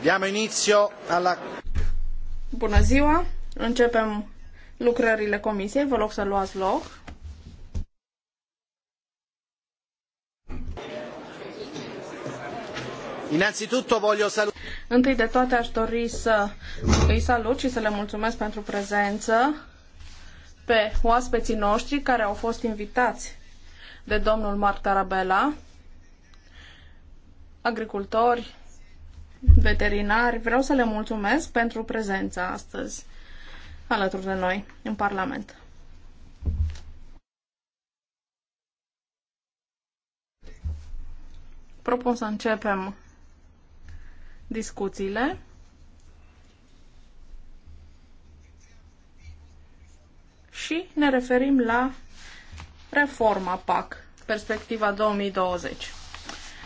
Diamo inizio alla... Bună ziua! Începem lucrările comisiei. Vă rog să luați loc. Innanzitutto voglio salut... Întâi de toate aș dori să îi salut și să le mulțumesc pentru prezență pe oaspeții noștri care au fost invitați de domnul Marc Tarabella, agricultori, veterinari, vreau să le mulțumesc pentru prezența astăzi alături de noi în Parlament. Propun să începem discuțiile. Și ne referim la reforma PAC, perspectiva 2020.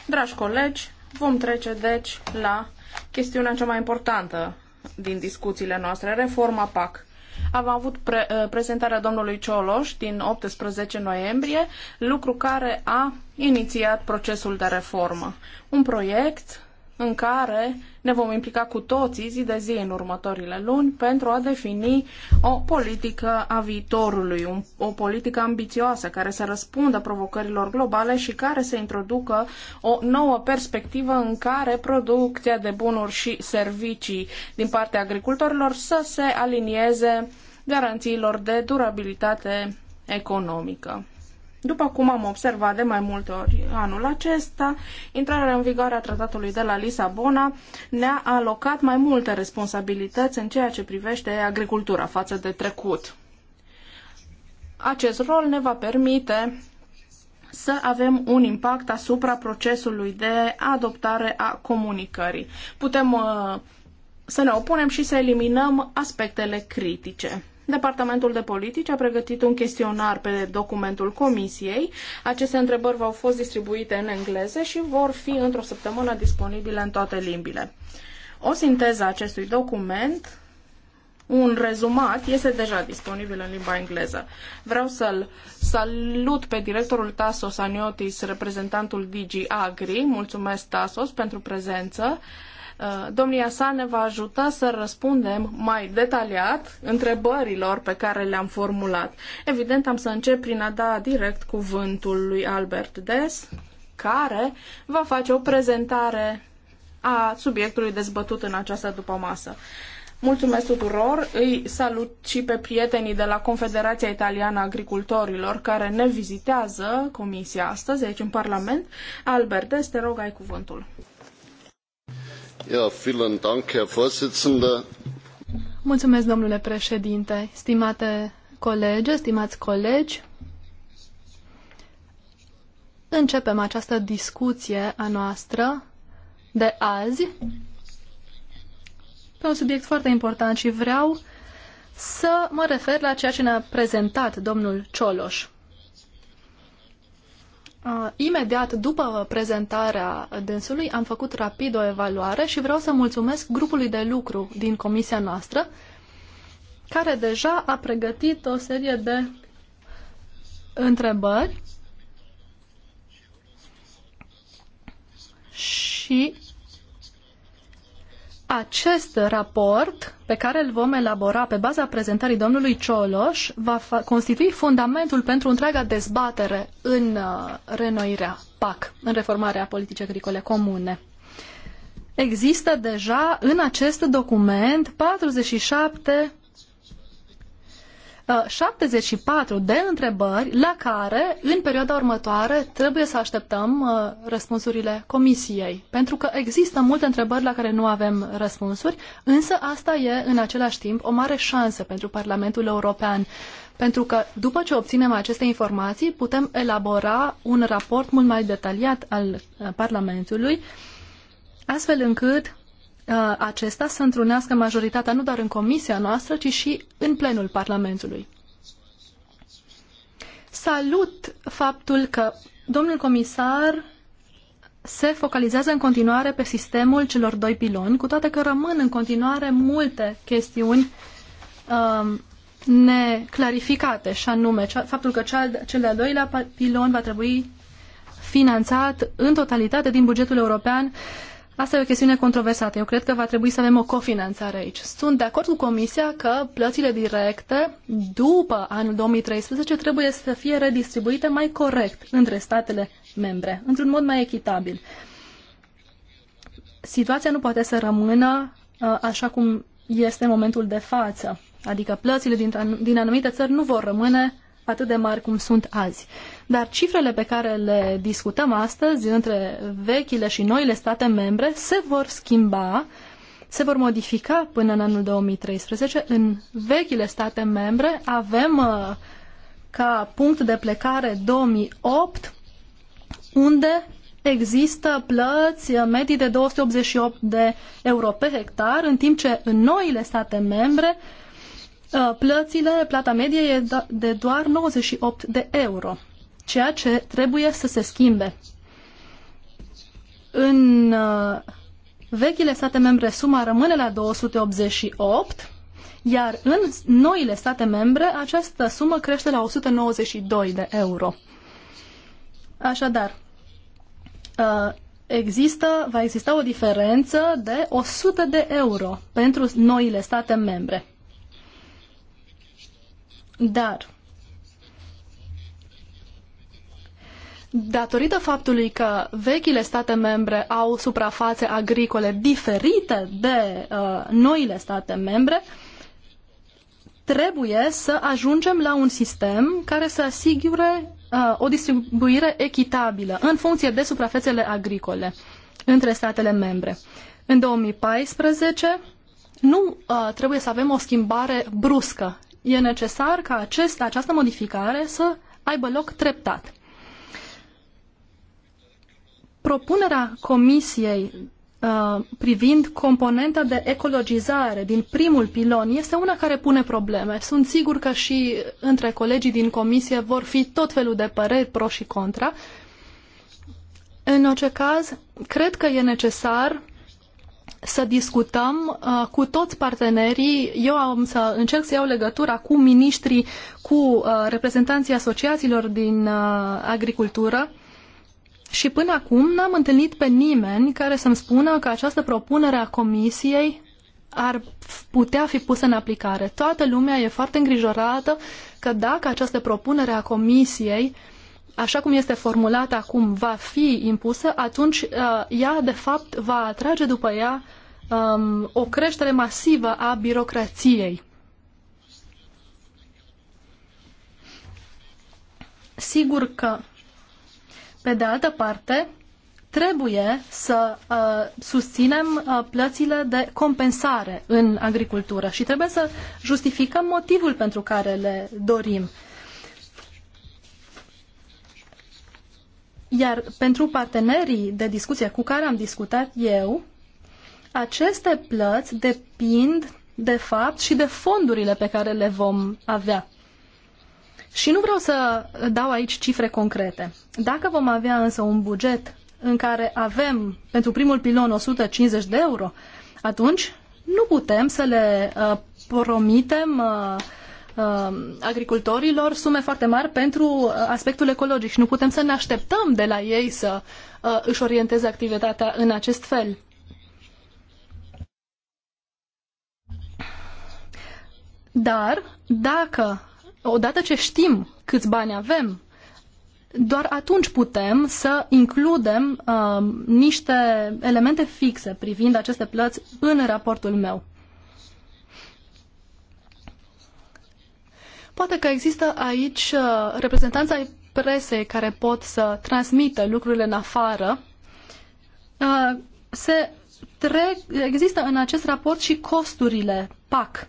Dragi colegi, Vom trece, deci, la chestiunea cea mai importantă din discuțiile noastre, reforma PAC. Am avut pre- uh, prezentarea domnului Cioloș din 18 noiembrie, lucru care a inițiat procesul de reformă. Un proiect în care ne vom implica cu toții zi de zi în următorile luni pentru a defini o politică a viitorului, un, o politică ambițioasă care să răspundă provocărilor globale și care să introducă o nouă perspectivă în care producția de bunuri și servicii din partea agricultorilor să se alinieze garanțiilor de durabilitate economică. După cum am observat de mai multe ori anul acesta, intrarea în vigoare a tratatului de la Lisabona ne-a alocat mai multe responsabilități în ceea ce privește agricultura față de trecut. Acest rol ne va permite să avem un impact asupra procesului de adoptare a comunicării. Putem uh, să ne opunem și să eliminăm aspectele critice. Departamentul de Politici a pregătit un chestionar pe documentul comisiei. Aceste întrebări v-au fost distribuite în engleză și vor fi într-o săptămână disponibile în toate limbile. O sinteză a acestui document, un rezumat, este deja disponibil în limba engleză. Vreau să-l salut pe directorul Tasos Aniotis, reprezentantul DG Agri. Mulțumesc, Tasos, pentru prezență. Uh, Uh, domnia sa ne va ajuta să răspundem mai detaliat întrebărilor pe care le-am formulat. Evident, am să încep prin a da direct cuvântul lui Albert Des, care va face o prezentare a subiectului dezbătut în această dupămasă. Mulțumesc tuturor, îi salut și pe prietenii de la Confederația Italiană a Agricultorilor care ne vizitează comisia astăzi aici în Parlament. Albert, te rog, ai cuvântul domnule președinte, stimate colege, stimați colegi. Începem această discuție a noastră de azi pe un subiect foarte important și vreau să mă refer la ceea ce ne-a prezentat domnul Cioloș. Uh, imediat după prezentarea dânsului am făcut rapid o evaluare și vreau să mulțumesc grupului de lucru din comisia noastră care deja a pregătit o serie de întrebări și acest raport pe care îl vom elabora pe baza prezentării domnului Cioloș va constitui fundamentul pentru întreaga dezbatere în uh, renoirea PAC, în reformarea politicii agricole comune. Există deja în acest document 47 74 uh, de întrebări la care, în perioada următoare, trebuie să așteptăm uh, răspunsurile comisiei. Pentru că există multe întrebări la care nu avem răspunsuri, însă asta e, în același timp, o mare șansă pentru Parlamentul European. Pentru că, după ce obținem aceste informații, putem elabora un raport mult mai detaliat al uh, Parlamentului, astfel încât Uh, acesta să întrunească majoritatea nu doar în comisia noastră, ci și în plenul Parlamentului. Salut faptul că domnul comisar se focalizează în continuare pe sistemul celor doi piloni, cu toate că rămân în continuare multe chestiuni um, neclarificate, și anume faptul că cel de-al doilea pilon va trebui finanțat în totalitate din bugetul european uh, Asta e o chestiune controversată. Eu cred că va trebui să avem o cofinanțare aici. Sunt de acord cu Comisia că plățile directe după anul 2013 trebuie să fie redistribuite mai corect între statele membre, într-un mod mai echitabil. Situația nu poate să rămână uh, așa cum este în momentul de față. Adică plățile din, anumite țări nu vor rămâne atât de mari cum sunt azi. Uh, dar cifrele pe care le discutăm astăzi între vechile și noile state membre se vor schimba, se vor modifica până în anul 2013. În vechile state membre avem uh, ca punct de plecare 2008, unde există plăți medii de 288 de euro pe hectar, în timp ce în noile state membre uh, plățile, plata medie e de doar 98 de euro ceea ce trebuie să se schimbe. În uh, vechile state membre suma rămâne la 288, iar în noile state membre această sumă crește la 192 de euro. Așadar, uh, există, va exista o diferență de 100 de euro pentru noile state membre. Dar datorită faptului că vechile state membre au suprafațe agricole diferite de uh, noile state membre, trebuie să ajungem la un sistem care să asigure uh, o distribuire echitabilă în funcție de suprafețele agricole între statele membre. În 2014 nu uh, trebuie să avem o schimbare bruscă. E necesar ca acest, această modificare să aibă loc treptat. Propunerea Comisiei uh, privind componenta de ecologizare din primul pilon este una care pune probleme. Sunt sigur că și între colegii din comisie vor fi tot felul de păreri pro și contra. În orice caz, cred că e necesar să discutăm uh, cu toți partenerii. Eu am să încerc să iau legătura cu miniștrii, cu uh, reprezentanții asociațiilor din uh, agricultură, și până acum n-am întâlnit pe nimeni care să-mi spună că această propunere a Comisiei ar putea fi pusă în aplicare. Toată lumea e foarte îngrijorată că dacă această propunere a Comisiei, așa cum este formulată acum, va fi impusă, atunci uh, ea, de fapt, va atrage după ea um, o creștere masivă a birocrației. Sigur că pe de altă parte, trebuie să uh, susținem uh, plățile de compensare în agricultură și trebuie să justificăm motivul pentru care le dorim. Iar pentru partenerii de discuție cu care am discutat eu, aceste plăți depind de fapt și de fondurile pe care le vom avea. Și nu vreau să dau aici cifre concrete. Dacă vom avea însă un buget în care avem pentru primul pilon 150 de euro, atunci nu putem să le uh, promitem uh, uh, agricultorilor sume foarte mari pentru uh, aspectul ecologic și nu putem să ne așteptăm de la ei să uh, își orienteze activitatea în acest fel. Dar dacă odată ce știm câți bani avem, doar atunci putem să includem uh, niște elemente fixe privind aceste plăți în raportul meu. Poate că există aici uh, reprezentanța ai presei care pot să transmită lucrurile în afară. Uh, se există în acest raport și costurile PAC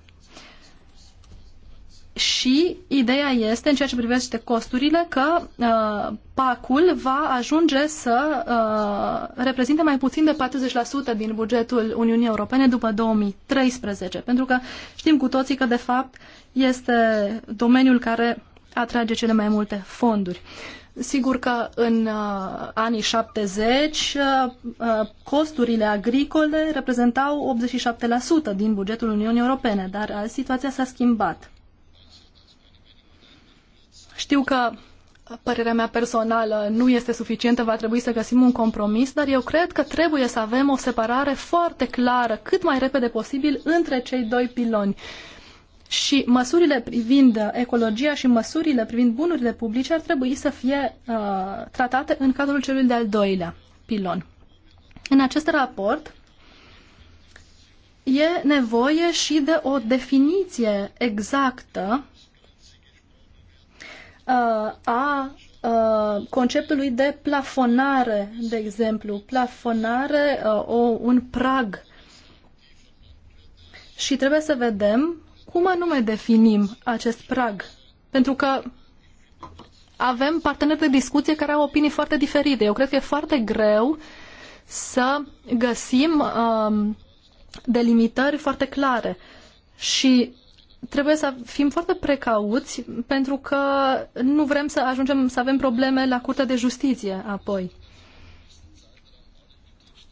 și ideea este, în ceea ce privește costurile, că uh, pacul va ajunge să uh, reprezinte mai puțin de 40% din bugetul Uniunii Europene după 2013, pentru că știm cu toții că, de fapt, este domeniul care atrage cele mai multe fonduri. Sigur că în uh, anii 70 uh, uh, costurile agricole reprezentau 87% din bugetul Uniunii Europene, dar uh, situația s-a schimbat. Știu că părerea mea personală nu este suficientă, va trebui să găsim un compromis, dar eu cred că trebuie să avem o separare foarte clară, cât mai repede posibil, între cei doi piloni. Și măsurile privind ecologia și măsurile privind bunurile publice ar trebui să fie uh, tratate în cadrul celui de-al doilea pilon. În acest raport e nevoie și de o definiție exactă Uh, a uh, conceptului de plafonare, de exemplu. Plafonare, uh, o, un prag. Și trebuie să vedem cum anume definim acest prag. Pentru că avem parteneri de discuție care au opinii foarte diferite. Eu cred că e foarte greu să găsim um, delimitări foarte clare. Și trebuie să fim foarte precauți pentru că nu vrem să ajungem să avem probleme la Curtea de Justiție apoi.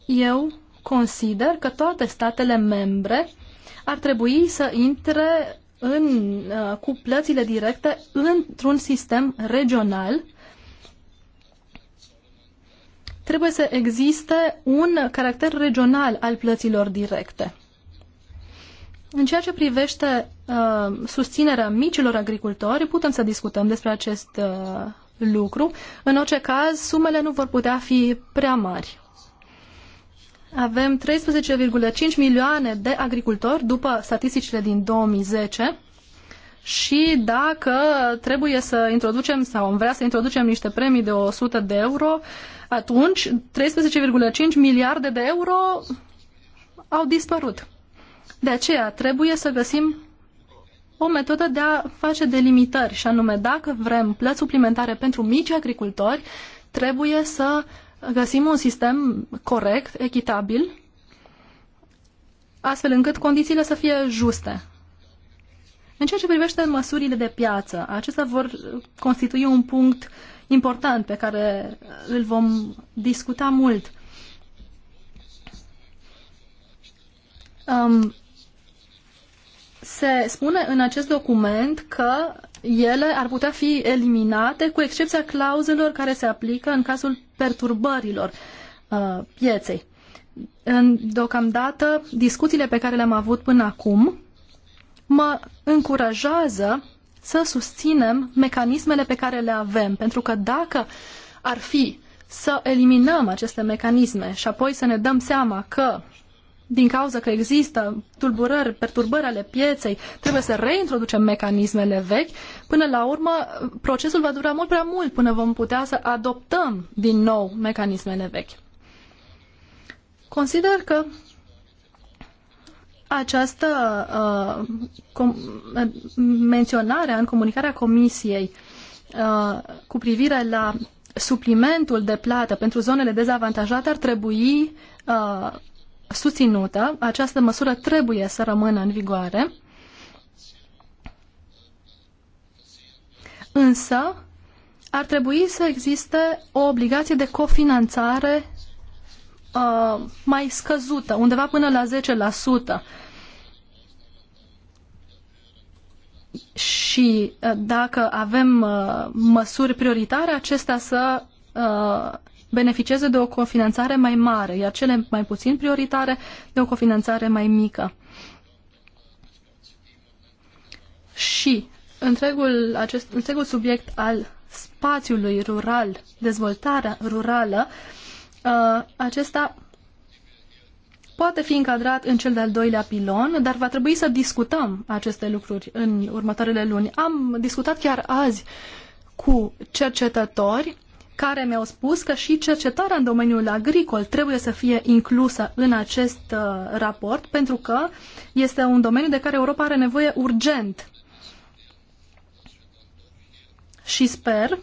Eu consider că toate statele membre ar trebui să intre în, uh, cu plățile directe într-un sistem regional. Trebuie să existe un caracter regional al plăților directe. În ceea ce privește Uh, susținerea micilor agricultori, putem să discutăm despre acest uh, lucru. În orice caz, sumele nu vor putea fi prea mari. Avem 13,5 milioane de agricultori după statisticile din 2010 și dacă trebuie să introducem sau am vrea să introducem niște premii de 100 de euro, atunci 13,5 miliarde de euro au dispărut. De aceea trebuie să găsim o metodă de a face delimitări și anume dacă vrem plăți suplimentare pentru mici agricultori, trebuie să găsim un sistem corect, echitabil, astfel încât condițiile să fie juste. În ceea ce privește măsurile de piață, acestea vor constitui un punct important pe care îl vom discuta mult. Um, se spune în acest document că ele ar putea fi eliminate cu excepția clauzelor care se aplică în cazul perturbărilor uh, pieței. În, deocamdată, discuțiile pe care le-am avut până acum mă încurajează să susținem mecanismele pe care le avem, pentru că dacă ar fi să eliminăm aceste mecanisme și apoi să ne dăm seama că din cauza că există tulburări, perturbări ale pieței, trebuie să reintroducem mecanismele vechi, până la urmă procesul va dura mult prea mult până vom putea să adoptăm din nou mecanismele vechi. Consider că această uh, menționare în comunicarea Comisiei uh, cu privire la suplimentul de plată pentru zonele dezavantajate ar trebui uh, susținută. Această măsură trebuie să rămână în vigoare. Însă, ar trebui să existe o obligație de cofinanțare uh, mai scăzută, undeva până la 10%. Și uh, dacă avem uh, măsuri prioritare, acestea să uh, beneficieze de o cofinanțare mai mare, iar cele mai puțin prioritare de o cofinanțare mai mică. Și întregul, acest, întregul subiect al spațiului rural, dezvoltarea rurală, uh, acesta poate fi încadrat în cel de-al doilea pilon, dar va trebui să discutăm aceste lucruri în următoarele luni. Am discutat chiar azi cu cercetători care mi-au spus că și cercetarea în domeniul agricol trebuie să fie inclusă în acest uh, raport, pentru că este un domeniu de care Europa are nevoie urgent. Și sper,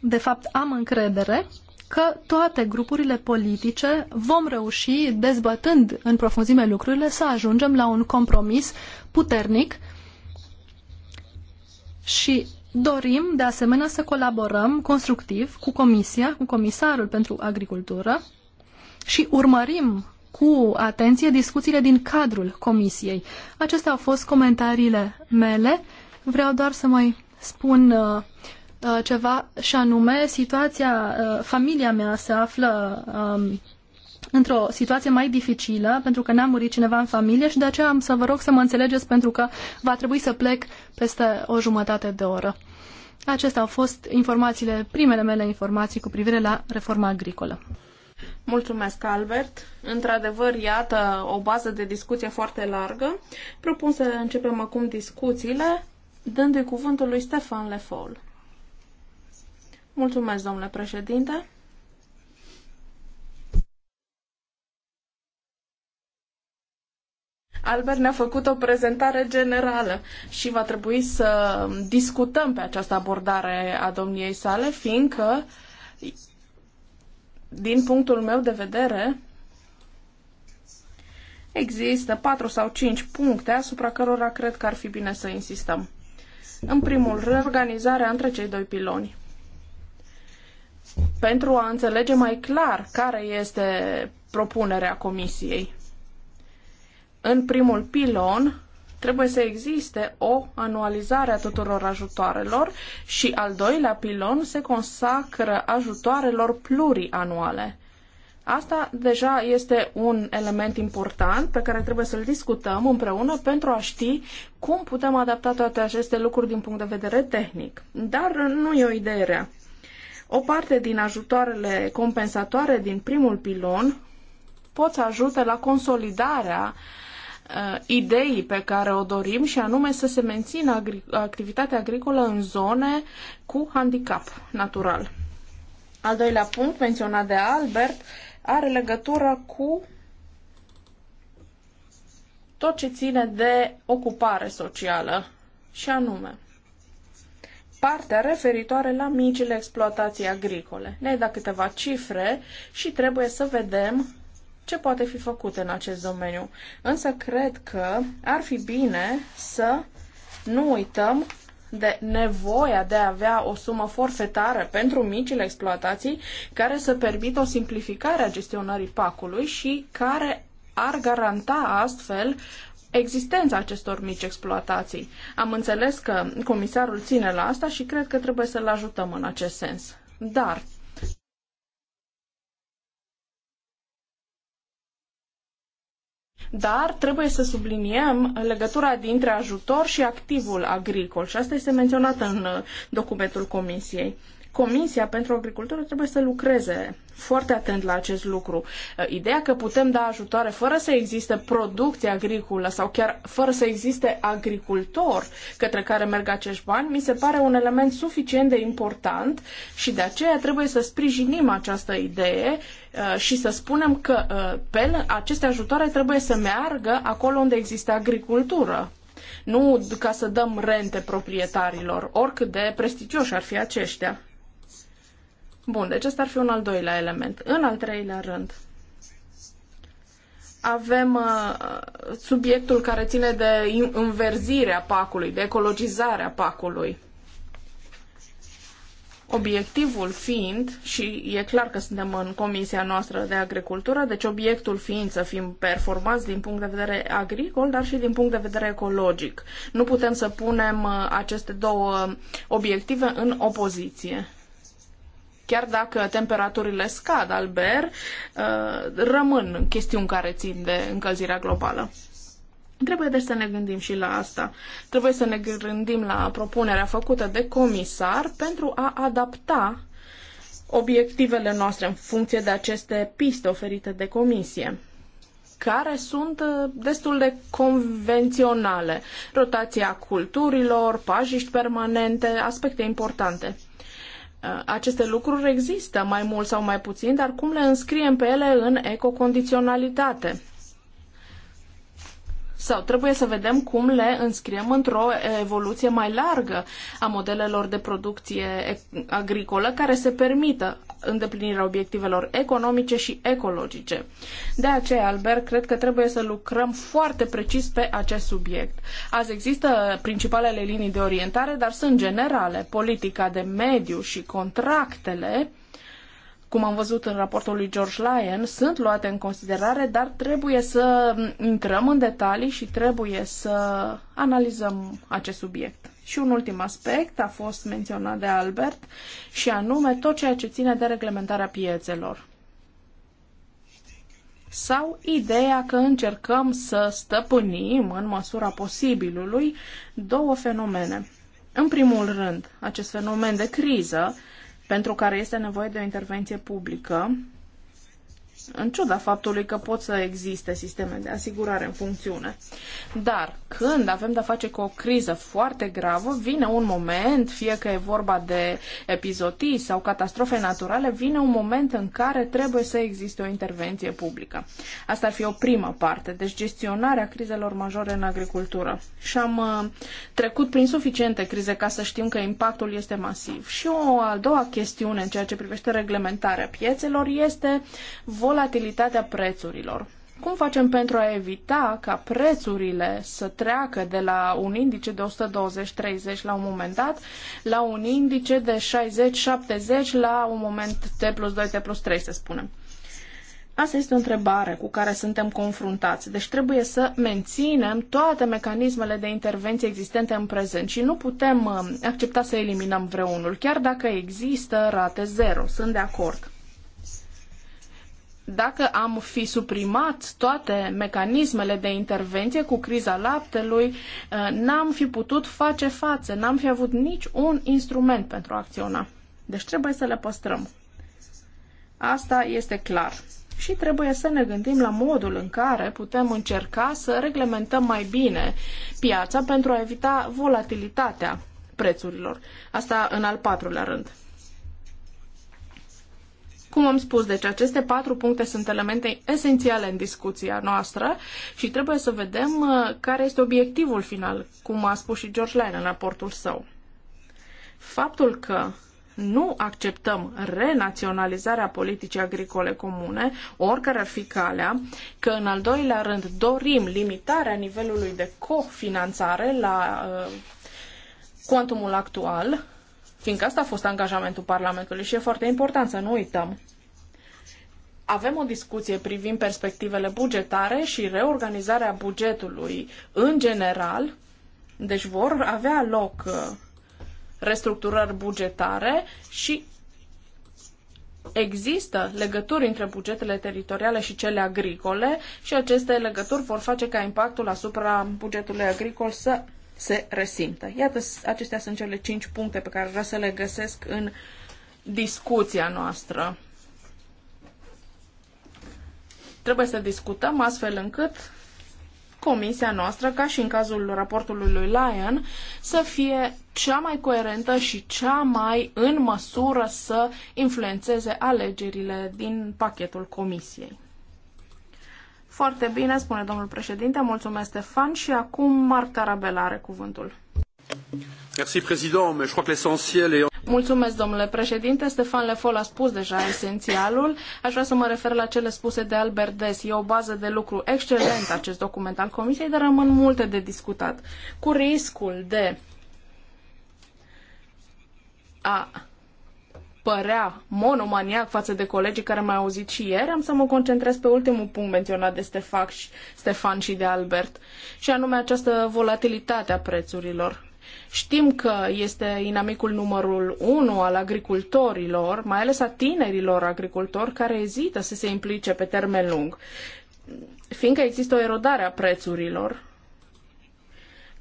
de fapt am încredere, că toate grupurile politice vom reuși, dezbătând în profunzime lucrurile, să ajungem la un compromis puternic și Dorim, de asemenea, să colaborăm constructiv cu Comisia, cu Comisarul pentru Agricultură și urmărim cu atenție discuțiile din cadrul Comisiei. Acestea au fost comentariile mele. Vreau doar să mai spun uh, uh ceva și anume, situația, uh, familia mea se află um, într-o situație mai dificilă, pentru că n-a murit cineva în familie și de aceea am să vă rog să mă înțelegeți pentru că va trebui să plec peste o jumătate de oră. Acestea au fost informațiile, primele mele informații cu privire la reforma agricolă. Mulțumesc, Albert. Într-adevăr, iată o bază de discuție foarte largă. Propun să începem acum discuțiile, dându-i cuvântul lui Stefan Lefol. Mulțumesc, domnule președinte. Albert ne-a făcut o prezentare generală și va trebui să discutăm pe această abordare a domniei sale, fiindcă, din punctul meu de vedere, există patru sau cinci puncte asupra cărora cred că ar fi bine să insistăm. În primul rând, organizarea între cei doi piloni pentru a înțelege mai clar care este propunerea Comisiei în primul pilon trebuie să existe o anualizare a tuturor ajutoarelor și al doilea pilon se consacră ajutoarelor plurianuale. Asta deja este un element important pe care trebuie să-l discutăm împreună pentru a ști cum putem adapta toate aceste lucruri din punct de vedere tehnic. Dar nu e o idee rea. O parte din ajutoarele compensatoare din primul pilon pot să ajute la consolidarea uh, Uh, ideii pe care o dorim și anume să se mențină agri- activitatea agricolă în zone cu handicap natural. Al doilea punct menționat de Albert are legătură cu tot ce ține de ocupare socială și anume partea referitoare la micile exploatații agricole. Ne-ai dat câteva cifre și trebuie să vedem ce poate fi făcut în acest domeniu. Însă cred că ar fi bine să nu uităm de nevoia de a avea o sumă forfetară pentru micile exploatații care să permită o simplificare a gestionării pacului și care ar garanta astfel existența acestor mici exploatații. Am înțeles că comisarul ține la asta și cred că trebuie să-l ajutăm în acest sens. Dar dar trebuie să subliniem legătura dintre ajutor și activul agricol și asta este menționat în uh, documentul Comisiei. Comisia pentru Agricultură trebuie să lucreze foarte atent la acest lucru. Uh, ideea că putem da ajutoare fără să existe producție agricolă sau chiar fără să existe agricultor către care merg acești bani, mi se pare un element suficient de important și de aceea trebuie să sprijinim această idee uh, și să spunem că uh, pe aceste ajutoare trebuie să meargă acolo unde există agricultură. Nu ca să dăm rente proprietarilor, oricât de prestigioși ar fi aceștia. Bun, deci ăsta ar fi un al doilea element. În al treilea rând, avem uh, subiectul care ține de înverzirea pacului, de ecologizarea pacului. Obiectivul fiind, și e clar că suntem în comisia noastră de agricultură, deci obiectul fiind să fim performați din punct de vedere agricol, dar și din punct de vedere ecologic. Nu putem să punem uh, aceste două obiective în opoziție. Chiar dacă temperaturile scad Albert, uh, rămân chestiuni care țin de încălzirea globală. Trebuie deci să ne gândim și la asta. Trebuie să ne gândim la propunerea făcută de comisar pentru a adapta obiectivele noastre în funcție de aceste piste oferite de comisie care sunt uh, destul de convenționale. Rotația culturilor, pajiști permanente, aspecte importante. Uh, aceste lucruri există mai mult sau mai puțin, dar cum le înscriem pe ele în ecocondiționalitate? Sau trebuie să vedem cum le înscriem într-o evoluție mai largă a modelelor de producție agricolă care se permită îndeplinirea obiectivelor economice și ecologice. De aceea, Albert, cred că trebuie să lucrăm foarte precis pe acest subiect. Azi există principalele linii de orientare, dar sunt generale. Politica de mediu și contractele cum am văzut în raportul lui George Lyon, sunt luate în considerare, dar trebuie să intrăm în detalii și trebuie să analizăm acest subiect. Și un ultim aspect a fost menționat de Albert și anume tot ceea ce ține de reglementarea piețelor. Sau ideea că încercăm să stăpânim în măsura posibilului două fenomene. În primul rând, acest fenomen de criză pentru care este nevoie de o intervenție publică în ciuda faptului că pot să existe sisteme de asigurare în funcțiune. Dar când avem de-a face cu o criză foarte gravă, vine un moment, fie că e vorba de epizotii sau catastrofe naturale, vine un moment în care trebuie să existe o intervenție publică. Asta ar fi o primă parte, deci gestionarea crizelor majore în agricultură. Și am uh, trecut prin suficiente crize ca să știm că impactul este masiv. Și o a doua chestiune în ceea ce privește reglementarea piețelor este vor volatilitatea prețurilor. Cum facem pentru a evita ca prețurile să treacă de la un indice de 120-30 la un moment dat la un indice de 60-70 la un moment T plus 2, T plus 3, să spunem? Asta este o întrebare cu care suntem confruntați. Deci trebuie să menținem toate mecanismele de intervenție existente în prezent și nu putem uh, accepta să eliminăm vreunul, chiar dacă există rate zero. Sunt de acord dacă am fi suprimat toate mecanismele de intervenție cu criza laptelui, uh, n-am fi putut face față, n-am fi avut nici un instrument pentru a acționa. Deci trebuie să le păstrăm. Asta este clar. Și trebuie să ne gândim la modul în care putem încerca să reglementăm mai bine piața pentru a evita volatilitatea prețurilor. Asta în al patrulea rând. Cum am spus, deci aceste patru puncte sunt elemente esențiale în discuția noastră și trebuie să vedem uh, care este obiectivul final, cum a spus și George Lane în raportul său. Faptul că nu acceptăm renaționalizarea politicii agricole comune, oricare ar fi calea, că în al doilea rând dorim limitarea nivelului de cofinanțare la uh, quantumul actual fiindcă asta a fost angajamentul Parlamentului și e foarte important să nu uităm. Avem o discuție privind perspectivele bugetare și reorganizarea bugetului în general, deci vor avea loc uh, restructurări bugetare și Există legături între bugetele teritoriale și cele agricole și aceste legături vor face ca impactul asupra bugetului agricol să se resimtă. Iată, acestea sunt cele cinci puncte pe care vreau să le găsesc în discuția noastră. Trebuie să discutăm astfel încât comisia noastră, ca și în cazul raportului lui Lyon, să fie cea mai coerentă și cea mai în măsură să influențeze alegerile din pachetul comisiei. Foarte bine, spune domnul președinte. Mulțumesc, Stefan. Și acum Marc Tarabela are cuvântul. Merci, président, mais je crois que l'essentiel est... Mulțumesc, domnule președinte. Stefan Lefol a spus deja esențialul. Aș vrea să mă refer la cele spuse de Albert Des. E o bază de lucru excelentă acest document al Comisiei, dar rămân multe de discutat. Cu riscul de a părea monomaniac față de colegii care m-au auzit și ieri, am să mă concentrez pe ultimul punct menționat de Stefan și, Stefan și de Albert, și anume această volatilitate a prețurilor. Știm că este inamicul numărul unu al agricultorilor, mai ales a tinerilor agricultori care ezită să se implice pe termen lung, fiindcă există o erodare a prețurilor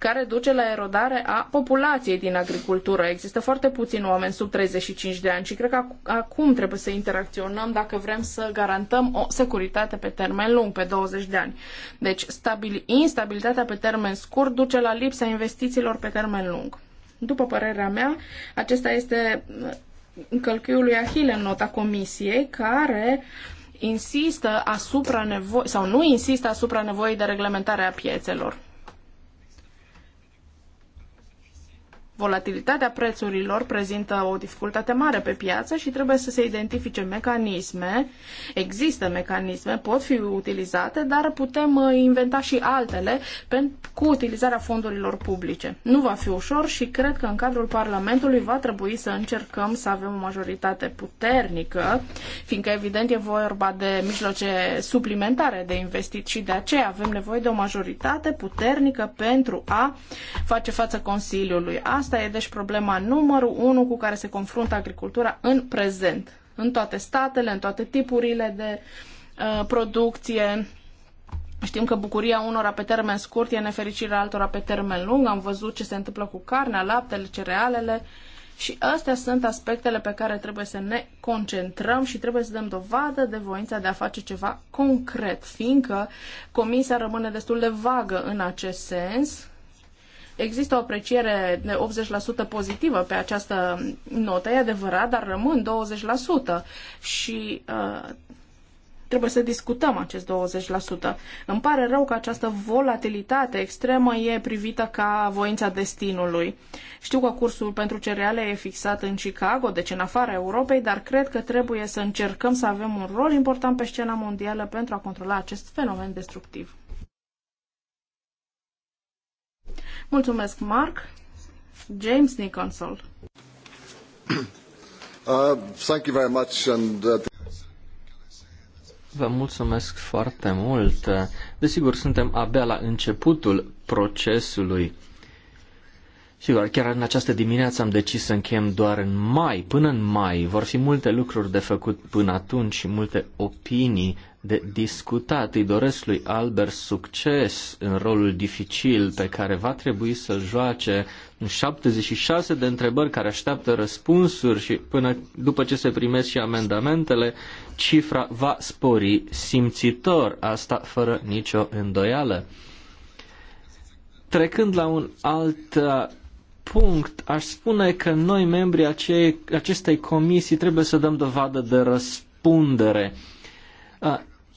care duce la erodare a populației din agricultură. Există foarte puțini oameni sub 35 de ani și cred că acum trebuie să interacționăm dacă vrem să garantăm o securitate pe termen lung, pe 20 de ani. Deci instabilitatea pe termen scurt duce la lipsa investițiilor pe termen lung. După părerea mea, acesta este uh, călcâiul lui Ahile în nota comisiei, care insistă asupra nevoii, sau nu insistă asupra nevoii de reglementare a piețelor. Volatilitatea prețurilor prezintă o dificultate mare pe piață și trebuie să se identifice mecanisme. Există mecanisme, pot fi utilizate, dar putem uh, inventa și altele cu utilizarea fondurilor publice. Nu va fi ușor și cred că în cadrul Parlamentului va trebui să încercăm să avem o majoritate puternică, fiindcă evident e vorba de mijloace suplimentare de investit și de aceea avem nevoie de o majoritate puternică pentru a face față Consiliului. Asta Asta e deci problema numărul unu cu care se confruntă agricultura în prezent, în toate statele, în toate tipurile de uh, producție. Știm că bucuria unora pe termen scurt e nefericirea altora pe termen lung. Am văzut ce se întâmplă cu carnea, laptele, cerealele. Și astea sunt aspectele pe care trebuie să ne concentrăm și trebuie să dăm dovadă de voința de a face ceva concret, fiindcă comisia rămâne destul de vagă în acest sens Există o apreciere de 80% pozitivă pe această notă, e adevărat, dar rămân 20% și uh, trebuie să discutăm acest 20%. Îmi pare rău că această volatilitate extremă e privită ca voința destinului. Știu că cursul pentru cereale e fixat în Chicago, deci în afara Europei, dar cred că trebuie să încercăm să avem un rol important pe scena mondială pentru a controla acest fenomen destructiv. Mulțumesc, Mark. James Nicholson. Uh, thank you very much and, uh... Vă mulțumesc foarte mult. Desigur, suntem abia la începutul procesului Sigur, chiar în această dimineață am decis să încheiem doar în mai, până în mai. Vor fi multe lucruri de făcut până atunci și multe opinii de discutat. Îi doresc lui Albert succes în rolul dificil pe care va trebui să-l joace în 76 de întrebări care așteaptă răspunsuri și până după ce se primesc și amendamentele, cifra va spori simțitor, asta fără nicio îndoială. Trecând la un alt punct aș spune că noi, membrii acestei comisii, trebuie să dăm dovadă de răspundere.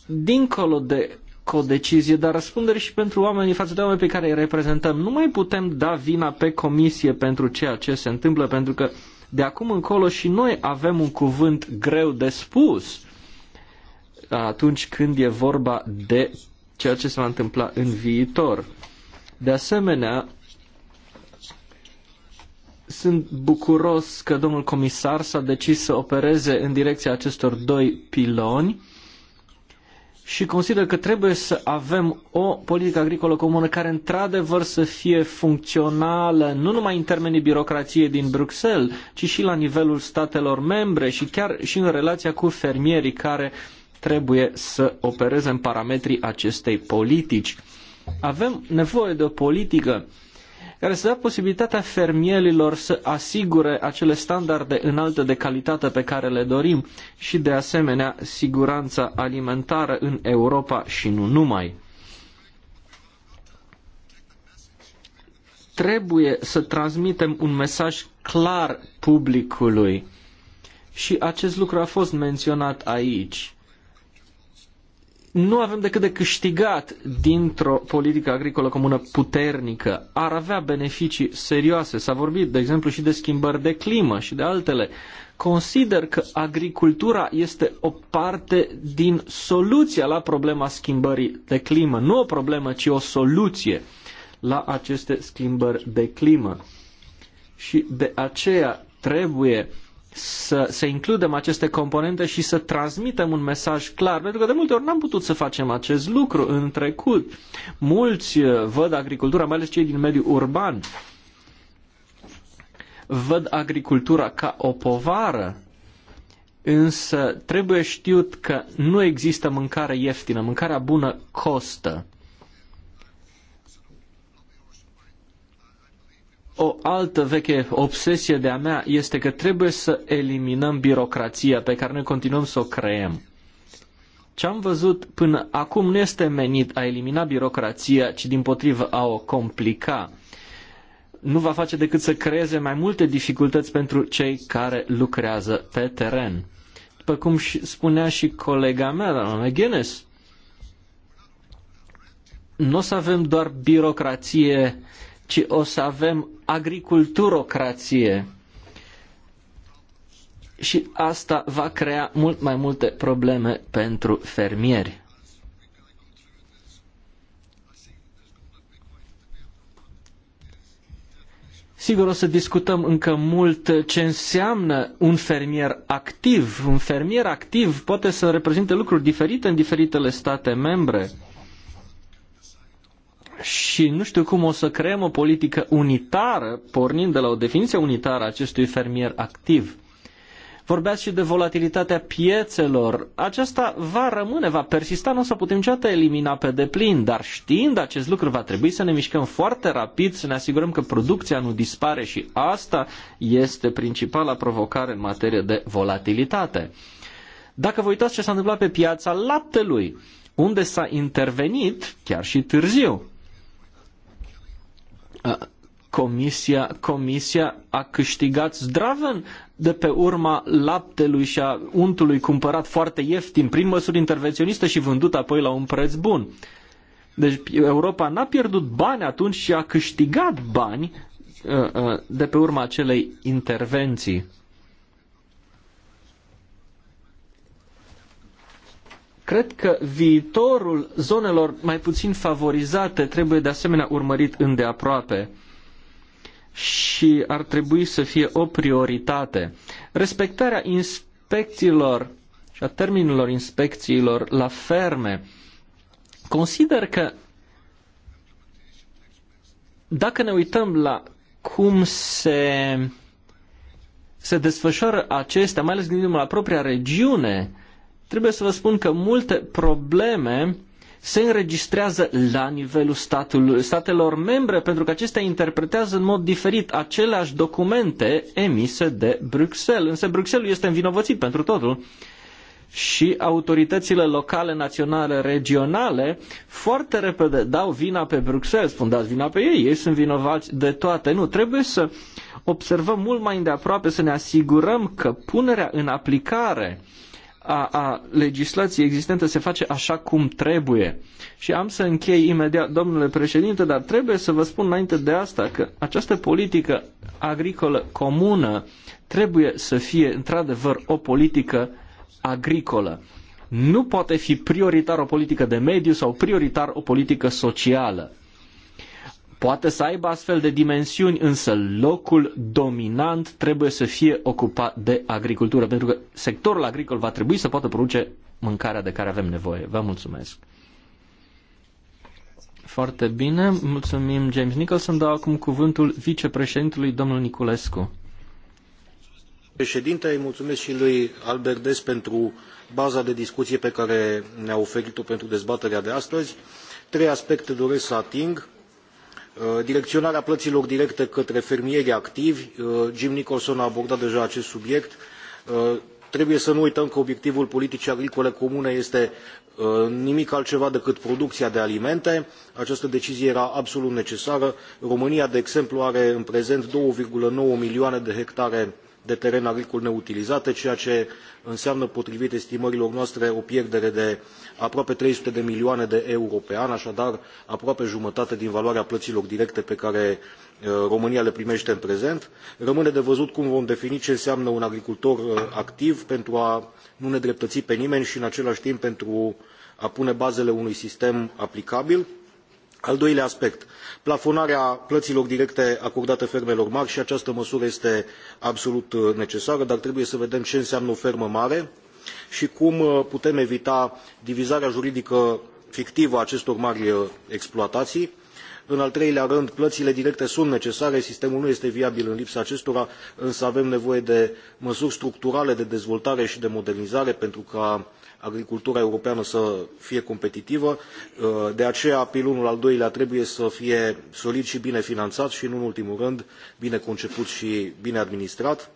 Dincolo de codecizie, dar răspundere și pentru oamenii față de oameni pe care îi reprezentăm. Nu mai putem da vina pe comisie pentru ceea ce se întâmplă, pentru că de acum încolo și noi avem un cuvânt greu de spus atunci când e vorba de ceea ce se va întâmpla în viitor. De asemenea, sunt bucuros că domnul comisar s-a decis să opereze în direcția acestor doi piloni și consider că trebuie să avem o politică agricolă comună care într-adevăr să fie funcțională nu numai în termenii birocrației din Bruxelles, ci și la nivelul statelor membre și chiar și în relația cu fermierii care trebuie să opereze în parametrii acestei politici. Avem nevoie de o politică care să dea posibilitatea fermierilor să asigure acele standarde înalte de calitate pe care le dorim și de asemenea siguranța alimentară în Europa și nu numai. Trebuie să transmitem un mesaj clar publicului și acest lucru a fost menționat aici nu avem decât de câștigat dintr-o politică agricolă comună puternică. Ar avea beneficii serioase. S-a vorbit, de exemplu, și de schimbări de climă și de altele. Consider că agricultura este o parte din soluția la problema schimbării de climă. Nu o problemă, ci o soluție la aceste schimbări de climă. Și de aceea trebuie să, să includem aceste componente și să transmitem un mesaj clar, pentru că de multe ori n-am putut să facem acest lucru în trecut. Mulți uh, văd agricultura, mai ales cei din mediul urban, văd agricultura ca o povară, însă trebuie știut că nu există mâncare ieftină, mâncarea bună costă. O altă veche obsesie de-a mea este că trebuie să eliminăm birocrația pe care noi continuăm să o creăm. Ce am văzut până acum nu este menit a elimina birocrația, ci din potrivă a o complica. Nu va face decât să creeze mai multe dificultăți pentru cei care lucrează pe teren. După cum spunea și colega mea, doamna McGuinness, nu o să avem doar birocrație ci o să avem agriculturocrație. Și asta va crea mult mai multe probleme pentru fermieri. Sigur, o să discutăm încă mult ce înseamnă un fermier activ. Un fermier activ poate să reprezinte lucruri diferite în diferitele state membre și nu știu cum o să creăm o politică unitară, pornind de la o definiție unitară a acestui fermier activ. Vorbeați și de volatilitatea piețelor. Aceasta va rămâne, va persista, nu o să putem niciodată elimina pe deplin, dar știind acest lucru va trebui să ne mișcăm foarte rapid, să ne asigurăm că producția nu dispare și asta este principala provocare în materie de volatilitate. Dacă vă uitați ce s-a întâmplat pe piața laptelui, unde s-a intervenit chiar și târziu. Comisia, comisia a câștigat zdraven de pe urma laptelui și a untului cumpărat foarte ieftin prin măsuri intervenționiste și vândut apoi la un preț bun. Deci Europa n-a pierdut bani atunci și a câștigat bani de pe urma acelei intervenții. Cred că viitorul zonelor mai puțin favorizate trebuie de asemenea urmărit îndeaproape și ar trebui să fie o prioritate. Respectarea inspecțiilor și a terminilor inspecțiilor la ferme. Consider că dacă ne uităm la cum se, se desfășoară acestea, mai ales gândindu-mă la propria regiune, trebuie să vă spun că multe probleme se înregistrează la nivelul statului, statelor membre, pentru că acestea interpretează în mod diferit aceleași documente emise de Bruxelles. Însă Bruxelles este învinovățit pentru totul și autoritățile locale, naționale, regionale foarte repede dau vina pe Bruxelles, spun dați vina pe ei, ei sunt vinovați de toate. Nu, trebuie să observăm mult mai îndeaproape, să ne asigurăm că punerea în aplicare uh, a, a legislației existente se face așa cum trebuie. Și am să închei imediat, domnule președinte, dar trebuie să vă spun înainte de asta că această politică agricolă comună trebuie să fie într-adevăr o politică agricolă. Nu poate fi prioritar o politică de mediu sau prioritar o politică socială. Poate să aibă astfel de dimensiuni, însă locul dominant trebuie să fie ocupat de agricultură, pentru că sectorul agricol va trebui să poată produce mâncarea de care avem nevoie. Vă mulțumesc! Foarte bine, mulțumim James Nicholson, dau acum cuvântul vicepreședintelui domnul Niculescu. Președinte, îi mulțumesc și lui Albert Des pentru baza de discuție pe care ne-a oferit-o pentru dezbaterea de astăzi. Trei aspecte doresc să ating Uh, direcționarea plăților directe către fermierii activi, uh, Jim Nicholson a abordat deja acest subiect. Uh, trebuie să nu uităm că obiectivul politicii agricole comune este nimic altceva decât producția de alimente. Această decizie era absolut necesară. România, de exemplu, are în prezent 2,9 milioane de hectare de teren agricol neutilizate, ceea ce înseamnă, potrivit estimărilor noastre, o pierdere de aproape 300 de milioane de euro pe an, așadar aproape jumătate din valoarea plăților directe pe care uh, România le primește în prezent. Rămâne de văzut cum vom defini ce înseamnă un agricultor uh, activ pentru a nu nedreptăți pe nimeni și în același timp pentru a pune bazele unui sistem aplicabil al doilea aspect plafonarea plăților directe acordate fermelor mari și această măsură este absolut uh, necesară dar trebuie să vedem ce înseamnă o fermă mare și cum uh, putem evita divizarea juridică fictivă a acestor mari uh, exploatații. În al treilea rând, plățile directe sunt necesare, sistemul nu este viabil în lipsa acestora, însă avem nevoie de măsuri structurale de dezvoltare și de modernizare pentru ca agricultura europeană să fie competitivă. Uh, de aceea, pilonul al doilea trebuie să fie solid și bine finanțat și, nu în ultimul rând, bine conceput și bine administrat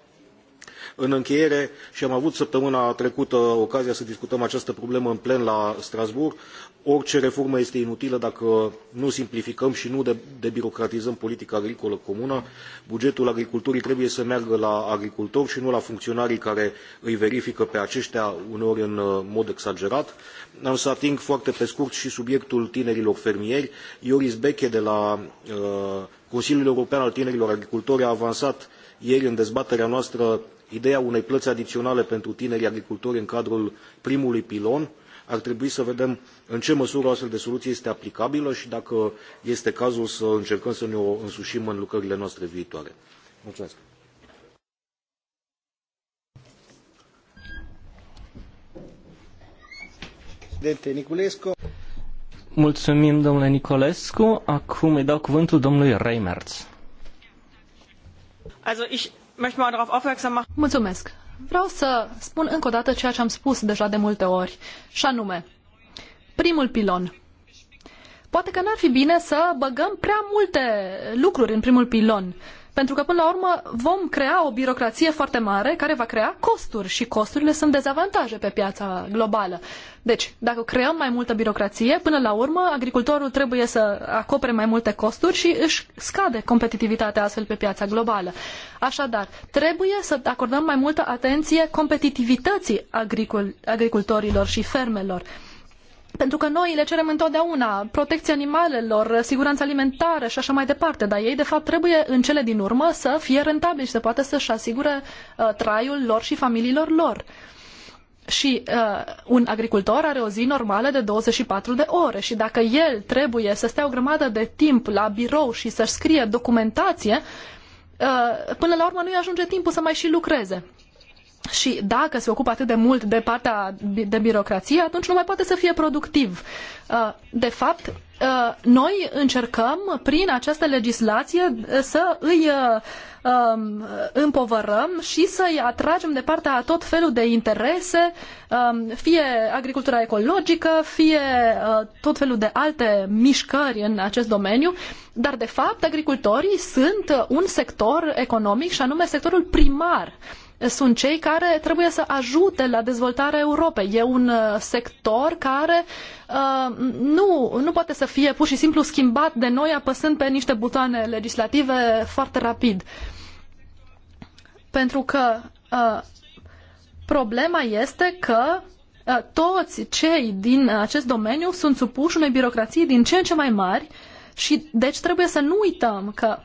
în încheiere, și am avut săptămâna trecută ocazia să discutăm această problemă în plen la Strasbourg, orice reformă este inutilă dacă nu simplificăm și nu debirocratizăm politica agricolă comună. Bugetul agriculturii trebuie să meargă la agricultori și nu la funcționarii care îi verifică pe aceștia uneori în uh, mod exagerat. Am să ating foarte pe scurt și subiectul tinerilor fermieri. Ioris Beche de la uh, Consiliul European al Tinerilor Agricultori a avansat ieri în dezbaterea noastră ideea unei plăți adiționale pentru tinerii agricultori în cadrul primului pilon ar trebui să vedem în ce măsură o astfel de soluție este aplicabilă și dacă este cazul să încercăm să ne o însușim în lucrările noastre viitoare. Mulțumesc! Niculescu. Mulțumim, domnule Nicolescu. Acum îi dau cuvântul domnului Reimertz. Also ich Mulțumesc. Vreau să spun încă o dată ceea ce am spus deja de multe ori, și anume, primul pilon. Poate că n-ar fi bine să băgăm prea multe lucruri în primul pilon. Uh, pentru că, până la urmă, vom crea o birocrație foarte mare care va crea costuri și costurile sunt dezavantaje pe piața globală. Deci, dacă creăm mai multă birocrație, până la urmă, agricultorul trebuie să acopere mai multe costuri și își scade competitivitatea astfel pe piața globală. Așadar, trebuie să acordăm mai multă atenție competitivității agricul, agricultorilor și fermelor pentru că noi le cerem întotdeauna protecția animalelor, siguranța alimentară și așa mai departe, dar ei, de fapt, trebuie în cele din urmă să fie rentabili și să poată să-și asigure uh, traiul lor și familiilor lor. Și uh, un agricultor are o zi normală de 24 de ore și dacă el trebuie să stea o grămadă de timp la birou și să-și scrie documentație, uh, până la urmă nu-i ajunge timpul să mai și lucreze și dacă se ocupă atât de mult de partea de birocrație, atunci nu mai poate să fie productiv. Uh, de fapt, uh, noi încercăm prin această legislație uh, să îi um, împovărăm și să-i atragem de partea a tot felul de interese, um, fie agricultura ecologică, fie tot felul de alte mișcări în acest domeniu, dar de fapt agricultorii sunt un sector economic și anume sectorul primar sunt cei care trebuie să ajute la dezvoltarea Europei. E un uh, sector care uh, nu, nu poate să fie pur și simplu schimbat de noi apăsând pe niște butoane legislative foarte rapid. Pentru că uh, problema este că uh, toți cei din acest domeniu sunt supuși unei birocrații din ce în ce mai mari și deci trebuie să nu uităm că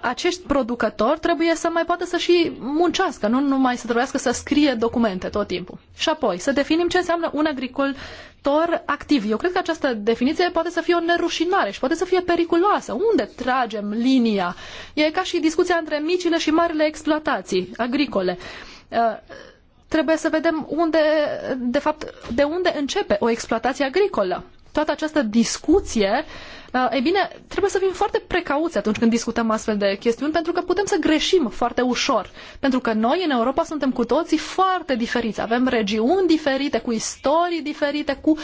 acești producători trebuie să mai poată să și muncească, nu numai să trebuiască să scrie documente tot timpul. Și apoi, să definim ce înseamnă un agricultor activ. Eu cred că această definiție poate să fie o nerușinare și poate să fie periculoasă. Unde tragem linia? E ca și discuția între micile și marile exploatații agricole. Trebuie să vedem unde, de fapt, de unde începe o exploatație agricolă. Toată această discuție uh, E bine, trebuie să fim foarte precauți atunci când discutăm astfel de chestiuni, pentru că putem să greșim foarte ușor. Pentru că noi, în Europa, suntem cu toții foarte diferiți. Avem regiuni diferite, cu istorii diferite, cu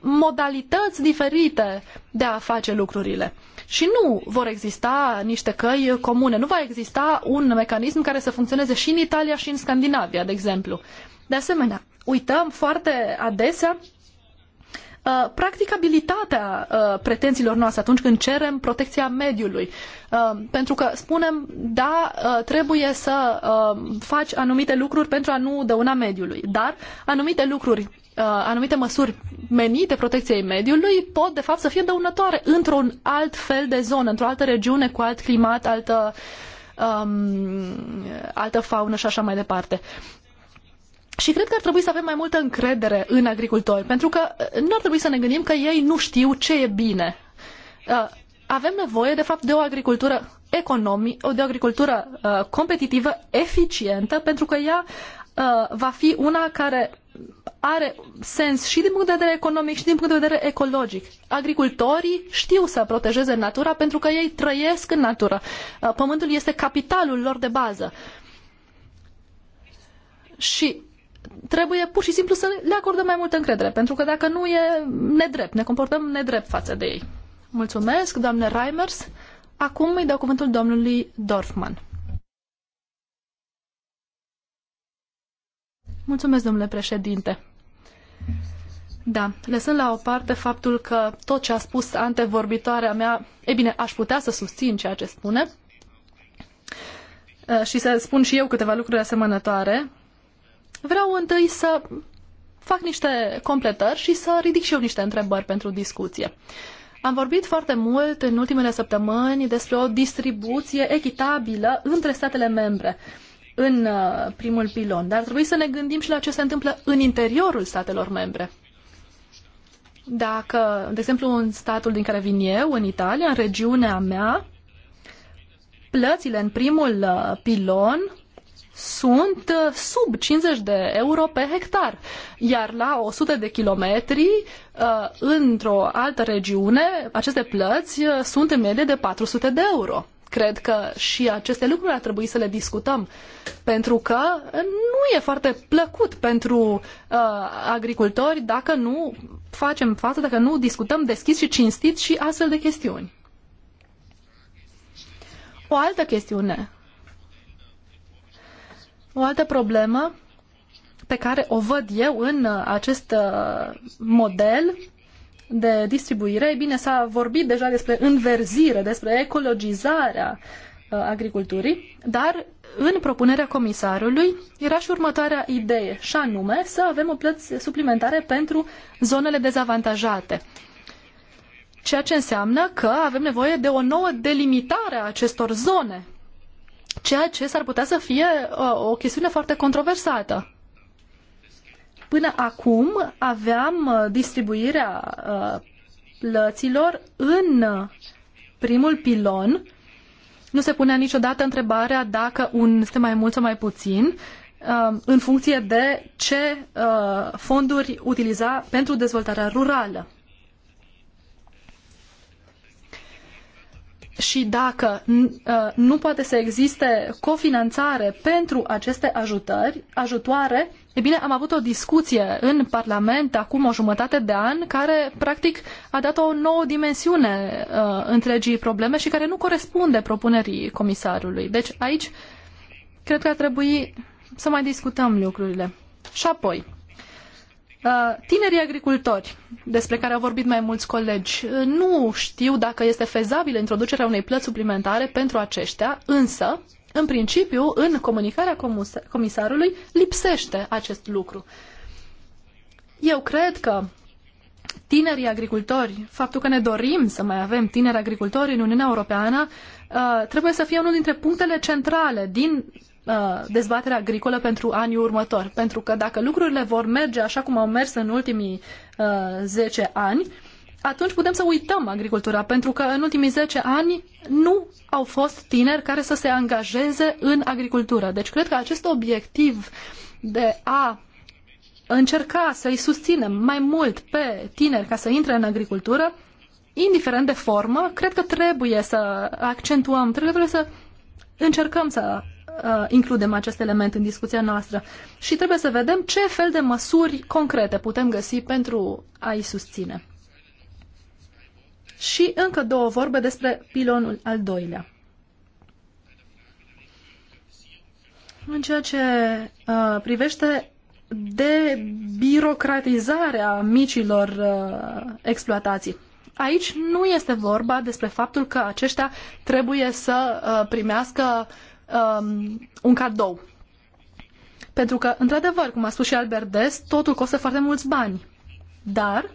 modalități diferite de a face lucrurile. Și nu vor exista niște căi comune. Nu va exista un mecanism care să funcționeze și în Italia și în Scandinavia, de exemplu. De asemenea, uităm foarte adesea Uh, practicabilitatea uh, pretențiilor noastre atunci când cerem protecția mediului. Uh, pentru că spunem, da, uh, trebuie să uh, faci anumite lucruri pentru a nu dăuna mediului, dar anumite lucruri uh, anumite măsuri menite protecției mediului pot, de fapt, să fie dăunătoare într-un alt fel de zonă, într-o altă regiune, cu alt climat, altă, um, altă faună și așa mai departe. Și cred că ar trebui să avem mai multă încredere în agricultori, pentru că uh, nu ar trebui să ne gândim că ei nu știu ce e bine. Uh, avem nevoie, de fapt, de o agricultură economică, de o agricultură uh, competitivă, eficientă, pentru că ea va fi una care are sens și din punct de vedere economic și din punct de vedere ecologic. Agricultorii știu să protejeze natura pentru că ei trăiesc în natură. Pământul este capitalul lor de bază. Și trebuie pur și simplu să le acordăm mai multă încredere, pentru că dacă nu e nedrept, ne comportăm nedrept față de ei. Mulțumesc, doamne Reimers. Acum îi dau cuvântul domnului Dorfman. Mulțumesc, domnule președinte. Da, lăsând la o parte faptul că tot ce a spus antevorbitoarea mea, e bine, aș putea să susțin ceea ce spune uh, și să spun și eu câteva lucruri asemănătoare, Vreau întâi să fac niște completări și să ridic și eu niște întrebări pentru discuție. Am vorbit foarte mult în ultimele săptămâni despre o distribuție echitabilă între statele membre în uh, primul pilon, dar trebuie să ne gândim și la ce se întâmplă în interiorul statelor membre. Dacă, de exemplu, în statul din care vin eu, în Italia, în regiunea mea, plățile în primul uh, pilon sunt uh, sub 50 de euro pe hectar, iar la 100 de kilometri uh, într-o altă regiune, aceste plăți uh, sunt în medie de 400 de euro. Cred că și aceste lucruri ar trebui să le discutăm, pentru că nu e foarte plăcut pentru uh, agricultori dacă nu facem față, dacă nu discutăm deschis și cinstit și astfel de chestiuni. O altă chestiune o altă problemă pe care o văd eu în uh, acest uh, model de distribuire, e bine, s-a vorbit deja despre înverzire, despre ecologizarea uh, agriculturii, dar în propunerea comisarului era și următoarea idee, și anume să avem o plăți suplimentare pentru zonele dezavantajate. Ceea ce înseamnă că avem nevoie de o nouă delimitare a acestor zone ceea ce s-ar putea să fie uh, o chestiune foarte controversată. Până acum aveam uh, distribuirea uh, plăților în primul pilon. Nu se punea niciodată întrebarea dacă un este mai mult sau mai puțin în funcție de ce fonduri utiliza pentru dezvoltarea rurală. și dacă uh, nu poate să existe cofinanțare pentru aceste ajutări, ajutoare, e bine, am avut o discuție în Parlament acum o jumătate de an care, practic, a dat o nouă dimensiune uh, întregii probleme și care nu corespunde propunerii comisarului. Deci, aici, cred că ar trebui să mai discutăm lucrurile. Și apoi, Uh, tinerii agricultori, despre care au vorbit mai mulți colegi, uh, nu știu dacă este fezabilă introducerea unei plăți suplimentare pentru aceștia, însă, în principiu, în comunicarea comisarului, lipsește acest lucru. Eu cred că tinerii agricultori, faptul că ne dorim să mai avem tineri agricultori în Uniunea Europeană, uh, trebuie să fie unul dintre punctele centrale din Uh, dezbaterea agricolă pentru anii următori. Pentru că dacă lucrurile vor merge așa cum au mers în ultimii uh, zece ani, atunci putem să uităm agricultura, pentru că în ultimii zece ani nu au fost tineri care să se angajeze în agricultură. Deci cred că acest obiectiv de a încerca să îi susținem mai mult pe tineri ca să intre în agricultură, indiferent de formă, cred că trebuie să accentuăm, trebuie să încercăm să uh, includem acest element în discuția noastră. Și trebuie să vedem ce fel de măsuri concrete putem găsi pentru a-i susține. Și încă două vorbe despre pilonul al doilea. În ceea ce uh, privește de birocratizarea micilor uh, exploatații. Aici nu este vorba despre faptul că aceștia trebuie să uh, primească uh, um, un cadou. Pentru că, într-adevăr, cum a spus și Albert Des, totul costă foarte mulți bani. Dar,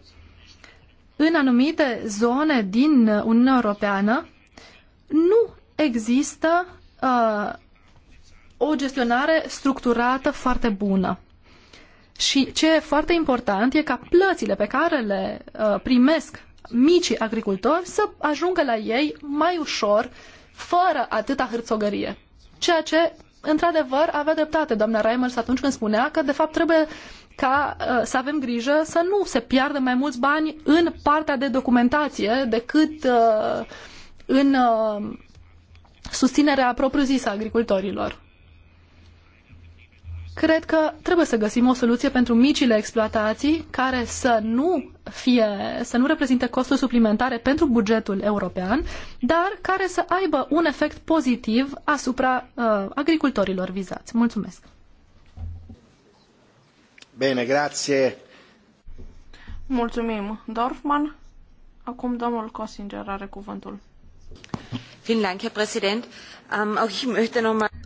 în anumite zone din Uniunea Europeană, nu există uh, o gestionare structurată foarte bună. Și ce e foarte important e ca plățile pe care le uh, primesc micii agricultori să ajungă la ei mai ușor, fără atâta hârțogărie ceea ce, într-adevăr, avea dreptate doamna Reimers atunci când spunea că, de fapt, trebuie ca uh, să avem grijă să nu se piardă mai mulți bani în partea de documentație decât uh, în uh, susținerea propriu-zisă a agricultorilor. Cred că trebuie să găsim o soluție pentru micile exploatații care să nu fie, să nu reprezinte costuri suplimentare pentru bugetul european, dar care să aibă un efect pozitiv asupra uh, agricultorilor vizați. Mulțumesc. Bine, grație. Mulțumim, Dorfman. Acum domnul Cosinger are cuvântul. Vielen Dank, Herr Präsident.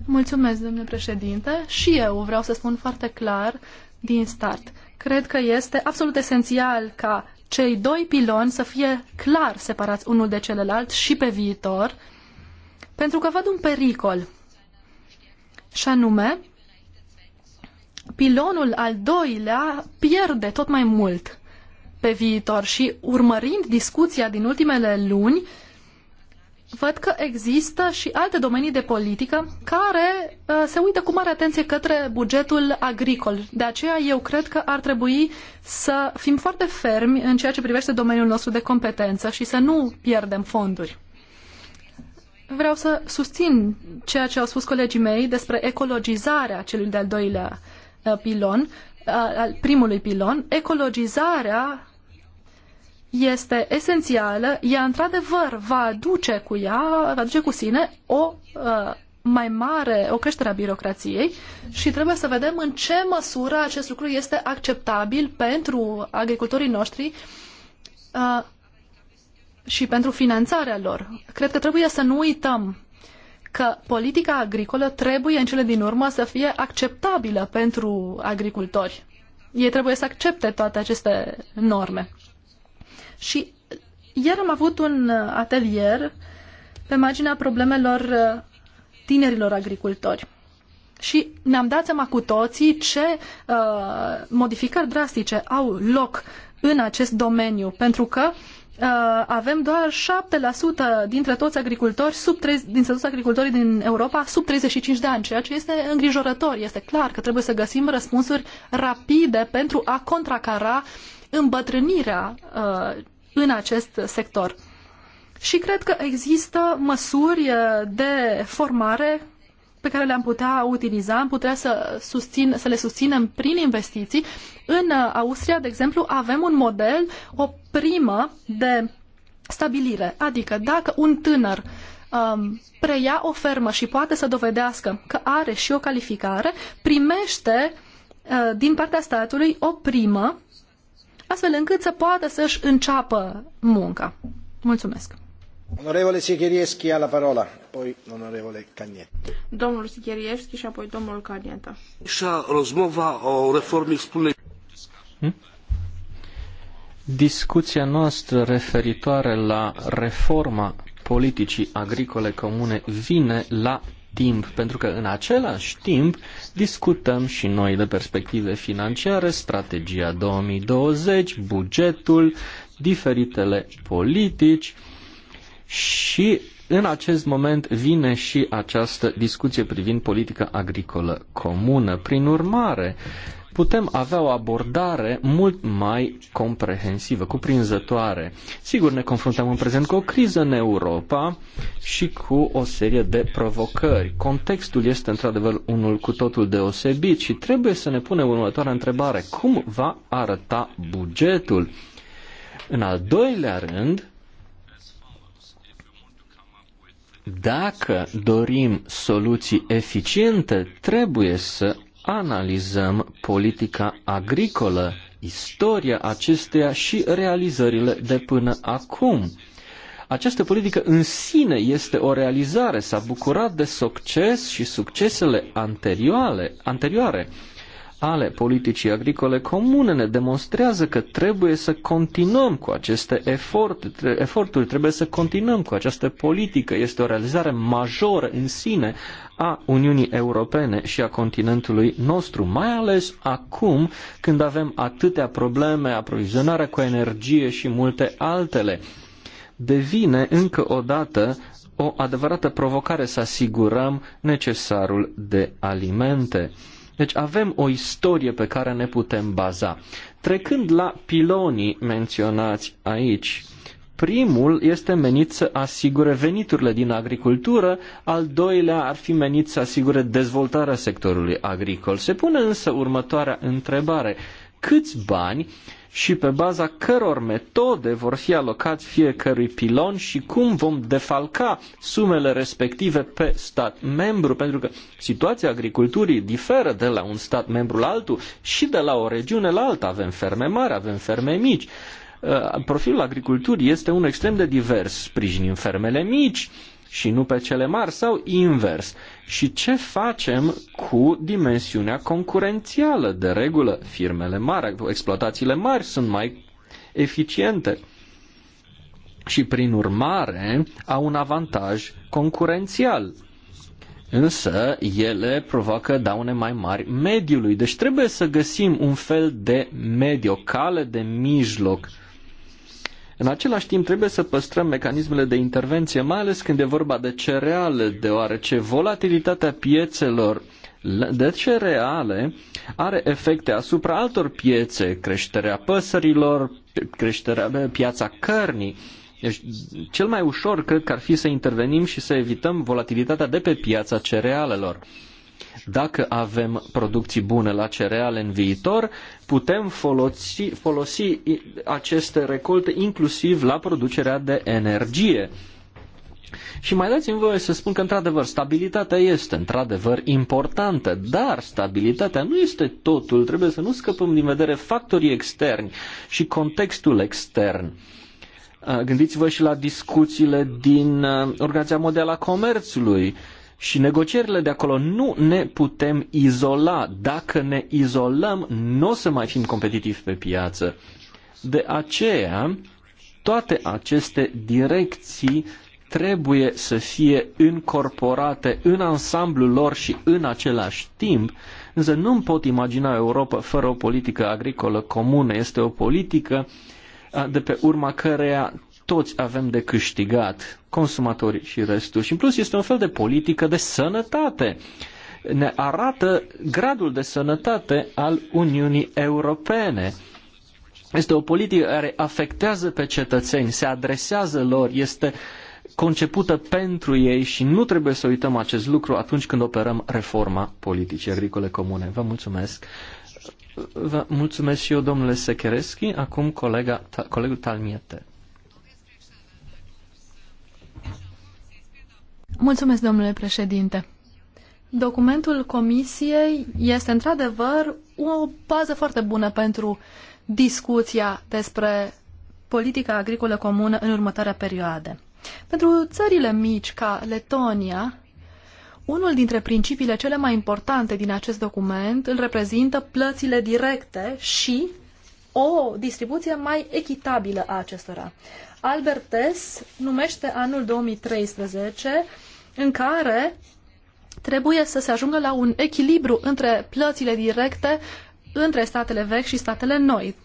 Mulțumesc, domnule președinte. Și eu vreau să spun foarte clar din start. Cred că este absolut esențial ca cei doi piloni să fie clar separați unul de celălalt și pe viitor, pentru că văd un pericol. Și anume, pilonul al doilea pierde tot mai mult pe viitor și urmărind discuția din ultimele luni, uh, văd că există și alte domenii de politică care uh, se uită cu mare atenție către bugetul agricol. De aceea eu cred că ar trebui să fim foarte fermi în ceea ce privește domeniul nostru de competență și să nu pierdem fonduri. Vreau să susțin ceea ce au spus colegii mei despre ecologizarea celui de-al doilea uh, pilon, uh, al primului pilon, ecologizarea este esențială, ea într-adevăr va aduce cu ea, va aduce cu sine o uh, mai mare, o creștere a birocrației și trebuie să vedem în ce măsură acest lucru este acceptabil pentru agricultorii noștri uh, și pentru finanțarea lor. Cred că trebuie să nu uităm că politica agricolă trebuie în cele din urmă să fie acceptabilă pentru agricultori. Ei trebuie să accepte toate aceste norme. Și ieri am avut un uh, atelier pe marginea problemelor uh, tinerilor agricultori. Și ne-am dat seama cu toții ce uh, modificări drastice au loc în acest domeniu, pentru că uh, avem doar 7% dintre toți agricultori, sub 30 dintre toți agricultorii din Europa, sub 35 de ani, ceea ce este îngrijorător. Este clar că trebuie să găsim răspunsuri rapide pentru a contracara uh, îmbătrânirea uh, în acest sector. Și cred că există măsuri uh, de formare pe care le-am putea utiliza, am putea să, susțin, să le susținem prin investiții. În uh, Austria, de exemplu, avem un model, o primă de stabilire. Adică dacă un tânăr um, preia o fermă și poate să dovedească că are și o calificare, primește uh, din partea statului o primă astfel încât să poată să-și înceapă munca. Mulțumesc! Onorevole Sicherieschi a la parola, Apoi, onorevole Cagnetti. Domnul Sicherieschi și apoi domnul Cagnetă. Și rozmova o reformă spune... Hmm? Discuția noastră referitoare la reforma politicii agricole comune vine la timp, pentru că în același timp discutăm și noi de perspective financiare, strategia 2020, bugetul, diferitele politici și în acest moment vine și această discuție privind politica agricolă comună. Prin urmare, putem avea o abordare mult mai comprehensivă, cuprinzătoare. Sigur, ne confruntăm în prezent cu o criză în Europa și cu o serie de provocări. Contextul este într-adevăr unul cu totul deosebit și trebuie să ne punem următoarea întrebare. Cum va arăta bugetul? În al doilea rând, dacă dorim soluții eficiente, trebuie să analizăm politica agricolă, istoria acesteia și realizările de până acum. Această politică în sine este o realizare, s-a bucurat de succes și succesele anterioare, anterioare ale politicii agricole comune ne demonstrează că trebuie să continuăm cu aceste eforturi, eforturi, trebuie să continuăm cu această politică. Este o realizare majoră în sine a Uniunii Europene și a continentului nostru, mai ales acum când avem atâtea probleme, aprovizionarea cu energie și multe altele. Devine încă o dată o adevărată provocare să asigurăm necesarul de alimente. Deci avem o istorie pe care ne putem baza. Trecând la pilonii menționați aici, primul este menit să asigure veniturile din agricultură, al doilea ar fi menit să asigure dezvoltarea sectorului agricol. Se pune însă următoarea întrebare. Câți bani și pe baza căror metode vor fi alocați fiecărui pilon și cum vom defalca sumele respective pe stat membru, pentru că situația agriculturii diferă de la un stat membru la altul și de la o regiune la alta. Avem ferme mari, avem ferme mici. Uh, profilul agriculturii este unul extrem de divers. Sprijinim fermele mici, și nu pe cele mari sau invers. Și ce facem cu dimensiunea concurențială? De regulă, firmele mari, exploatațiile mari sunt mai eficiente și prin urmare au un avantaj concurențial. Însă ele provoacă daune mai mari mediului. Deci trebuie să găsim un fel de mediu, cale de mijloc în același timp, trebuie să păstrăm mecanismele de intervenție, mai ales când e vorba de cereale, deoarece volatilitatea piețelor de cereale are efecte asupra altor piețe, creșterea păsărilor, creșterea piața cărnii. Deci, cel mai ușor cred că ar fi să intervenim și să evităm volatilitatea de pe piața cerealelor. Dacă avem producții bune la cereale în viitor, putem folosi, folosi aceste recolte inclusiv la producerea de energie. Și mai dați-mi voie să spun că, într-adevăr, stabilitatea este, într-adevăr, importantă, dar stabilitatea nu este totul. Trebuie să nu scăpăm din vedere factorii externi și contextul extern. Gândiți-vă și la discuțiile din uh, Organizația Mondială a Comerțului, și negocierile de acolo nu ne putem izola. Dacă ne izolăm, nu o să mai fim competitivi pe piață. De aceea, toate aceste direcții trebuie să fie încorporate în ansamblul lor și în același timp, însă nu-mi pot imagina Europa fără o politică agricolă comună. Este o politică de pe urma căreia toți avem de câștigat, consumatorii și restul. Și în plus este un fel de politică de sănătate. Ne arată gradul de sănătate al Uniunii Europene. Este o politică care afectează pe cetățeni, se adresează lor, este concepută pentru ei și nu trebuie să uităm acest lucru atunci când operăm reforma politicii agricole comune. Vă mulțumesc! Vă mulțumesc și eu, domnule Secherescu, Acum colega, ta, colegul Talmiete. Mulțumesc, domnule președinte. Documentul Comisiei este într-adevăr o bază foarte bună pentru discuția despre politica agricolă comună în următoarea perioadă. Pentru țările mici ca Letonia, unul dintre principiile cele mai importante din acest document îl reprezintă plățile directe și o distribuție mai echitabilă a acestora. Albert Tess numește anul 2013 în care trebuie să se ajungă la un echilibru între plățile directe între statele vechi și statele noi.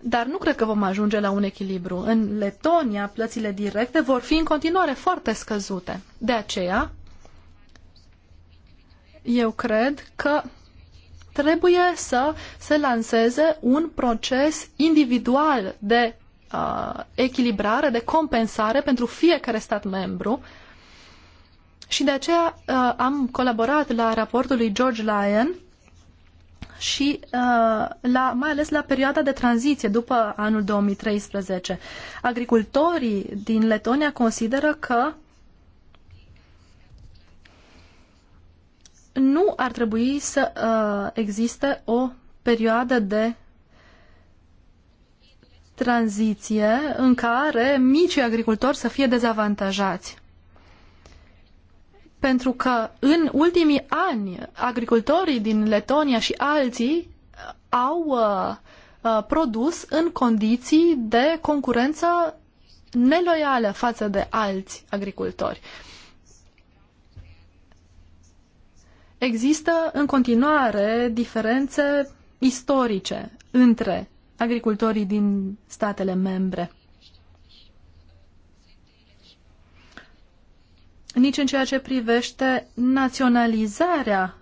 Dar nu cred că vom ajunge la un echilibru. În Letonia, plățile directe vor fi în continuare foarte scăzute. De aceea, eu cred că trebuie să se lanseze un proces individual de uh, echilibrare, de compensare pentru fiecare stat membru. Și de aceea uh, am colaborat la raportul lui George Lyon și uh, la, mai ales la perioada de tranziție după anul 2013. Agricultorii din Letonia consideră că nu ar trebui să uh, existe o perioadă de tranziție în care micii agricultori să fie dezavantajați. Pentru că în ultimii ani agricultorii din Letonia și alții au uh, uh, produs în condiții de concurență neloială față de alți agricultori. Există în continuare diferențe istorice între agricultorii din statele membre. Nici în ceea ce privește naționalizarea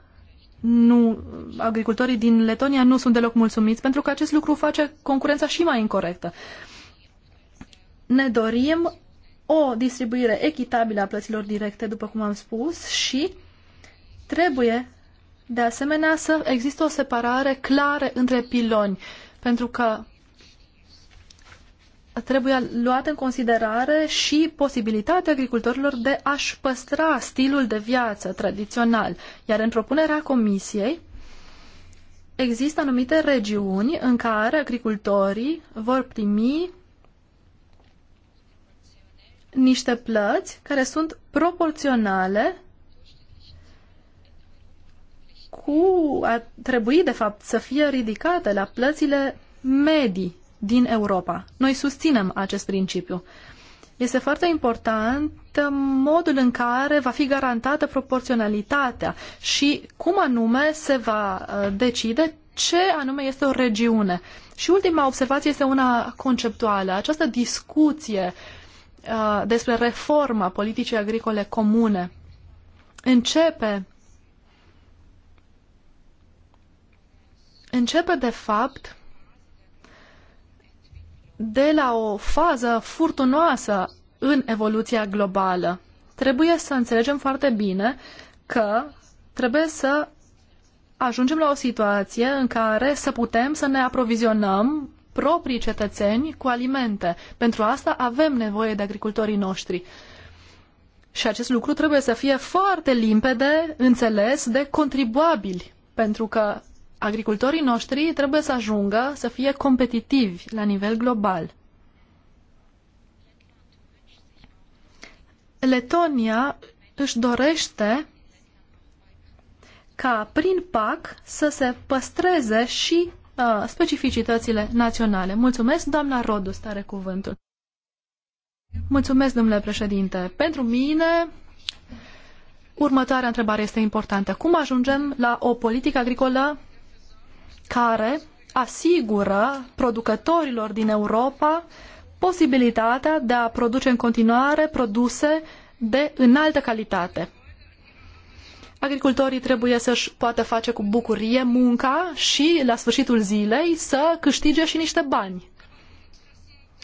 nu, agricultorii din Letonia nu sunt deloc mulțumiți pentru că acest lucru face concurența și mai incorrectă. Ne dorim o distribuire echitabilă a plăților directe, după cum am spus, și trebuie de asemenea să există o separare clară între piloni. Uh, pentru că trebuie luat în considerare și posibilitatea agricultorilor de a-și păstra stilul de viață tradițional. Iar în propunerea comisiei există anumite regiuni în care agricultorii vor primi niște plăți care sunt proporționale cu, a trebui, de fapt, să fie ridicate la plățile medii din Europa. Noi susținem acest principiu. Este foarte important modul în care va fi garantată proporționalitatea și cum anume se va uh, decide ce anume este o regiune. Și ultima observație este una conceptuală. Această discuție uh, despre reforma politicii agricole comune începe începe de fapt de la o fază furtunoasă în evoluția globală. Trebuie să înțelegem foarte bine că trebuie să ajungem la o situație în care să putem să ne aprovizionăm proprii cetățeni cu alimente. Pentru asta avem nevoie de agricultorii noștri. Și acest lucru trebuie să fie foarte limpede înțeles de contribuabili, pentru că agricultorii noștri trebuie să ajungă să fie competitivi la nivel global. Letonia își dorește ca prin PAC să se păstreze și uh, specificitățile naționale. Mulțumesc, doamna Rodu, stare cuvântul. Mulțumesc, domnule președinte. Pentru mine, următoarea întrebare este importantă. Cum ajungem la o politică agricolă care asigură producătorilor din Europa posibilitatea de a produce în continuare produse de înaltă calitate. Agricultorii trebuie să-și poată face cu bucurie munca și, la sfârșitul zilei, să câștige și niște bani.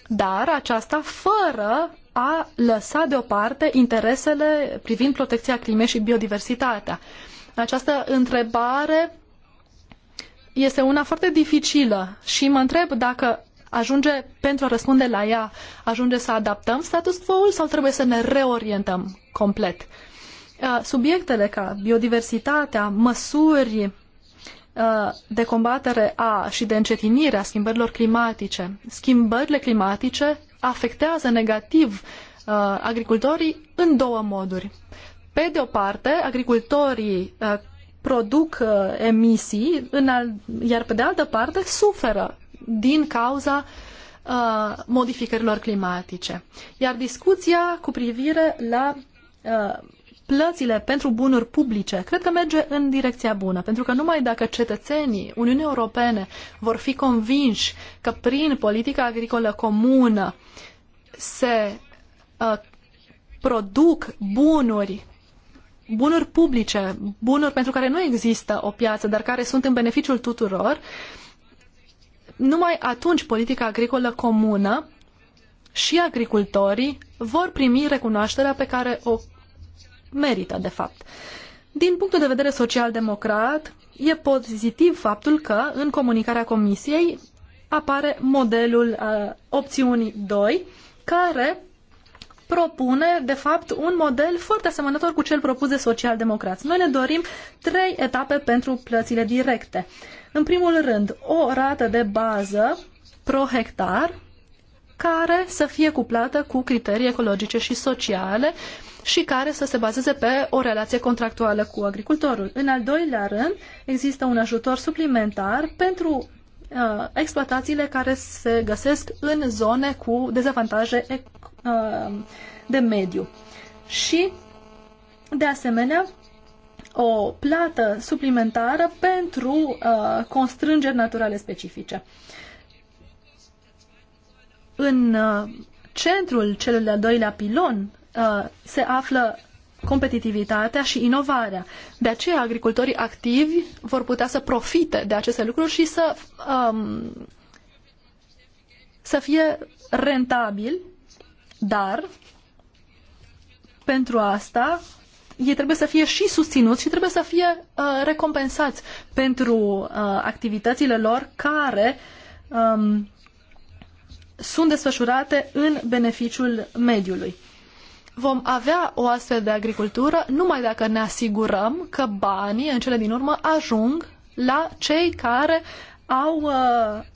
Dar aceasta fără a lăsa deoparte interesele privind protecția climei și biodiversitatea. Această întrebare este una foarte dificilă și mă întreb dacă ajunge, pentru a răspunde la ea, ajunge să adaptăm status quo-ul sau trebuie să ne reorientăm complet. Uh, subiectele ca biodiversitatea, măsuri uh, de combatere a și de încetinire a schimbărilor climatice. Schimbările climatice afectează negativ uh, agricultorii în două moduri. Pe de o parte, agricultorii produc uh, emisii, în al, iar pe de altă parte suferă din cauza uh, modificărilor climatice. Iar discuția cu privire la uh, plățile pentru bunuri publice, cred că merge în direcția bună, pentru că numai dacă cetățenii Uniunii Europene vor fi convinși că prin politica agricolă comună se uh, produc bunuri bunuri publice, bunuri pentru care nu există o piață, dar care sunt în beneficiul tuturor, numai atunci politica agricolă comună și agricultorii vor primi recunoașterea pe care o merită, de fapt. Din punctul de vedere social-democrat, e pozitiv faptul că în comunicarea Comisiei apare modelul uh, opțiunii 2, care propune, de fapt, un model foarte asemănător cu cel propus de socialdemocrați. Noi ne dorim trei etape pentru plățile directe. În primul rând, o rată de bază pro hectar care să fie cuplată cu criterii ecologice și sociale și care să se bazeze pe o relație contractuală cu agricultorul. În al doilea rând, există un ajutor suplimentar pentru uh, exploatațiile care se găsesc în zone cu dezavantaje uh, de mediu. Și, de asemenea, o plată suplimentară pentru uh, constrângeri naturale specifice. În uh, centrul celui de-al doilea pilon uh, se află competitivitatea și inovarea. De aceea, agricultorii activi vor putea să profite de aceste lucruri și să, um, să fie rentabili, dar pentru asta ei trebuie să fie și susținuți și trebuie să fie uh, recompensați pentru uh, activitățile lor care um, sunt desfășurate în beneficiul mediului vom avea o astfel de agricultură numai dacă ne asigurăm că banii, în cele din urmă, ajung la cei care au uh,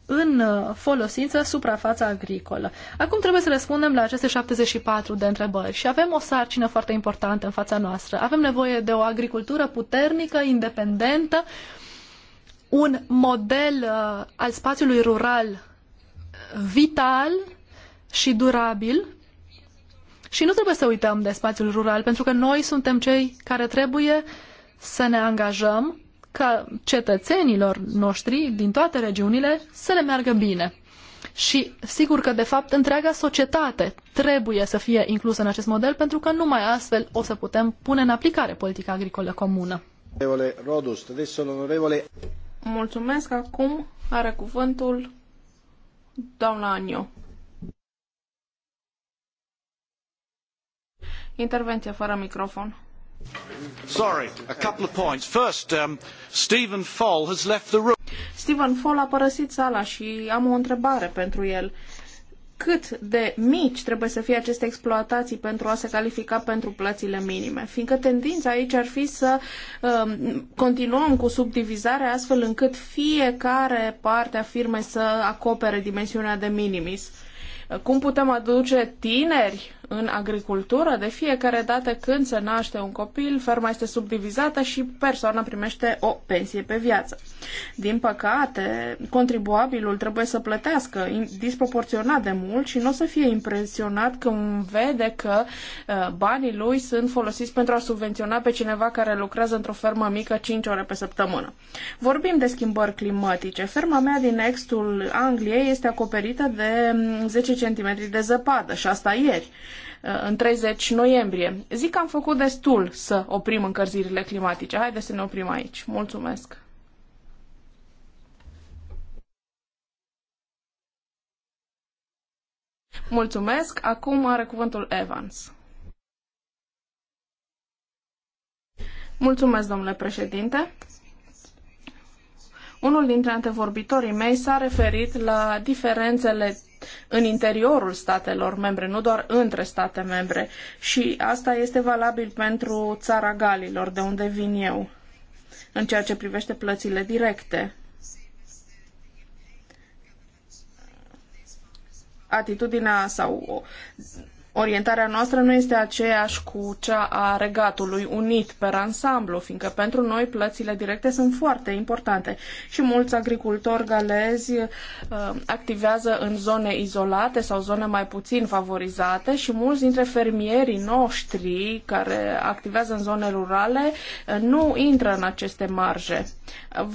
în folosință suprafața agricolă. Acum trebuie să răspundem la aceste 74 de întrebări și avem o sarcină foarte importantă în fața noastră. Avem nevoie de o agricultură puternică, independentă, un model uh, al spațiului rural vital și durabil și nu trebuie să uităm de spațiul rural, pentru că noi suntem cei care trebuie să ne angajăm ca cetățenilor noștri din toate regiunile să le meargă bine. Și sigur că, de fapt, întreaga societate trebuie să fie inclusă în acest model, pentru că numai astfel o să putem pune în aplicare politica agricolă comună. Mulțumesc. Acum are cuvântul doamna Anio. Intervenție fără microfon. Sorry, a couple of points. First, um, Stephen Fall has left the room. Stephen Fall a părăsit sala și am o întrebare pentru el. Cât de mici trebuie să fie aceste exploatații pentru a se califica pentru plățile minime? Fiindcă tendința aici ar fi să um, continuăm cu subdivizarea astfel încât fiecare parte a firmei să acopere dimensiunea de minimis. Cum putem aduce tineri în agricultură, de fiecare dată când se naște un copil, ferma este subdivizată și persoana primește o pensie pe viață. Din păcate, contribuabilul trebuie să plătească disproporționat de mult și nu o să fie impresionat când vede că uh, banii lui sunt folosiți pentru a subvenționa pe cineva care lucrează într-o fermă mică 5 ore pe săptămână. Vorbim de schimbări climatice. Ferma mea din estul Angliei este acoperită de 10 mm, cm de zăpadă și asta ieri. Uh, în 30 noiembrie. Zic că am făcut destul să oprim încălzirile climatice. Haideți să ne oprim aici. Mulțumesc! Mulțumesc! Acum are cuvântul Evans. Mulțumesc, domnule președinte! Unul dintre antevorbitorii mei s-a referit la diferențele în interiorul statelor membre, nu doar între state membre. Și asta este valabil pentru țara Galilor, de unde vin eu, în ceea ce privește plățile directe. Atitudinea sau orientarea noastră nu este aceeași cu cea a Regatului Unit pe ansamblu, fiindcă pentru noi plățile directe sunt foarte importante și mulți agricultori galezi uh, activează în zone izolate sau zone mai puțin favorizate și mulți dintre fermierii noștri care activează în zone rurale uh, nu intră în aceste marje.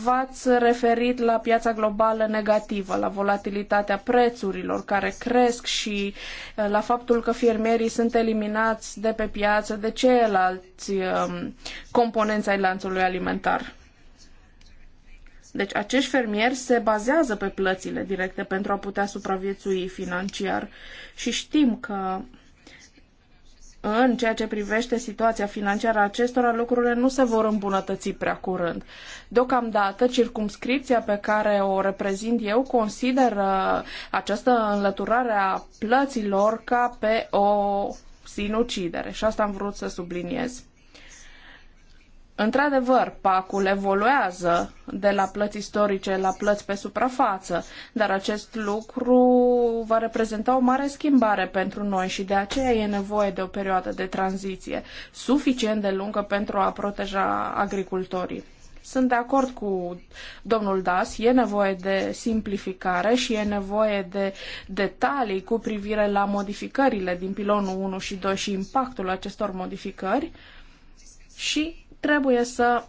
V-ați referit la piața globală negativă, la volatilitatea prețurilor care cresc și uh, la faptul că fie fermierii sunt eliminați de pe piață de ceilalți um, componenți ai lanțului alimentar. Deci acești fermieri se bazează pe plățile directe pentru a putea supraviețui financiar și știm că în ceea ce privește situația financiară a acestora, lucrurile nu se vor îmbunătăți prea curând. Deocamdată, circumscripția pe care o reprezint eu consideră această înlăturare a plăților ca pe o sinucidere și asta am vrut să subliniez. Într-adevăr, pacul evoluează de la plăți istorice la plăți pe suprafață, dar acest lucru va reprezenta o mare schimbare pentru noi și de aceea e nevoie de o perioadă de tranziție suficient de lungă pentru a proteja agricultorii. Sunt de acord cu domnul Das, e nevoie de simplificare și e nevoie de detalii cu privire la modificările din pilonul 1 și 2 și impactul acestor modificări și Trebuie să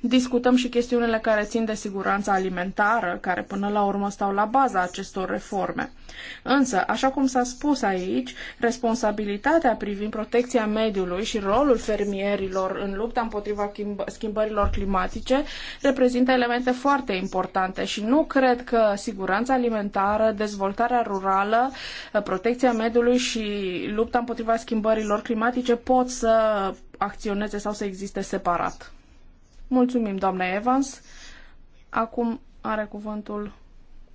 discutăm și chestiunile care țin de siguranța alimentară, care până la urmă stau la baza acestor reforme. Însă, așa cum s-a spus aici, responsabilitatea privind protecția mediului și rolul fermierilor în lupta împotriva schimbărilor climatice reprezintă elemente foarte importante și nu cred că siguranța alimentară, dezvoltarea rurală, protecția mediului și lupta împotriva schimbărilor climatice pot să acționeze sau să existe separat. Mulțumim, doamna Evans. Acum are cuvântul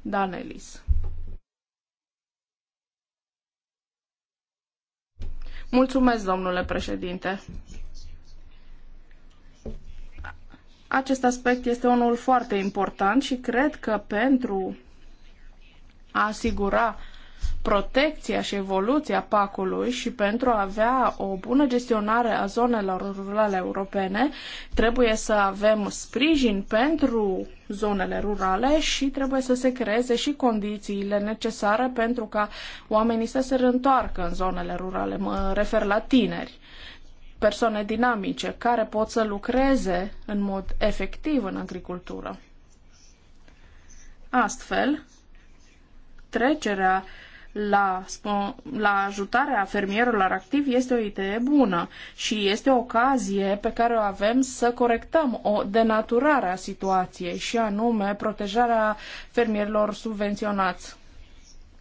Danelis. Mulțumesc, domnule președinte. Acest aspect este unul foarte important și cred că pentru a asigura protecția și evoluția pacului și pentru a avea o bună gestionare a zonelor rurale europene, trebuie să avem sprijin pentru zonele rurale și trebuie să se creeze și condițiile necesare pentru ca oamenii să se întoarcă în zonele rurale. Mă refer la tineri persoane dinamice care pot să lucreze în mod efectiv în agricultură. Astfel, trecerea la, la ajutarea fermierilor activi este o idee bună și este o ocazie pe care o avem să corectăm o denaturare a situației și anume protejarea fermierilor subvenționați.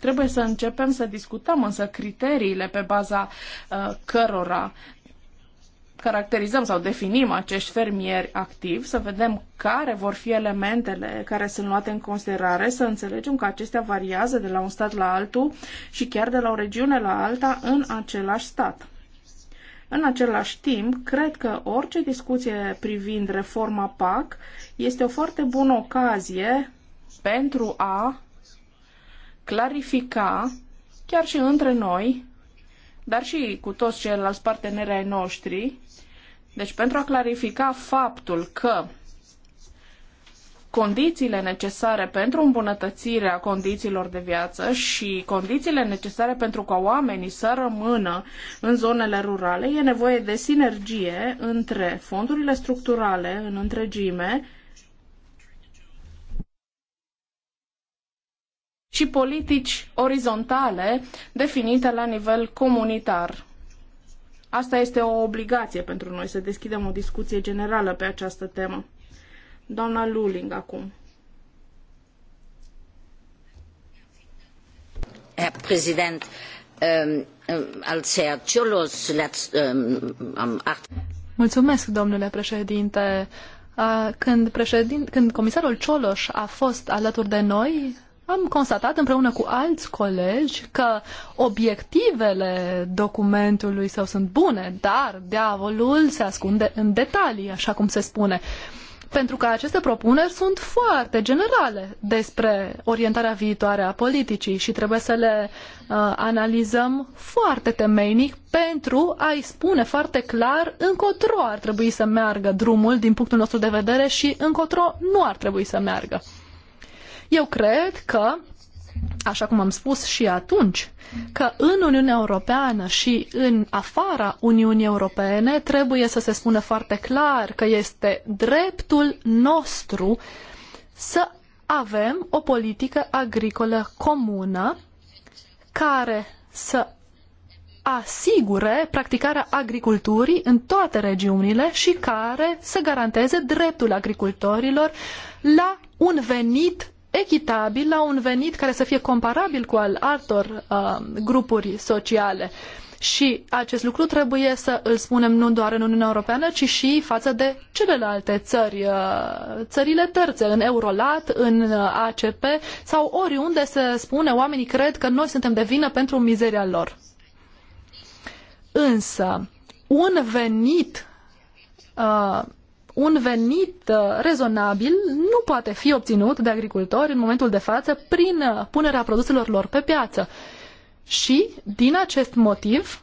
Trebuie să începem să discutăm însă criteriile pe baza uh, cărora caracterizăm sau definim acești fermieri activi, să vedem care vor fi elementele care sunt luate în considerare, să înțelegem că acestea variază de la un stat la altul și chiar de la o regiune la alta în același stat. În același timp, cred că orice discuție privind reforma PAC este o foarte bună ocazie pentru a clarifica, chiar și între noi, dar și cu toți ceilalți parteneri ai noștri, deci pentru a clarifica faptul că condițiile necesare pentru îmbunătățirea condițiilor de viață și condițiile necesare pentru ca oamenii să rămână în zonele rurale, e nevoie de sinergie între fondurile structurale în întregime și politici orizontale definite la nivel comunitar Asta este o obligație pentru noi să deschidem o discuție generală pe această temă. Doamna Luling acum. Herr Präsident, ähm, ähm als Herr Ciolos letzt, 8... Ähm, Mulțumesc, domnule președinte. Când, președin, când comisarul Cioloș a fost alături de noi, am constatat împreună cu alți colegi că obiectivele documentului său sunt bune, dar diavolul se ascunde în detalii, așa cum se spune. Pentru că aceste propuneri sunt foarte generale despre orientarea viitoare a politicii și trebuie să le uh, analizăm foarte temeinic pentru a-i spune foarte clar încotro ar trebui să meargă drumul din punctul nostru de vedere și încotro nu ar trebui să meargă. Eu cred că, așa cum am spus și atunci, că în Uniunea Europeană și în afara Uniunii Europene trebuie să se spună foarte clar că este dreptul nostru să avem o politică agricolă comună care să asigure practicarea agriculturii în toate regiunile și care să garanteze dreptul agricultorilor la un venit echitabil la un venit care să fie comparabil cu al altor uh, grupuri sociale. Și acest lucru trebuie să îl spunem nu doar în Uniunea Europeană, ci și față de celelalte țări, uh, țările terțe, în Eurolat, în uh, ACP sau oriunde se spune oamenii cred că noi suntem de vină pentru mizeria lor. Însă, un venit uh, un venit uh, rezonabil nu poate fi obținut de agricultori în momentul de față prin uh, punerea produselor lor pe piață. Și, din acest motiv,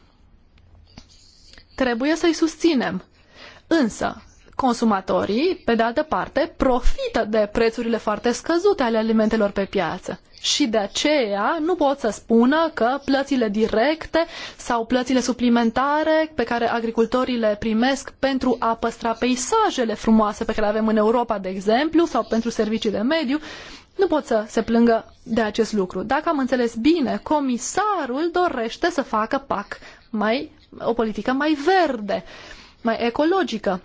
trebuie să-i susținem. Însă, consumatorii, pe de altă parte, profită de prețurile foarte scăzute ale alimentelor pe piață. Și de aceea nu pot să spună că plățile directe sau plățile suplimentare pe care agricultorii le primesc pentru a păstra peisajele frumoase pe care le avem în Europa, de exemplu, sau pentru servicii de mediu, nu pot să se plângă de acest lucru. Dacă am înțeles bine, comisarul dorește să facă PAC mai, o politică mai verde, mai ecologică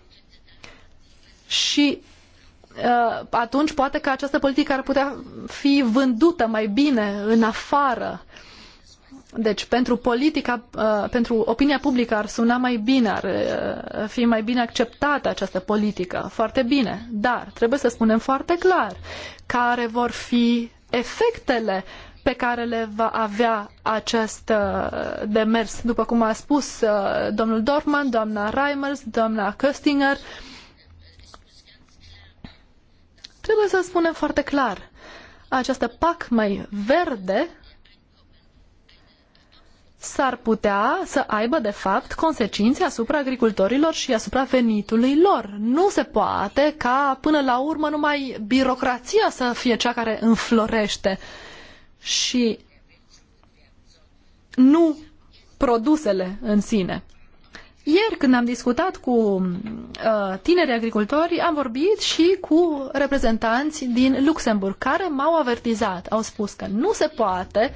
și uh, atunci poate că această politică ar putea fi vândută mai bine în afară. Deci pentru politica, uh, pentru opinia publică ar suna mai bine, ar uh, fi mai bine acceptată această politică. Foarte bine. Dar trebuie să spunem foarte clar care vor fi efectele pe care le va avea acest demers. După cum a spus domnul Dorfman, doamna Reimers, doamna Köstinger, Trebuie să spunem foarte clar, această PAC mai verde s-ar putea să aibă, de fapt, consecințe asupra agricultorilor și asupra venitului lor. Nu se poate ca, până la urmă, numai birocrația să fie cea care înflorește și nu produsele în sine. Ieri, când am discutat cu uh, tineri agricultori, am vorbit și cu reprezentanți din Luxemburg, care m-au avertizat, au spus că nu se poate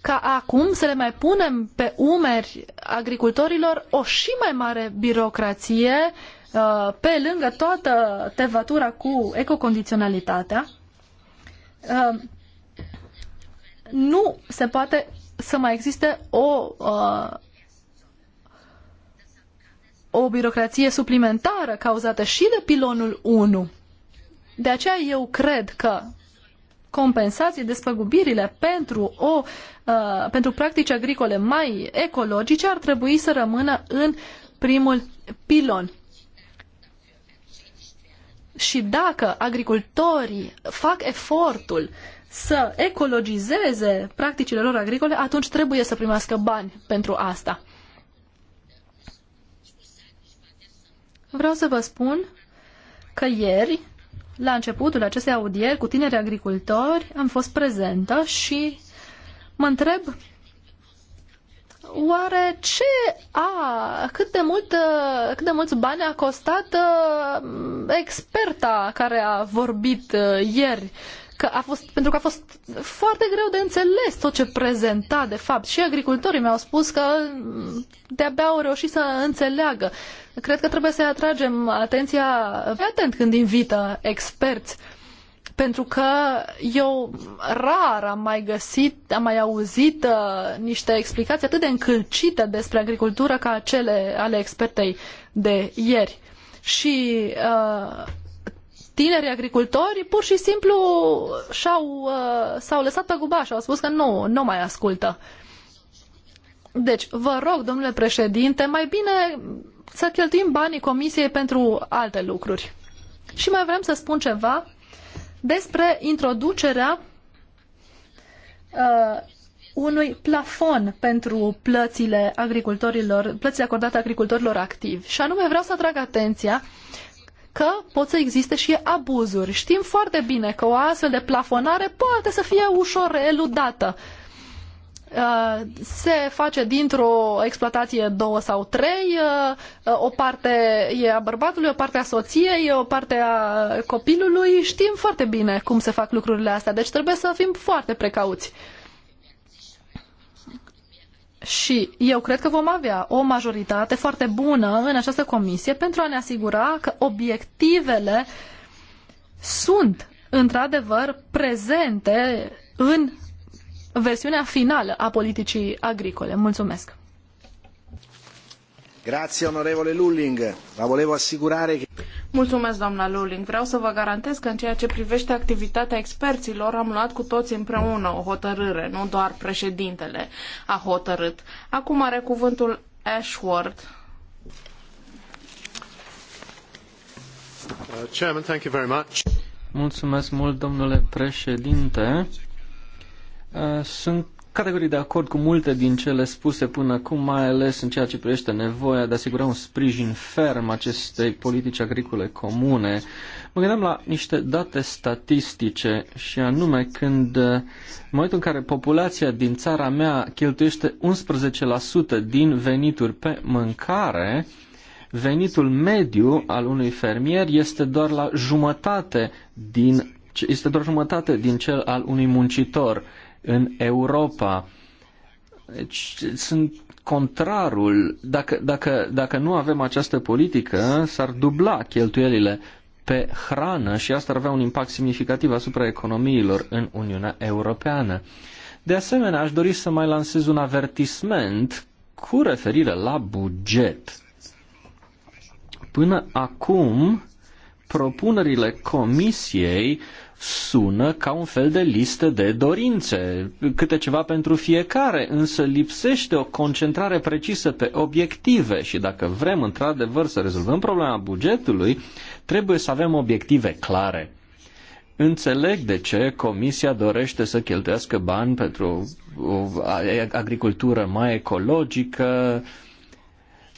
ca acum să le mai punem pe umeri agricultorilor o și mai mare birocrație uh, pe lângă toată tevatura cu ecocondiționalitatea. Uh, nu se poate să mai existe o uh, o birocrație suplimentară cauzată și de pilonul 1. De aceea eu cred că compensații, despăgubirile pentru, o, uh, pentru practici agricole mai ecologice ar trebui să rămână în primul pilon. Și dacă agricultorii fac efortul să ecologizeze practicile lor agricole, atunci trebuie să primească bani pentru asta. vreau să vă spun că ieri, la începutul acestei audieri cu tineri agricultori, am fost prezentă și mă întreb Oare ce a, cât de mult, cât de mulți bani a costat uh, experta care a vorbit uh, ieri? Că a fost, pentru că a fost foarte greu de înțeles tot ce prezenta, de fapt. Și agricultorii mi-au spus că mm, de-abia au reușit să înțeleagă cred că trebuie să atragem atenția, atent când invită experți, pentru că eu rar am mai găsit, am mai auzit uh, niște explicații atât de încălcite despre agricultură ca cele ale expertei de ieri. Și uh, tinerii agricultori pur și simplu și-au, uh, s-au lăsat pe și au spus că nu, nu mai ascultă. Deci, vă rog, domnule președinte, mai bine să cheltuim banii comisiei pentru alte lucruri. Și mai vrem să spun ceva despre introducerea uh, unui plafon pentru plățile agricultorilor, plățile acordate agricultorilor activi. Și anume vreau să atrag atenția că pot să existe și abuzuri. Știm foarte bine că o astfel de plafonare poate să fie ușor eludată Uh, se face dintr-o exploatație două sau trei, uh, uh, o parte e a bărbatului, o parte a soției, o parte a copilului. Știm foarte bine cum se fac lucrurile astea, deci trebuie să fim foarte precauți. Și eu cred că vom avea o majoritate foarte bună în această comisie pentru a ne asigura că obiectivele sunt într-adevăr prezente în versiunea finală a politicii agricole. Mulțumesc! Grazie, onorevole Lulling. Vă volevo asigurare che... Mulțumesc, doamna Lulling. Vreau să vă garantez că în ceea ce privește activitatea experților am luat cu toți împreună o hotărâre, nu doar președintele a hotărât. Acum are cuvântul Ashworth. Uh, chairman, thank you very much. Mulțumesc mult, domnule președinte. Uh, sunt categoric de acord cu multe din cele spuse până acum, mai ales în ceea ce privește nevoia de a asigura un sprijin ferm acestei politici agricole comune. Mă gândeam la niște date statistice și anume când, uh, în momentul în care populația din țara mea cheltuiește 11% din venituri pe mâncare, venitul mediu al unui fermier este doar la jumătate din este doar jumătate din cel al unui muncitor în Europa. Deci sunt contrarul. Dacă, dacă, dacă nu avem această politică, s-ar dubla cheltuielile pe hrană și asta ar avea un impact semnificativ asupra economiilor în Uniunea Europeană. De asemenea, aș dori să mai lansez un avertisment cu referire la buget. Până acum, propunerile Comisiei sună ca un fel de listă de dorințe, câte ceva pentru fiecare, însă lipsește o concentrare precisă pe obiective și dacă vrem într-adevăr să rezolvăm problema bugetului, trebuie să avem obiective clare. Înțeleg de ce Comisia dorește să cheltuiască bani pentru o agricultură mai ecologică,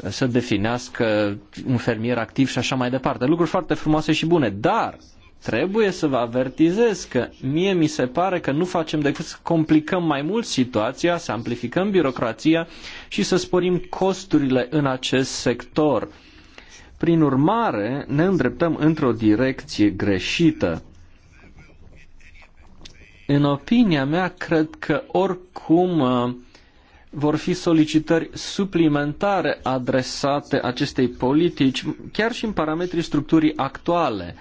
să definească un fermier activ și așa mai departe. Lucruri foarte frumoase și bune, dar trebuie să vă avertizez că mie mi se pare că nu facem decât să complicăm mai mult situația, să amplificăm birocrația și să sporim costurile în acest sector. Prin urmare, ne îndreptăm într-o direcție greșită. În opinia mea, cred că oricum uh, vor fi solicitări suplimentare adresate acestei politici, chiar și în parametrii structurii actuale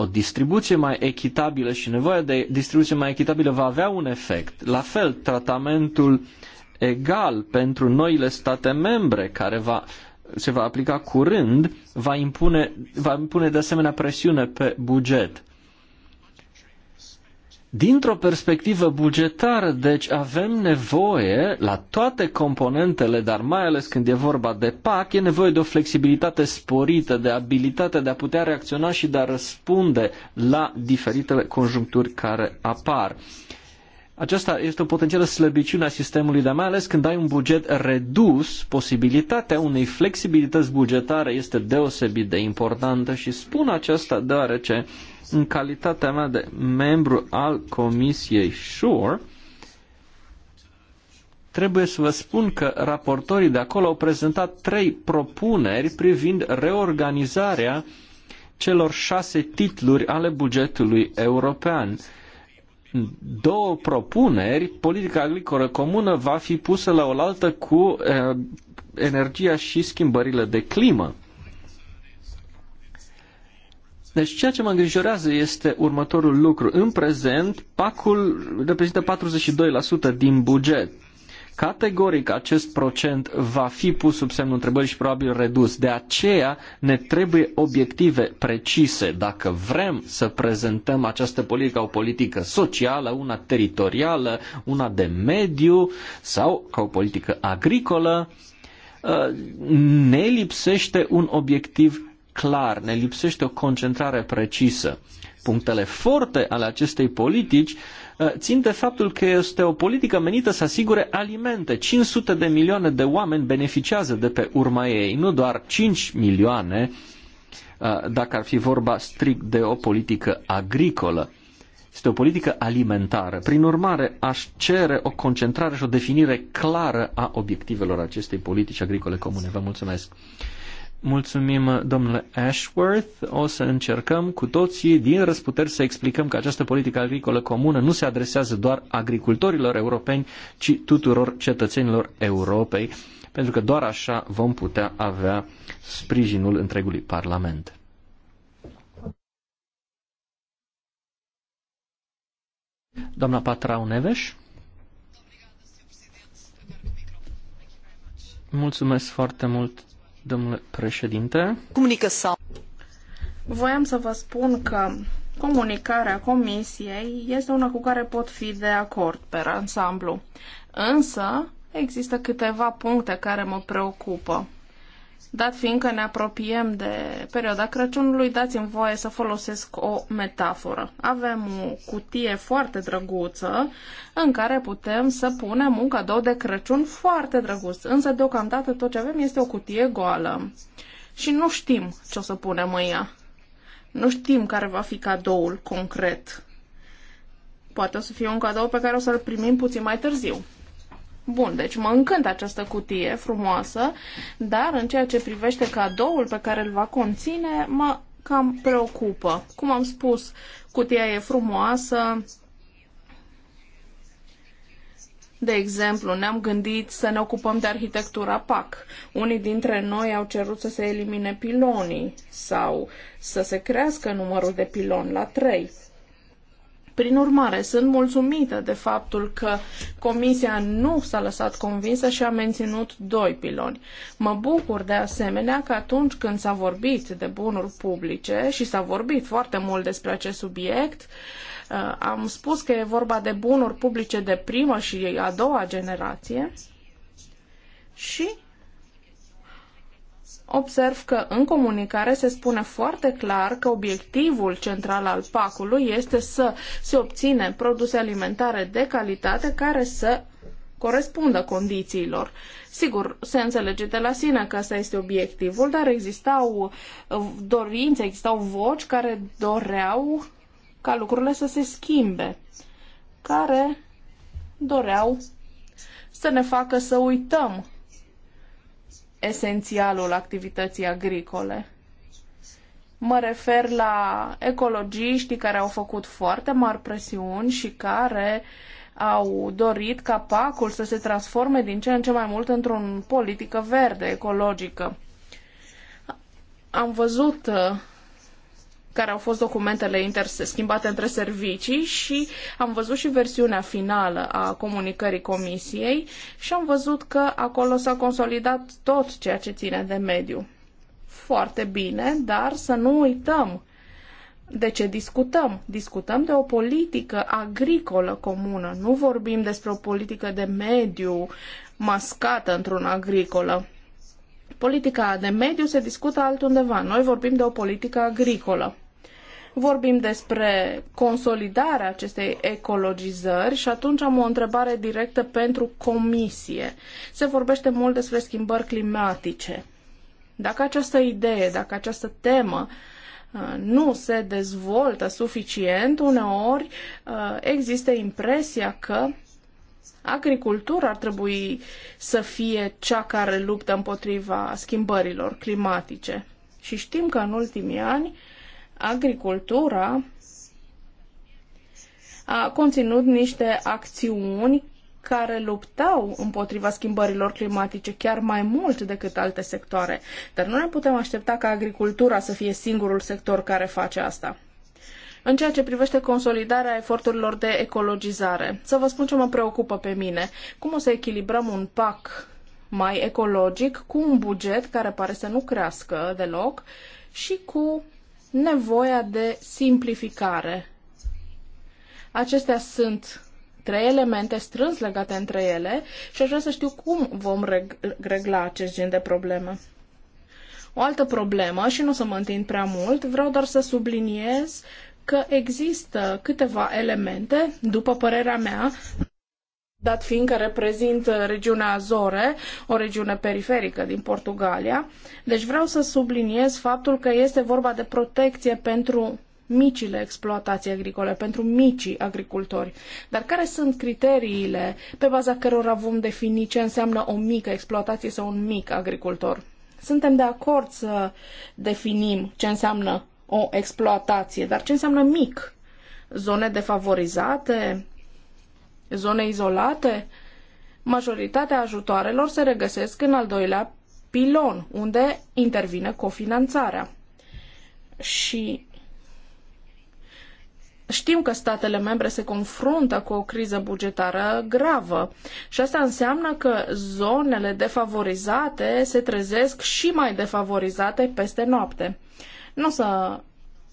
o distribuție mai echitabilă și nevoia de distribuție mai echitabilă va avea un efect. La fel, tratamentul egal pentru noile state membre care va, se va aplica curând va impune, va impune de asemenea presiune pe buget. Dintr-o perspectivă bugetară, deci avem nevoie la toate componentele, dar mai ales când e vorba de PAC, e nevoie de o flexibilitate sporită, de abilitatea de a putea reacționa și de a răspunde la diferitele conjuncturi care apar. Aceasta este o potențială slăbiciune a sistemului, dar mai ales când ai un buget redus, posibilitatea unei flexibilități bugetare este deosebit de importantă și spun aceasta deoarece în calitatea mea de membru al Comisiei SURE, trebuie să vă spun că raportorii de acolo au prezentat trei propuneri privind reorganizarea celor șase titluri ale bugetului european două propuneri, politica agricolă comună va fi pusă la oaltă cu eh, energia și schimbările de climă. Deci ceea ce mă îngrijorează este următorul lucru. În prezent, pacul reprezintă 42% din buget. Categoric acest procent va fi pus sub semnul întrebării și probabil redus. De aceea ne trebuie obiective precise. Dacă vrem să prezentăm această politică o politică socială, una teritorială, una de mediu sau ca o politică agricolă, ne lipsește un obiectiv clar, ne lipsește o concentrare precisă. Punctele forte ale acestei politici Eh, țin de faptul că este o politică menită să asigure alimente. 500 de milioane de oameni beneficiază de pe urma ei, nu doar 5 milioane eh, dacă ar fi vorba strict de o politică agricolă. Este o politică alimentară. Prin urmare, aș cere o concentrare și o definire clară a obiectivelor acestei politici agricole comune. Vă mulțumesc. Mulțumim, domnule Ashworth. O să încercăm cu toții din răsputeri să explicăm că această politică agricolă comună nu se adresează doar agricultorilor europeni, ci tuturor cetățenilor Europei, pentru că doar așa vom putea avea sprijinul întregului Parlament. Doamna Patrau Neveș. Mulțumesc foarte mult, Domnule președinte. Comunică sau. Voiam să vă spun că comunicarea comisiei este una cu care pot fi de acord pe ansamblu. Însă, există câteva puncte care mă preocupă. Dat fiindcă ne apropiem de perioada Crăciunului, dați-mi voie să folosesc o metaforă. Avem o cutie foarte drăguță în care putem să punem un cadou de Crăciun foarte drăguț, însă deocamdată tot ce avem este o cutie goală. Și nu știm ce o să punem în ea. Nu știm care va fi cadoul concret. Poate o să fie un cadou pe care o să-l primim puțin mai târziu. Bun, deci mă încântă această cutie frumoasă, dar în ceea ce privește cadoul pe care îl va conține, mă cam preocupă. Cum am spus, cutia e frumoasă, de exemplu, ne-am gândit să ne ocupăm de arhitectura PAC. Unii dintre noi au cerut să se elimine pilonii sau să se crească numărul de piloni la 3. Prin urmare, sunt mulțumită de faptul că Comisia nu s-a lăsat convinsă și a menținut doi piloni. Mă bucur de asemenea că atunci când s-a vorbit de bunuri publice și s-a vorbit foarte mult despre acest subiect, uh, am spus că e vorba de bunuri publice de primă și a doua generație și observ că în comunicare se spune foarte clar că obiectivul central al pacului este să se obține produse alimentare de calitate care să corespundă condițiilor. Sigur, se înțelege de la sine că asta este obiectivul, dar existau uh, dorințe, existau voci care doreau ca lucrurile să se schimbe, care doreau să ne facă să uităm esențialul activității agricole. Mă refer la ecologiștii care au făcut foarte mari presiuni și care au dorit ca pacul să se transforme din ce în ce mai mult într-o politică verde, ecologică. Am văzut uh, care au fost documentele interse schimbate între servicii și am văzut și versiunea finală a comunicării comisiei și am văzut că acolo s-a consolidat tot ceea ce ține de mediu. Foarte bine, dar să nu uităm de ce discutăm? Discutăm de o politică agricolă comună. Nu vorbim despre o politică de mediu mascată într un agricolă. Politica de mediu se discută altundeva. Noi vorbim de o politică agricolă. Vorbim despre consolidarea acestei ecologizări și atunci am o întrebare directă pentru comisie. Se vorbește mult despre schimbări climatice. Dacă această idee, dacă această temă uh, nu se dezvoltă suficient, uneori uh, există impresia că agricultura ar trebui să fie cea care luptă împotriva schimbărilor climatice. Și știm că în ultimii ani agricultura a conținut niște acțiuni care luptau împotriva schimbărilor climatice chiar mai mult decât alte sectoare. Dar nu ne putem aștepta ca agricultura să fie singurul sector care face asta. În ceea ce privește consolidarea eforturilor de ecologizare, să vă spun ce mă preocupă pe mine. Cum o să echilibrăm un PAC mai ecologic cu un buget care pare să nu crească deloc și cu nevoia de simplificare. Acestea sunt trei elemente strâns legate între ele și aș vrea să știu cum vom regla acest gen de probleme. O altă problemă, și nu o să mă întind prea mult, vreau doar să subliniez că există câteva elemente, după părerea mea, dat fiindcă reprezint uh, regiunea Azore, o regiune periferică din Portugalia. Deci vreau să subliniez faptul că este vorba de protecție pentru micile exploatații agricole, pentru micii agricultori. Dar care sunt criteriile pe baza cărora vom defini ce înseamnă o mică exploatație sau un mic agricultor? Suntem de acord să definim ce înseamnă o exploatație, dar ce înseamnă mic? Zone defavorizate, zone izolate? Majoritatea ajutoarelor se regăsesc în al doilea pilon, unde intervine cofinanțarea. Și Știm că statele membre se confruntă cu o criză bugetară gravă și asta înseamnă că zonele defavorizate se trezesc și mai defavorizate peste noapte. Nu o să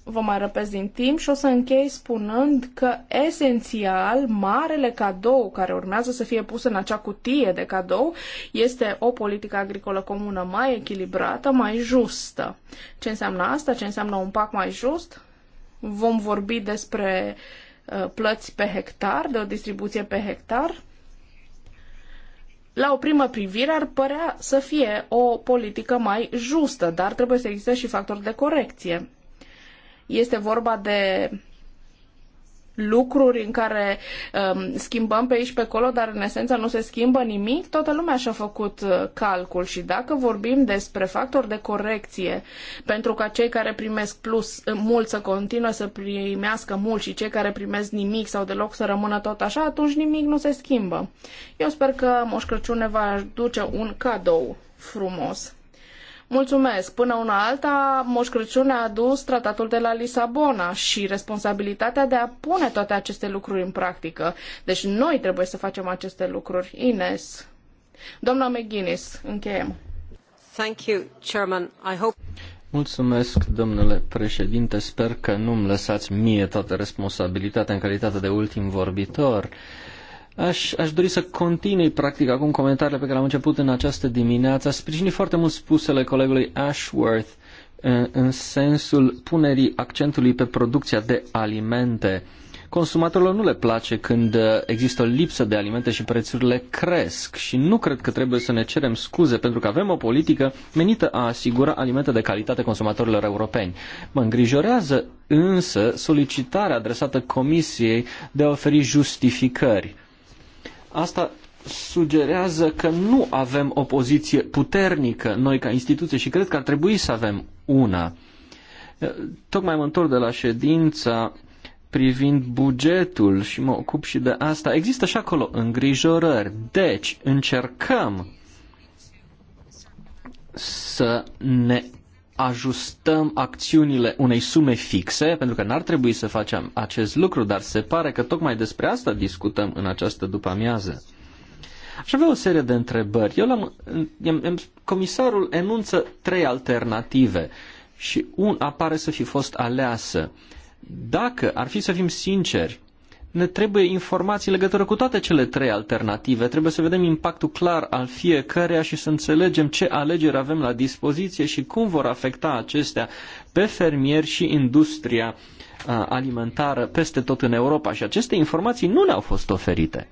vă mai răpesc din timp și o să închei spunând că esențial marele cadou care urmează să fie pus în acea cutie de cadou este o politică agricolă comună mai echilibrată, mai justă. Ce înseamnă asta? Ce înseamnă un pac mai just? Vom vorbi despre uh, plăți pe hectar, de o distribuție pe hectar, la o primă privire ar părea să fie o politică mai justă, dar trebuie să existe și factori de corecție. Este vorba de lucruri în care um, schimbăm pe aici pe acolo, dar în esență nu se schimbă nimic, toată lumea și-a făcut uh, calcul și dacă vorbim despre factori de corecție, pentru ca cei care primesc plus uh, mult să continuă să primească mult și cei care primesc nimic sau deloc să rămână tot așa, atunci nimic nu se schimbă. Eu sper că Moș Crăciun ne va duce un cadou frumos. Mulțumesc! Până una alta, Moș Crăciun a adus tratatul de la Lisabona și responsabilitatea de a pune toate aceste lucruri în practică. Deci noi trebuie să facem aceste lucruri. Ines. Doamna McGuinness, încheiem. Thank you, Chairman. I hope... Mulțumesc, domnule președinte. Sper că nu-mi lăsați mie toată responsabilitatea în calitate de ultim vorbitor. Uh, Aș, aș dori să continui, practic, acum comentariile pe care le-am început în această dimineață. Aș sprijini foarte mult spusele colegului Ashworth în sensul punerii accentului pe producția de alimente. Consumatorilor nu le place când există o lipsă de alimente și prețurile cresc și nu cred că trebuie să ne cerem scuze pentru că avem o politică menită a asigura alimente de calitate consumatorilor europeni. Mă îngrijorează însă solicitarea adresată Comisiei de a oferi justificări Asta sugerează că nu avem o poziție puternică noi ca instituție și cred că ar trebui să avem una. Tocmai mă întorc de la ședința privind bugetul și mă ocup și de asta. Există și acolo îngrijorări. Deci, încercăm să ne ajustăm acțiunile unei sume fixe, pentru că n-ar trebui să facem acest lucru, dar se pare că tocmai despre asta discutăm în această după-amiază. Aș avea o serie de întrebări. Eu l-am, comisarul enunță trei alternative și un apare să fi fost aleasă. Dacă ar fi să fim sinceri, ne trebuie informații legătură cu toate cele trei alternative. Trebuie să vedem impactul clar al fiecăreia și să înțelegem ce alegeri avem la dispoziție și cum vor afecta acestea pe fermieri și industria uh, alimentară peste tot în Europa. Și aceste informații nu ne-au fost oferite.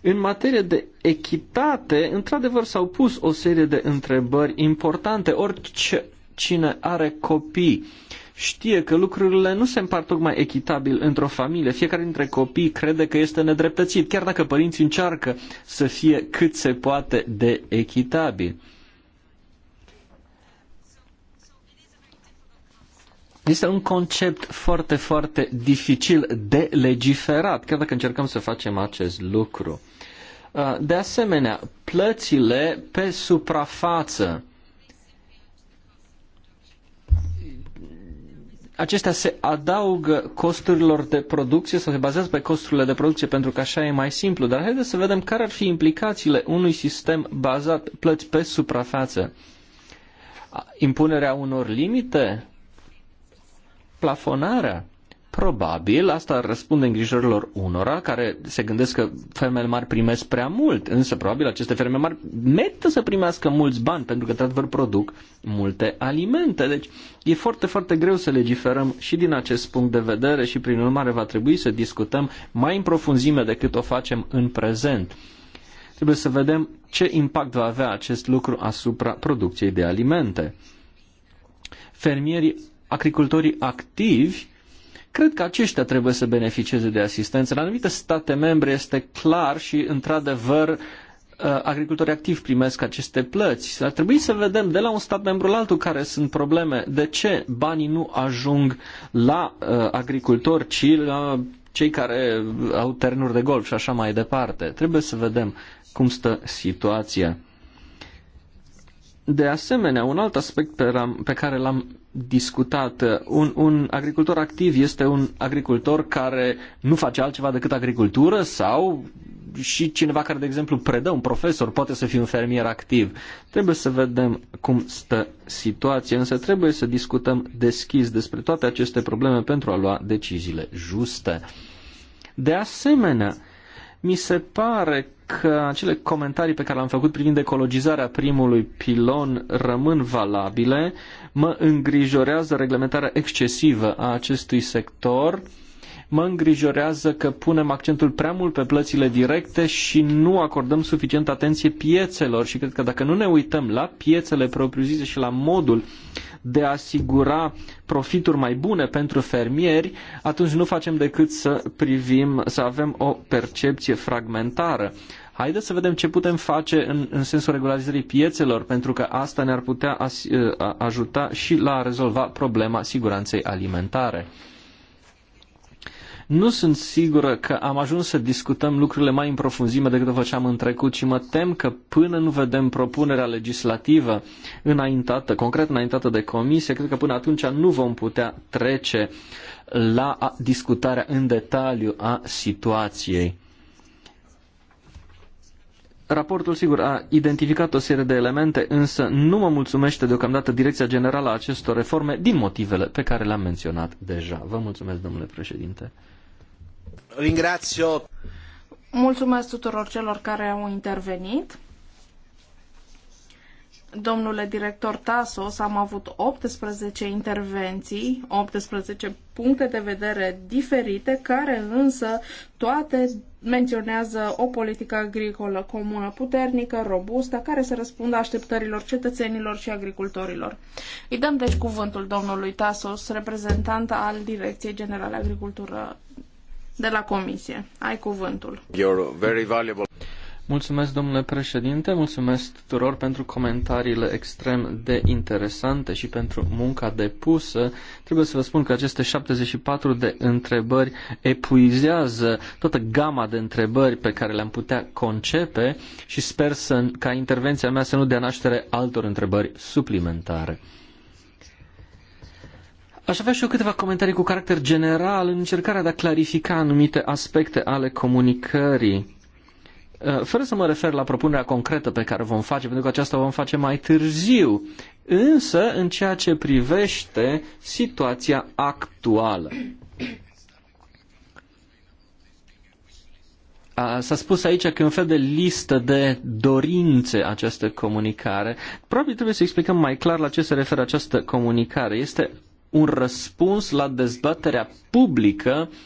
În materie de echitate, într-adevăr s-au pus o serie de întrebări importante. Orice cine are copii știe că lucrurile nu se împart tocmai echitabil într-o familie. Fiecare dintre copii crede că este nedreptățit, chiar dacă părinții încearcă să fie cât se poate de echitabil. Este un concept foarte, foarte dificil de legiferat, chiar dacă încercăm să facem acest lucru. De asemenea, plățile pe suprafață acestea se adaugă costurilor de producție sau se bazează pe costurile de producție pentru că așa e mai simplu. Dar haideți să vedem care ar fi implicațiile unui sistem bazat plăți pe suprafață. Impunerea unor limite? Plafonarea? Probabil asta răspunde îngrijorilor unora care se gândesc că fermele mari primesc prea mult, însă probabil aceste ferme mari merită să primească mulți bani pentru că într-adevăr produc multe alimente. Deci e foarte, foarte greu să legiferăm și din acest punct de vedere și prin urmare va trebui să discutăm mai în profunzime decât o facem în prezent. Trebuie să vedem ce impact va avea acest lucru asupra producției de alimente. Fermierii, agricultorii activi Cred că aceștia trebuie să beneficieze de asistență. În anumite state membre este clar și, într-adevăr, uh, agricultorii activi primesc aceste plăți. Ar trebui să vedem de la un stat membru la altul care sunt probleme. De ce banii nu ajung la uh, agricultori, ci la cei care au terenuri de golf și așa mai departe. Trebuie să vedem cum stă situația. De asemenea, un alt aspect pe, pe care l-am discutată. Un, un agricultor activ este un agricultor care nu face altceva decât agricultură sau și cineva care, de exemplu, predă, un profesor, poate să fie un fermier activ. Trebuie să vedem cum stă situația, însă trebuie să discutăm deschis despre toate aceste probleme pentru a lua deciziile juste. De asemenea, mi se pare că acele comentarii pe care le-am făcut privind ecologizarea primului pilon rămân valabile Mă îngrijorează reglementarea excesivă a acestui sector. Mă îngrijorează că punem accentul prea mult pe plățile directe și nu acordăm suficient atenție piețelor și cred că dacă nu ne uităm la piețele propriu-zise și la modul de a asigura profituri mai bune pentru fermieri, atunci nu facem decât să privim, să avem o percepție fragmentară Haideți să vedem ce putem face în, în sensul regularizării piețelor, pentru că asta ne-ar putea as, uh, ajuta și la a rezolva problema siguranței alimentare. Nu sunt sigură că am ajuns să discutăm lucrurile mai în profunzime decât o făceam în trecut și mă tem că până nu vedem propunerea legislativă înaintată, concret înaintată de comisie, cred că până atunci nu vom putea trece la discutarea în detaliu a situației. Raportul, sigur, a identificat o serie de elemente, însă nu mă mulțumește deocamdată direcția generală a acestor reforme din motivele pe care le-am menționat deja. Vă mulțumesc, domnule președinte. Ringrazio. Mulțumesc tuturor celor care au intervenit. Domnule director Tasos, am avut 18 intervenții, 18 puncte de vedere diferite, care însă toate menționează o politică agricolă comună puternică, robustă, care să răspundă așteptărilor cetățenilor și agricultorilor. Îi dăm deci cuvântul domnului Tasos, reprezentant al Direcției Generale Agricultură de la Comisie. Ai cuvântul. You're very valuable. Mulțumesc, domnule președinte, mulțumesc tuturor pentru comentariile extrem de interesante și pentru munca depusă. Trebuie să vă spun că aceste 74 de întrebări epuizează toată gama de întrebări pe care le-am putea concepe și sper să, ca intervenția mea să nu dea naștere altor întrebări suplimentare. Aș avea și eu câteva comentarii cu caracter general în încercarea de a clarifica anumite aspecte ale comunicării Eh, fără să mă refer la propunerea concretă pe care o vom face, pentru că aceasta o vom face mai târziu, însă în ceea ce privește situația actuală. S-a spus aici că e un fel de listă de dorințe această comunicare. Probabil trebuie să explicăm mai clar la ce se referă această comunicare. Este un răspuns la dezbaterea publică uh,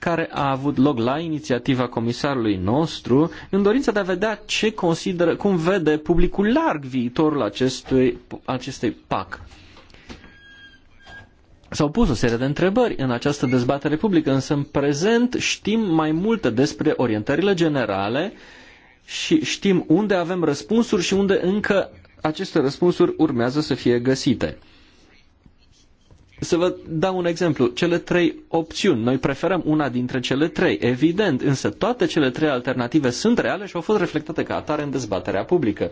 care a avut loc la inițiativa comisarului nostru, în dorința de a vedea ce consideră, cum vede publicul larg viitorul acestui, acestei PAC. S-au pus o serie de întrebări în această dezbatere publică, însă în prezent știm mai multe despre orientările generale și știm unde avem răspunsuri și unde încă aceste răspunsuri urmează să fie găsite. Să vă dau un exemplu. Cele trei opțiuni. Noi preferăm una dintre cele trei, evident, însă toate cele trei alternative sunt reale și au fost reflectate ca atare în dezbaterea publică.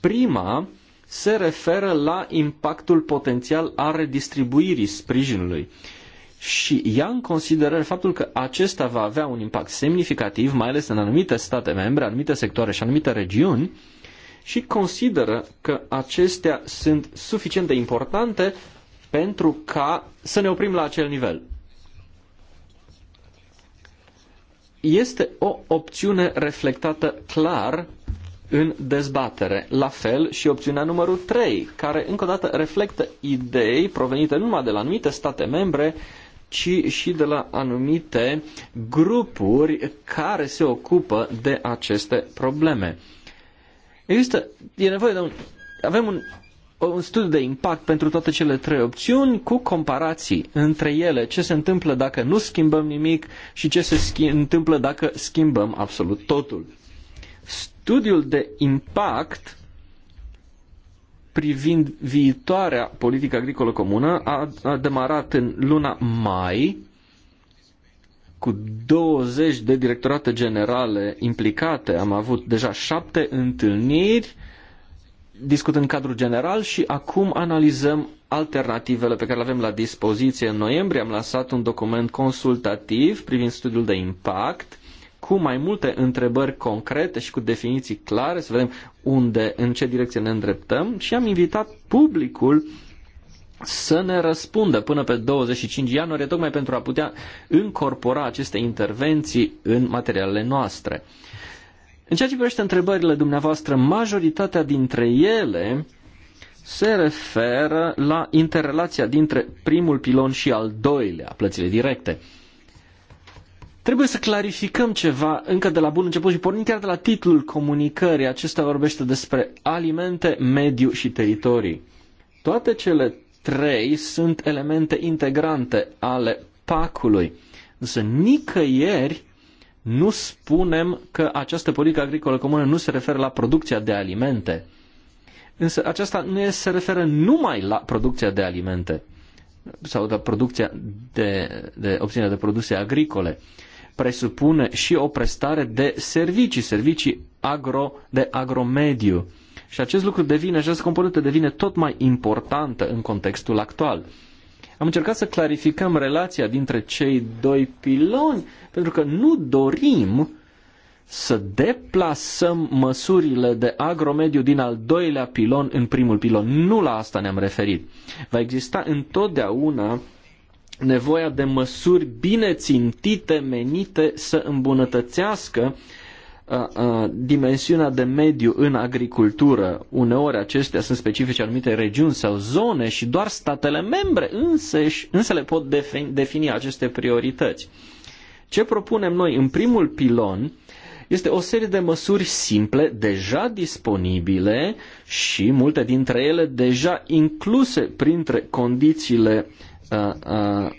Prima se referă la impactul potențial al redistribuirii sprijinului și ia în considerare faptul că acesta va avea un impact semnificativ, mai ales în anumite state membre, anumite sectoare și anumite regiuni, și consideră că acestea sunt suficient de importante pentru ca să ne oprim la acel nivel. Este o opțiune reflectată clar în dezbatere. La fel și opțiunea numărul 3, care încă o dată reflectă idei provenite nu numai de la anumite state membre, ci și de la anumite grupuri care se ocupă de aceste probleme. Există, e nevoie de un, avem un un studiu de impact pentru toate cele trei opțiuni cu comparații între ele, ce se întâmplă dacă nu schimbăm nimic și ce se întâmplă dacă schimbăm absolut totul. Studiul de impact privind viitoarea politică agricolă comună a, a demarat în luna mai cu 20 de directorate generale implicate. Am avut deja șapte întâlniri discut în cadrul general și acum analizăm alternativele pe care le avem la dispoziție. În noiembrie am lansat un document consultativ privind studiul de impact cu mai multe întrebări concrete și cu definiții clare, să vedem unde, în ce direcție ne îndreptăm și am invitat publicul să ne răspundă până pe 25 ianuarie, tocmai pentru a putea incorpora aceste intervenții în materialele noastre. În ceea ce privește întrebările dumneavoastră, majoritatea dintre ele se referă la interrelația dintre primul pilon și al doilea, plățile directe. Trebuie să clarificăm ceva încă de la bun început și pornind chiar de la titlul comunicării. Acesta vorbește despre alimente, mediu și teritorii. Toate cele trei sunt elemente integrante ale pacului. Însă nicăieri nu spunem că această politică agricolă comună nu se referă la producția de alimente. Însă aceasta nu se referă numai la producția de alimente sau la producția de, de obținere de produse agricole. Presupune și o prestare de servicii, servicii agro, de agromediu. Și acest lucru devine, această componentă devine tot mai importantă în contextul actual. Am încercat să clarificăm relația dintre cei doi piloni, pentru că nu dorim să deplasăm măsurile de agromediu din al doilea pilon în primul pilon. Nu la asta ne-am referit. Va exista întotdeauna nevoia de măsuri bine țintite, menite să îmbunătățească dimensiunea de mediu în agricultură. Uneori acestea sunt specifice anumite regiuni sau zone și doar statele membre însăși, însă le pot defini, aceste priorități. Ce propunem noi în primul pilon este o serie de măsuri simple, deja disponibile și multe dintre ele deja incluse printre condițiile uh, uh,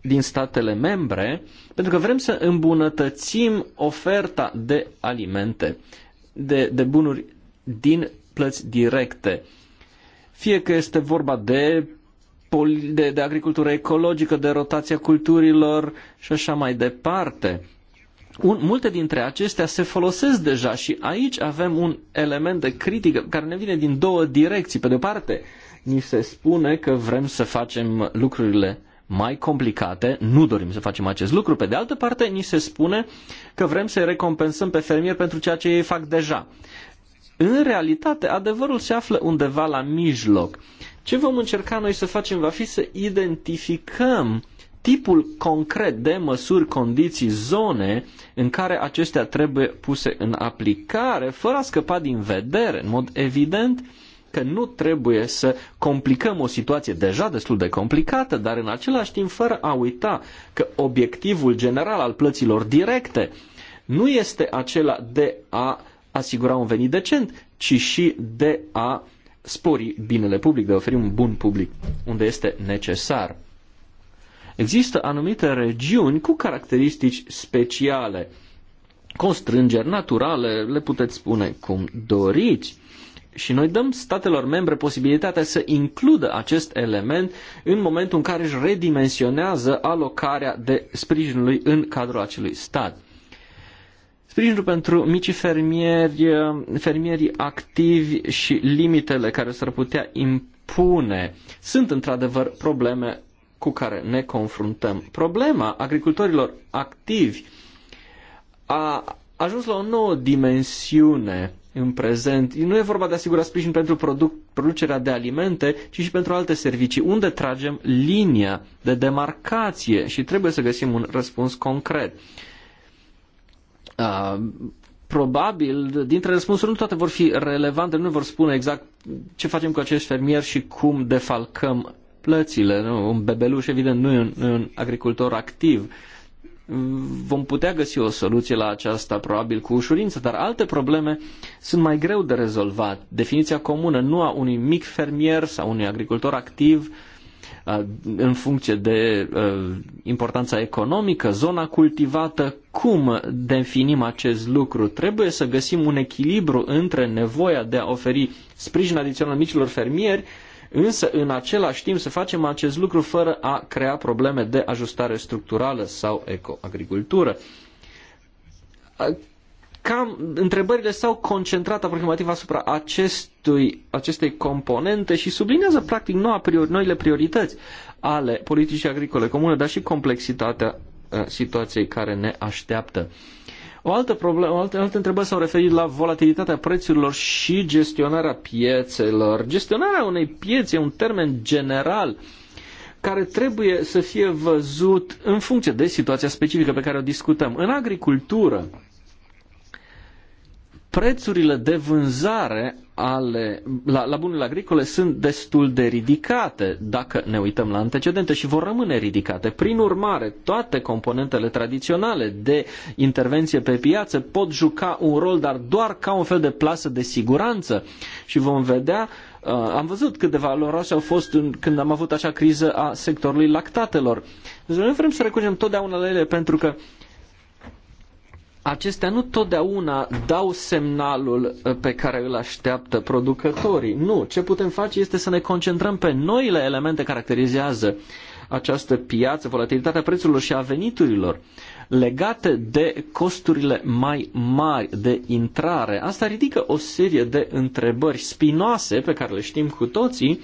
din statele membre, pentru că vrem să îmbunătățim oferta de alimente, de, de bunuri din plăți directe. Fie că este vorba de, de, de agricultură ecologică, de rotația culturilor și așa mai departe. Un, multe dintre acestea se folosesc deja și aici avem un element de critică care ne vine din două direcții. Pe de o parte, ni se spune că vrem să facem lucrurile mai complicate, nu dorim să facem acest lucru. Pe de altă parte, ni se spune că vrem să-i recompensăm pe fermieri pentru ceea ce ei fac deja. În realitate, adevărul se află undeva la mijloc. Ce vom încerca noi să facem va fi să identificăm tipul concret de măsuri, condiții, zone în care acestea trebuie puse în aplicare, fără a scăpa din vedere, în mod evident, că nu trebuie să complicăm o situație deja destul de complicată, dar în același timp fără a uita că obiectivul general al plăților directe nu este acela de a asigura un venit decent, ci și de a spori binele public, de a oferi un bun public unde este necesar. Există anumite regiuni cu caracteristici speciale, constrângeri naturale, le puteți spune cum doriți. Și noi dăm statelor membre posibilitatea să includă acest element în momentul în care își redimensionează alocarea de sprijinului în cadrul acelui stat. Sprijinul pentru micii fermieri, fermierii activi și limitele care s-ar putea impune sunt într-adevăr probleme cu care ne confruntăm. Problema agricultorilor activi a ajuns la o nouă dimensiune în prezent. Nu e vorba de asigura sprijin pentru produc, producerea de alimente, ci și pentru alte servicii. Unde tragem linia de demarcație și trebuie să găsim un răspuns concret. Uh, probabil, dintre răspunsuri, nu toate vor fi relevante, nu vor spune exact ce facem cu acești fermieri și cum defalcăm plățile. Nu? Un bebeluș, evident, nu e un, un agricultor activ. Uh, vom putea găsi o soluție la aceasta probabil cu ușurință, dar alte probleme sunt mai greu de rezolvat. Definiția comună nu a unui mic fermier sau unui agricultor activ în funcție de importanța economică, zona cultivată, cum definim acest lucru? Trebuie să găsim un echilibru între nevoia de a oferi sprijin adițional micilor fermieri însă în același timp să facem acest lucru fără a crea probleme de ajustare structurală sau ecoagricultură. Cam întrebările s-au concentrat aproximativ asupra acestui, acestei componente și sublinează practic noua priori, noile priorități ale politicii agricole comune, dar și complexitatea situației care ne așteaptă. O altă problemă, altă, altă întrebare s-au referit la volatilitatea prețurilor și gestionarea piețelor. Gestionarea unei piețe e un termen general care trebuie să fie văzut în funcție de situația specifică pe care o discutăm. În agricultură, prețurile de vânzare ale, la, la bunurile agricole sunt destul de ridicate dacă ne uităm la antecedente și vor rămâne ridicate. Prin urmare, toate componentele tradiționale de intervenție pe piață pot juca un rol, dar doar ca un fel de plasă de siguranță și vom vedea uh, am văzut cât de valoroase au fost în, când am avut acea criză a sectorului lactatelor. Deci noi vrem să recurgem totdeauna la ele pentru că uh, acestea nu totdeauna dau semnalul uh, pe care îl așteaptă producătorii. Nu, ce putem face este să ne concentrăm pe noile elemente care caracterizează această piață, volatilitatea prețurilor și a veniturilor legate de costurile mai mari de intrare. Asta ridică o serie de întrebări spinoase pe care le știm cu toții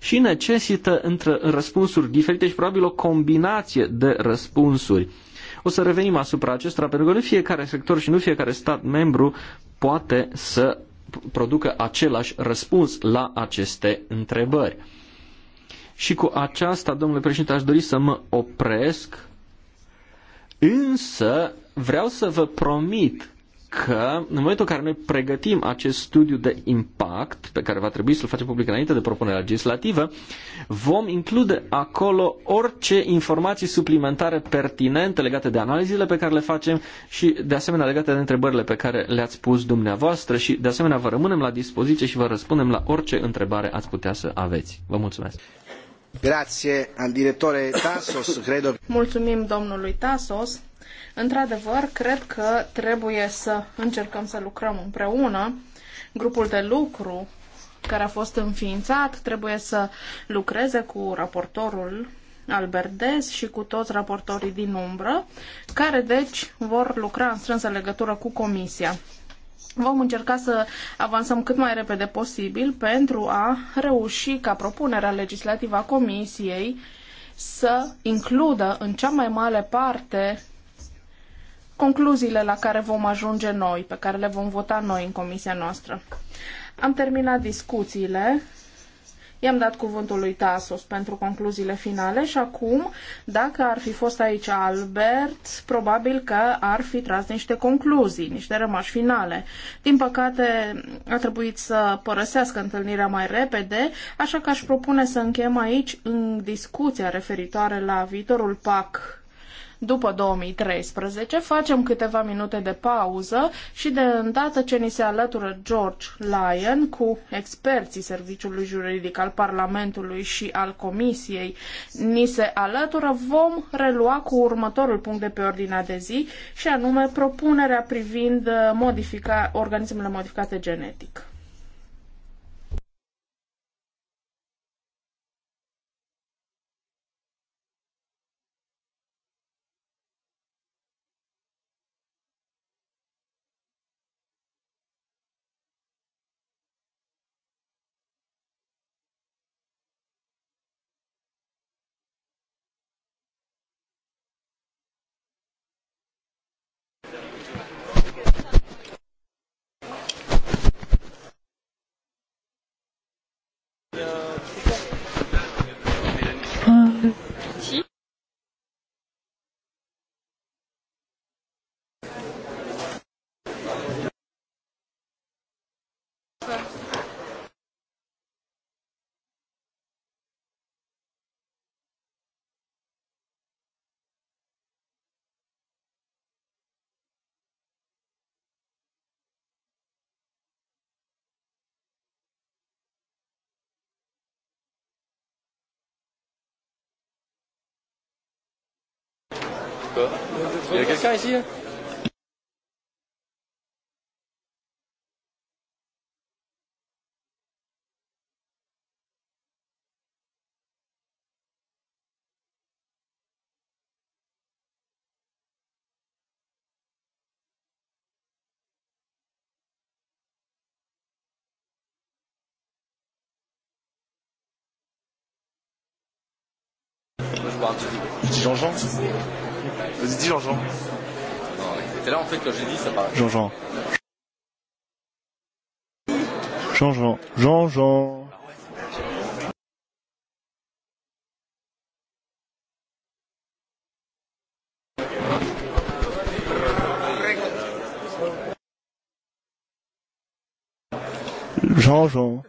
și necesită între răspunsuri diferite și probabil o combinație de răspunsuri o să revenim asupra acestora, pentru că nu fiecare sector și nu fiecare stat membru poate să producă același răspuns la aceste întrebări. Și cu aceasta, domnule președinte, aș dori să mă opresc, însă vreau să vă promit că în momentul în care noi pregătim acest studiu de impact, pe care va trebui să-l facem public înainte de propunerea legislativă, vom include acolo orice informații suplimentare pertinente legate de analizele pe care le facem și de asemenea legate de întrebările pe care le-ați pus dumneavoastră și de asemenea vă rămânem la dispoziție și vă răspundem la orice întrebare ați putea să aveți. Vă mulțumesc! Grazie al direttore Tassos, credo. Mulțumim domnului Tassos Într-adevăr, cred că trebuie să încercăm să lucrăm împreună. Grupul de lucru care a fost înființat trebuie să lucreze cu raportorul Albertez și cu toți raportorii din umbră, care deci vor lucra în strânsă legătură cu Comisia. Vom încerca să avansăm cât mai repede posibil pentru a reuși ca propunerea legislativă a Comisiei să includă în cea mai mare parte concluziile la care vom ajunge noi, pe care le vom vota noi în comisia noastră. Am terminat discuțiile. I-am dat cuvântul lui Tasos pentru concluziile finale și acum, dacă ar fi fost aici Albert, probabil că ar fi tras niște concluzii, niște rămași finale. Din păcate, a trebuit să părăsească întâlnirea mai repede, așa că aș propune să încheiem aici în discuția referitoare la viitorul PAC după 2013, facem câteva minute de pauză și de îndată ce ni se alătură George Lyon cu experții Serviciului Juridic al Parlamentului și al Comisiei, ni se alătură, vom relua cu următorul punct de pe ordinea de zi și anume propunerea privind uh, modifica, organismele modificate genetic. Quoi Il y a quelqu'un ici Petit Jean-Jean Vas-y, dis Jean-Jean. C'est là en fait quand j'ai dit ça paraît. Jean-Jean. Jean-Jean. Jean-Jean. Jean-Jean.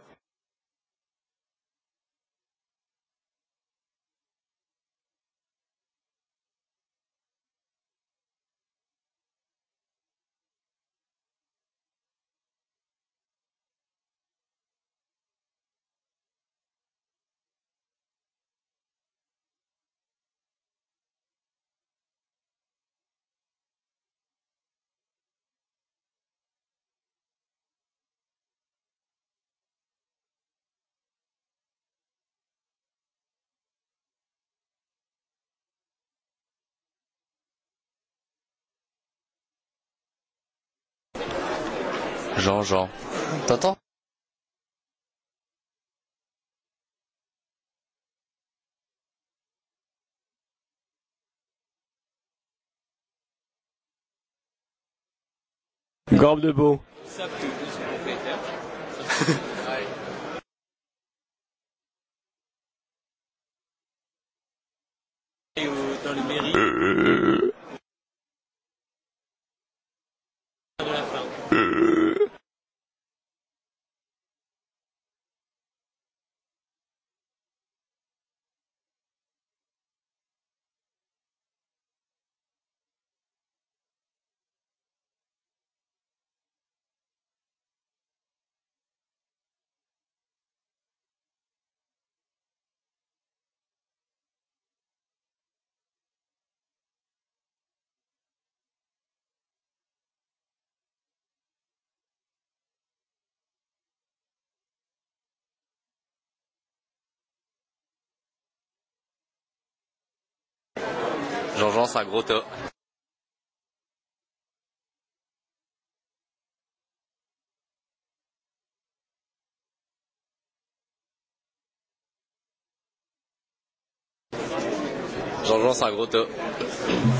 Jean-Jean. T'entends Gorbe de beau. dans les mairies. Jean-Jean Sagrote. Jean-Jean Sagrote.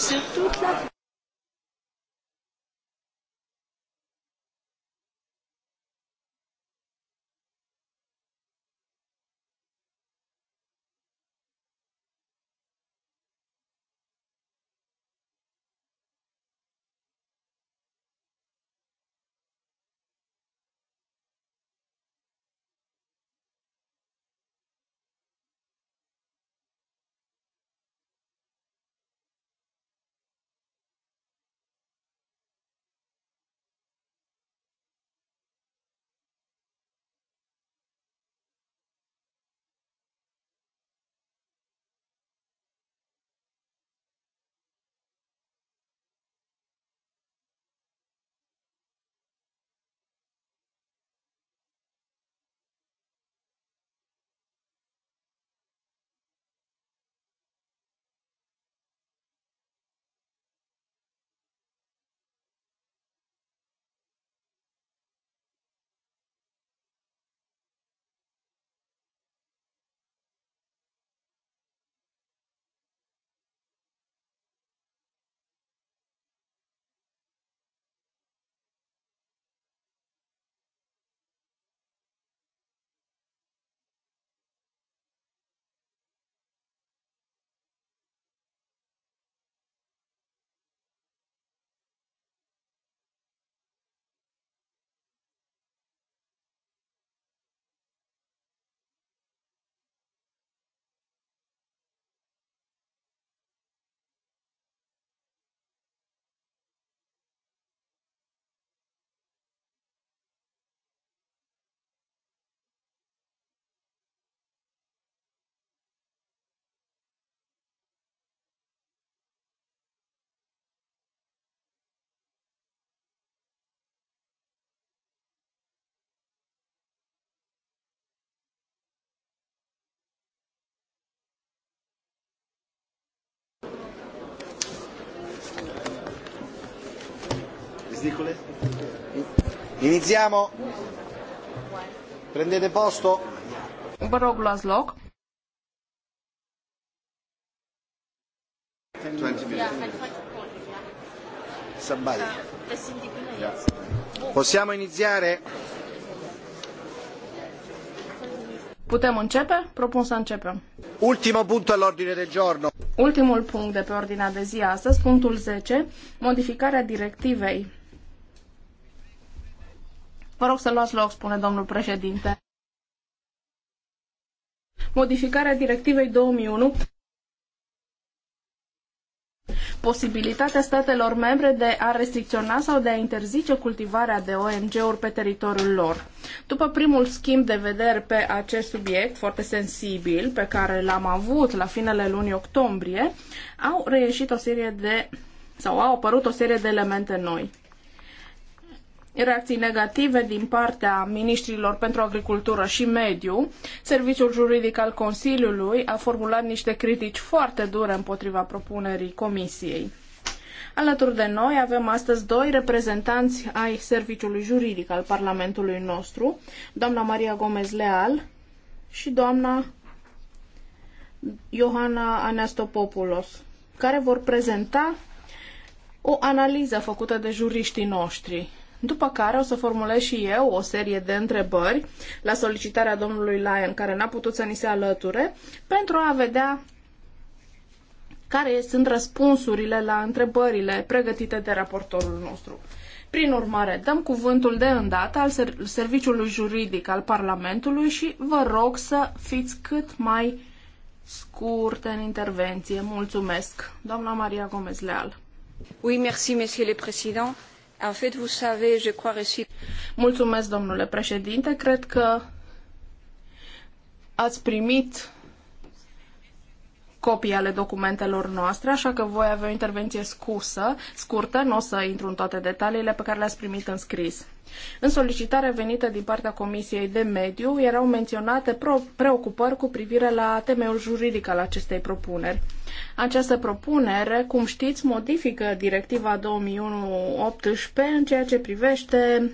sur Iniziamo. Prendete posto. Vă rog, luați loc. 20 Sabali. Uh, Possiamo iniziare? Putem începe? Propun să începem. Ultimo punto all'ordine del giorno. Ultimul punct de pe ordinea de zi astăzi, punctul 10, modificarea directivei Vă rog să luați loc, spune domnul președinte. Modificarea directivei 2001 posibilitatea statelor membre de a restricționa sau de a interzice cultivarea de OMG-uri pe teritoriul lor. După primul schimb de vedere pe acest subiect foarte sensibil pe care l-am avut la finele lunii octombrie, au reieșit o serie de sau au apărut o serie de elemente noi reacții negative din partea ministrilor pentru agricultură și mediu, serviciul juridic al Consiliului a formulat niște critici foarte dure împotriva propunerii Comisiei. Alături de noi avem astăzi doi reprezentanți ai serviciului juridic al Parlamentului nostru, doamna Maria Gomez Leal și doamna Johanna Anastopopoulos, care vor prezenta o analiză făcută de juriștii noștri după care o să formulez și eu o serie de întrebări la solicitarea domnului Lyon, care n-a putut să ni se alăture, pentru a vedea care sunt răspunsurile la întrebările pregătite de raportorul nostru. Prin urmare, dăm cuvântul de îndată al Serviciului Juridic al Parlamentului și vă rog să fiți cât mai scurte în intervenție. Mulțumesc. Doamna Maria Gomez Leal. Oui, merci, monsieur le président. En fait, vous savez, je crois Mulțumesc, domnule președinte. Cred că ați primit copii ale documentelor noastre, așa că voi avea o intervenție scusă, scurtă, nu o să intru în toate detaliile pe care le-ați primit în scris. În solicitarea venită din partea Comisiei de Mediu erau menționate preocupări cu privire la temeiul juridic al acestei propuneri. Această propunere, cum știți, modifică Directiva 2001-18 în ceea ce privește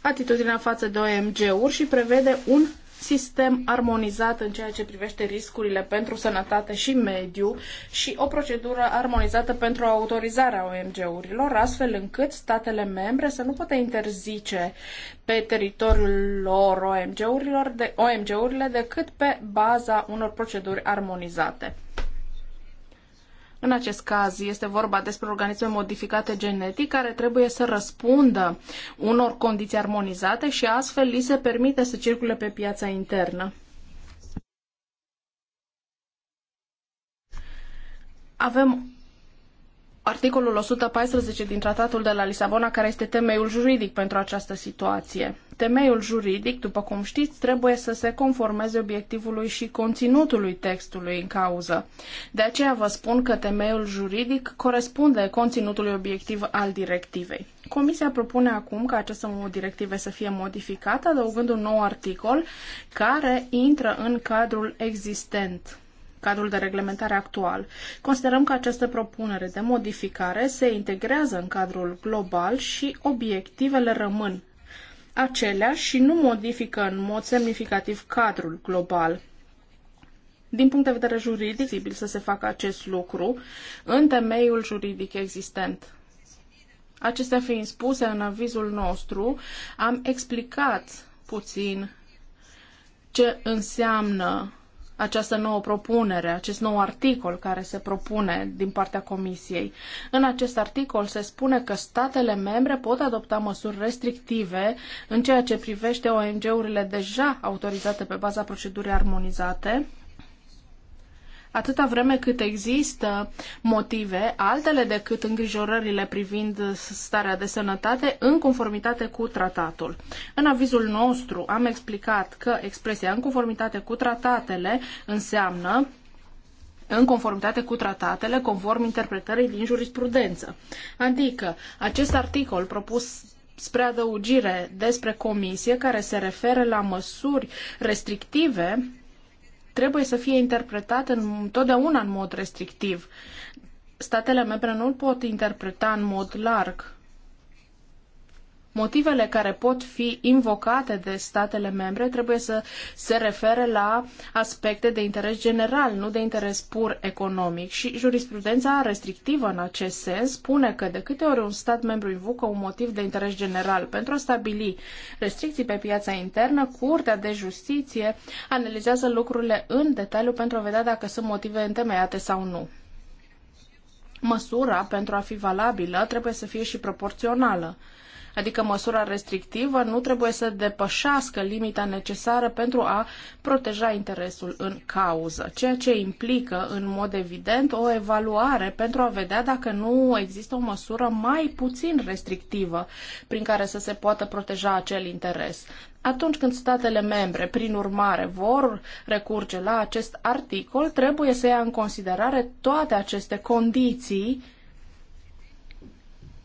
atitudinea față de OMG-uri și prevede un sistem armonizat în ceea ce privește riscurile pentru sănătate și mediu și o procedură armonizată pentru autorizarea OMG-urilor, astfel încât statele membre să nu poată interzice pe teritoriul lor OMG-urilor de, OMG-urile decât pe baza unor proceduri armonizate. În acest caz este vorba despre organisme modificate genetic care trebuie să răspundă unor condiții armonizate și astfel li se permite să circule pe piața internă. Avem articolul 114 din Tratatul de la Lisabona, care este temeiul juridic pentru această situație. Temeiul juridic, după cum știți, trebuie să se conformeze obiectivului și conținutului textului în cauză. De aceea vă spun că temeiul juridic corespunde conținutului obiectiv al directivei. Comisia propune acum ca această directivă să fie modificată, adăugând un nou articol care intră în cadrul existent cadrul de reglementare actual. Considerăm că această propunere de modificare se integrează în cadrul global și obiectivele rămân acelea și nu modifică în mod semnificativ cadrul global. Din punct de vedere juridic, posibil să se facă acest lucru în temeiul juridic existent. Acestea fiind spuse, în avizul nostru am explicat puțin ce înseamnă această nouă propunere, acest nou articol care se propune din partea Comisiei. În acest articol se spune că statele membre pot adopta măsuri restrictive în ceea ce privește ong urile deja autorizate pe baza procedurii armonizate, atâta vreme cât există motive altele decât îngrijorările privind starea de sănătate în conformitate cu tratatul. În avizul nostru am explicat că expresia în conformitate cu tratatele înseamnă în conformitate cu tratatele, conform interpretării din jurisprudență. Adică, acest articol propus spre adăugire despre comisie care se referă la măsuri restrictive trebuie să fie interpretat întotdeauna în mod restrictiv. Statele membre nu pot interpreta în mod larg Motivele care pot fi invocate de statele membre trebuie să se refere la aspecte de interes general, nu de interes pur economic și jurisprudența restrictivă în acest sens spune că de câte ori un stat membru invocă un motiv de interes general pentru a stabili restricții pe piața internă, Curtea de Justiție analizează lucrurile în detaliu pentru a vedea dacă sunt motive întemeiate sau nu măsura, pentru a fi valabilă, trebuie să fie și proporțională. Adică măsura restrictivă nu trebuie să depășească limita necesară pentru a proteja interesul în cauză, ceea ce implică, în mod evident, o evaluare pentru a vedea dacă nu există o măsură mai puțin restrictivă prin care să se poată proteja acel interes. Atunci când statele membre, prin urmare, vor recurge la acest articol, trebuie să ia în considerare toate aceste condiții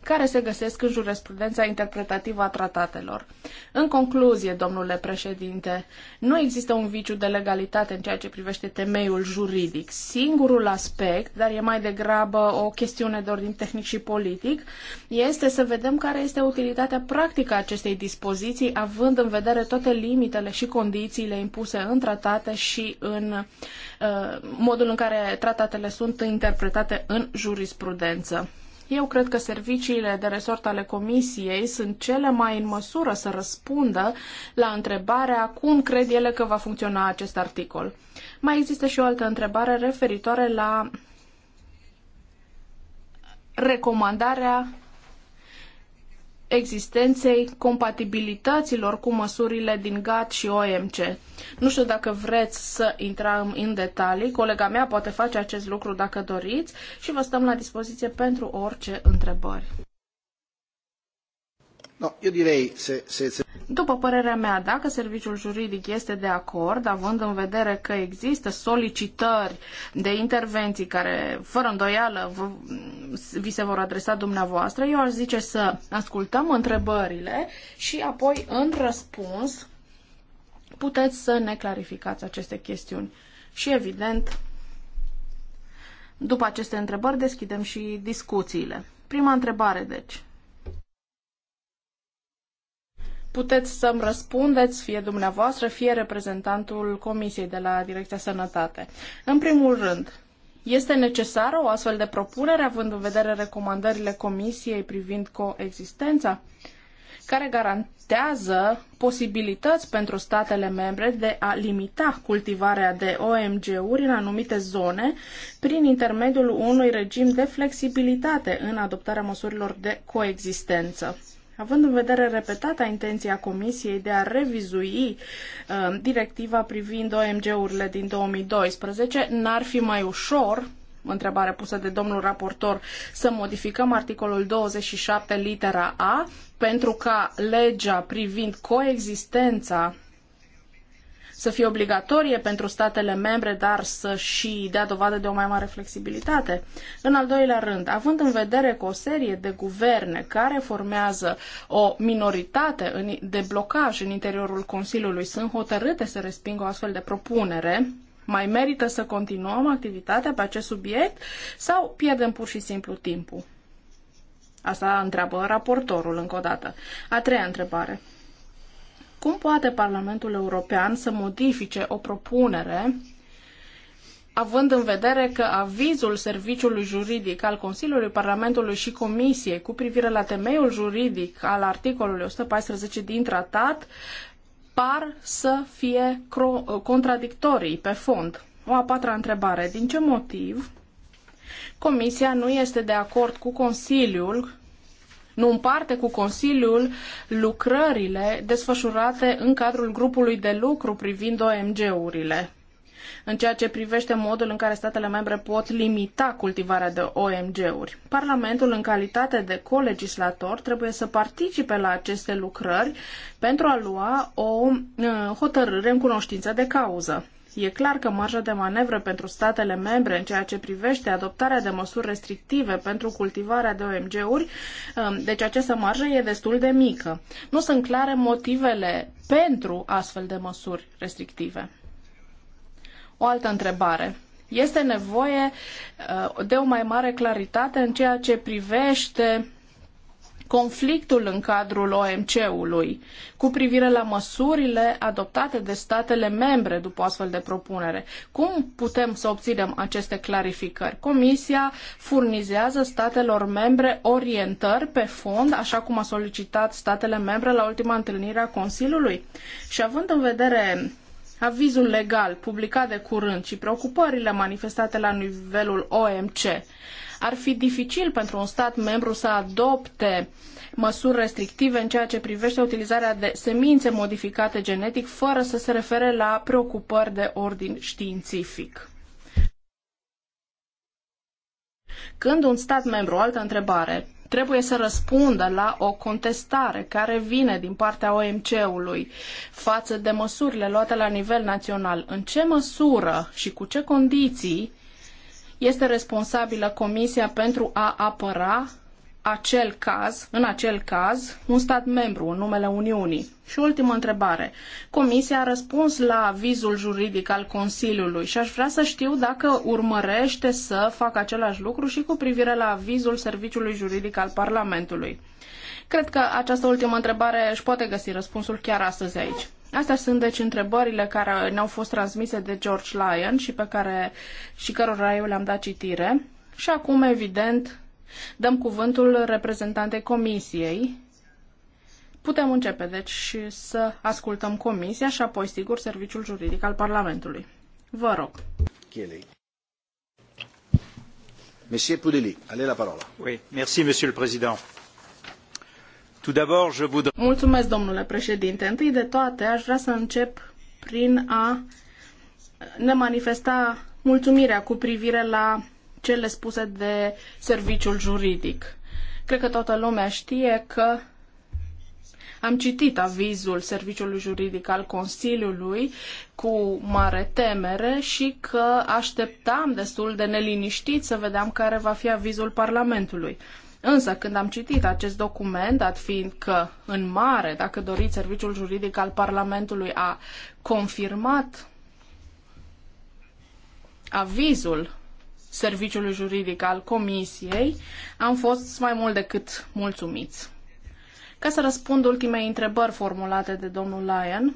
care se găsesc în jurisprudența interpretativă a tratatelor. În concluzie, domnule președinte, nu există un viciu de legalitate în ceea ce privește temeiul juridic. Singurul aspect, dar e mai degrabă o chestiune de ordin tehnic și politic, este să vedem care este utilitatea practică a acestei dispoziții, având în vedere toate limitele și condițiile impuse în tratate și în uh, modul în care tratatele sunt interpretate în jurisprudență. Eu cred că serviciile de resort ale Comisiei sunt cele mai în măsură să răspundă la întrebarea cum cred ele că va funcționa acest articol. Mai există și o altă întrebare referitoare la recomandarea existenței compatibilităților cu măsurile din GATT și OMC. Nu știu dacă vreți să intrăm în detalii, colega mea poate face acest lucru dacă doriți și vă stăm la dispoziție pentru orice întrebări. No, eu direi se, se, se... După părerea mea, dacă serviciul juridic este de acord, având în vedere că există solicitări de intervenții care, fără îndoială, vă, vi se vor adresa dumneavoastră, eu aș zice să ascultăm întrebările și apoi, în răspuns, puteți să ne clarificați aceste chestiuni. Și, evident, după aceste întrebări, deschidem și discuțiile. Prima întrebare, deci. Puteți să-mi răspundeți, fie dumneavoastră, fie reprezentantul Comisiei de la Direcția Sănătate. În primul rând, este necesară o astfel de propunere, având în vedere recomandările Comisiei privind coexistența, care garantează posibilități pentru statele membre de a limita cultivarea de OMG-uri în anumite zone prin intermediul unui regim de flexibilitate în adoptarea măsurilor de coexistență. Având în vedere repetata intenția Comisiei de a revizui uh, directiva privind OMG-urile din 2012, n-ar fi mai ușor întrebare pusă de domnul raportor, să modificăm articolul 27 litera A pentru ca legea privind coexistența să fie obligatorie pentru statele membre, dar să și dea dovadă de o mai mare flexibilitate. În al doilea rând, având în vedere că o serie de guverne care formează o minoritate de blocaj în interiorul Consiliului sunt hotărâte să respingă o astfel de propunere, mai merită să continuăm activitatea pe acest subiect sau pierdem pur și simplu timpul? Asta întreabă raportorul încă o dată. A treia întrebare. Cum poate Parlamentul European să modifice o propunere având în vedere că avizul serviciului juridic al Consiliului Parlamentului și Comisiei cu privire la temeiul juridic al articolului 114 din tratat par să fie contradictorii pe fond. O a patra întrebare. Din ce motiv Comisia nu este de acord cu Consiliul nu împarte cu Consiliul lucrările desfășurate în cadrul grupului de lucru privind OMG-urile. În ceea ce privește modul în care statele membre pot limita cultivarea de OMG-uri, Parlamentul, în calitate de colegislator, trebuie să participe la aceste lucrări pentru a lua o uh, hotărâre în cunoștință de cauză. E clar că marja de manevră pentru statele membre în ceea ce privește adoptarea de măsuri restrictive pentru cultivarea de OMG-uri, um, deci această marjă e destul de mică. Nu sunt clare motivele pentru astfel de măsuri restrictive. O altă întrebare. Este nevoie uh, de o mai mare claritate în ceea ce privește conflictul în cadrul OMC-ului cu privire la măsurile adoptate de statele membre după astfel de propunere. Cum putem să obținem aceste clarificări? Comisia furnizează statelor membre orientări pe fond, așa cum a solicitat statele membre la ultima întâlnire a Consiliului. Și având în vedere avizul legal publicat de curând și preocupările manifestate la nivelul OMC, ar fi dificil pentru un stat membru să adopte măsuri restrictive în ceea ce privește utilizarea de semințe modificate genetic fără să se refere la preocupări de ordin științific. Când un stat membru, altă întrebare, trebuie să răspundă la o contestare care vine din partea OMC-ului față de măsurile luate la nivel național, în ce măsură și cu ce condiții este responsabilă Comisia pentru a apăra acel caz, în acel caz, un stat membru în numele Uniunii. Și ultimă întrebare. Comisia a răspuns la avizul juridic al Consiliului și aș vrea să știu dacă urmărește să facă același lucru și cu privire la avizul Serviciului Juridic al Parlamentului. Cred că această ultimă întrebare își poate găsi răspunsul chiar astăzi aici. Astea sunt deci întrebările care ne-au fost transmise de George Lyon și pe care și cărora eu le-am dat citire. Și acum, evident, dăm cuvântul reprezentantei comisiei. Putem începe, deci, și să ascultăm comisia și apoi, sigur, serviciul juridic al Parlamentului. Vă rog. Chilei. Monsieur Poudeli, allez la parole. Oui, merci, monsieur le président. Mulțumesc, domnule președinte. Întâi de toate, aș vrea să încep prin a ne manifesta mulțumirea cu privire la cele spuse de serviciul juridic. Cred că toată lumea știe că am citit avizul serviciului juridic al Consiliului cu mare temere și că așteptam destul de neliniștit să vedem care va fi avizul Parlamentului. Însă, când am citit acest document, dat fiind că, în mare, dacă doriți, Serviciul Juridic al Parlamentului a confirmat avizul Serviciului Juridic al Comisiei, am fost mai mult decât mulțumiți. Ca să răspund ultimei întrebări formulate de domnul Lyon,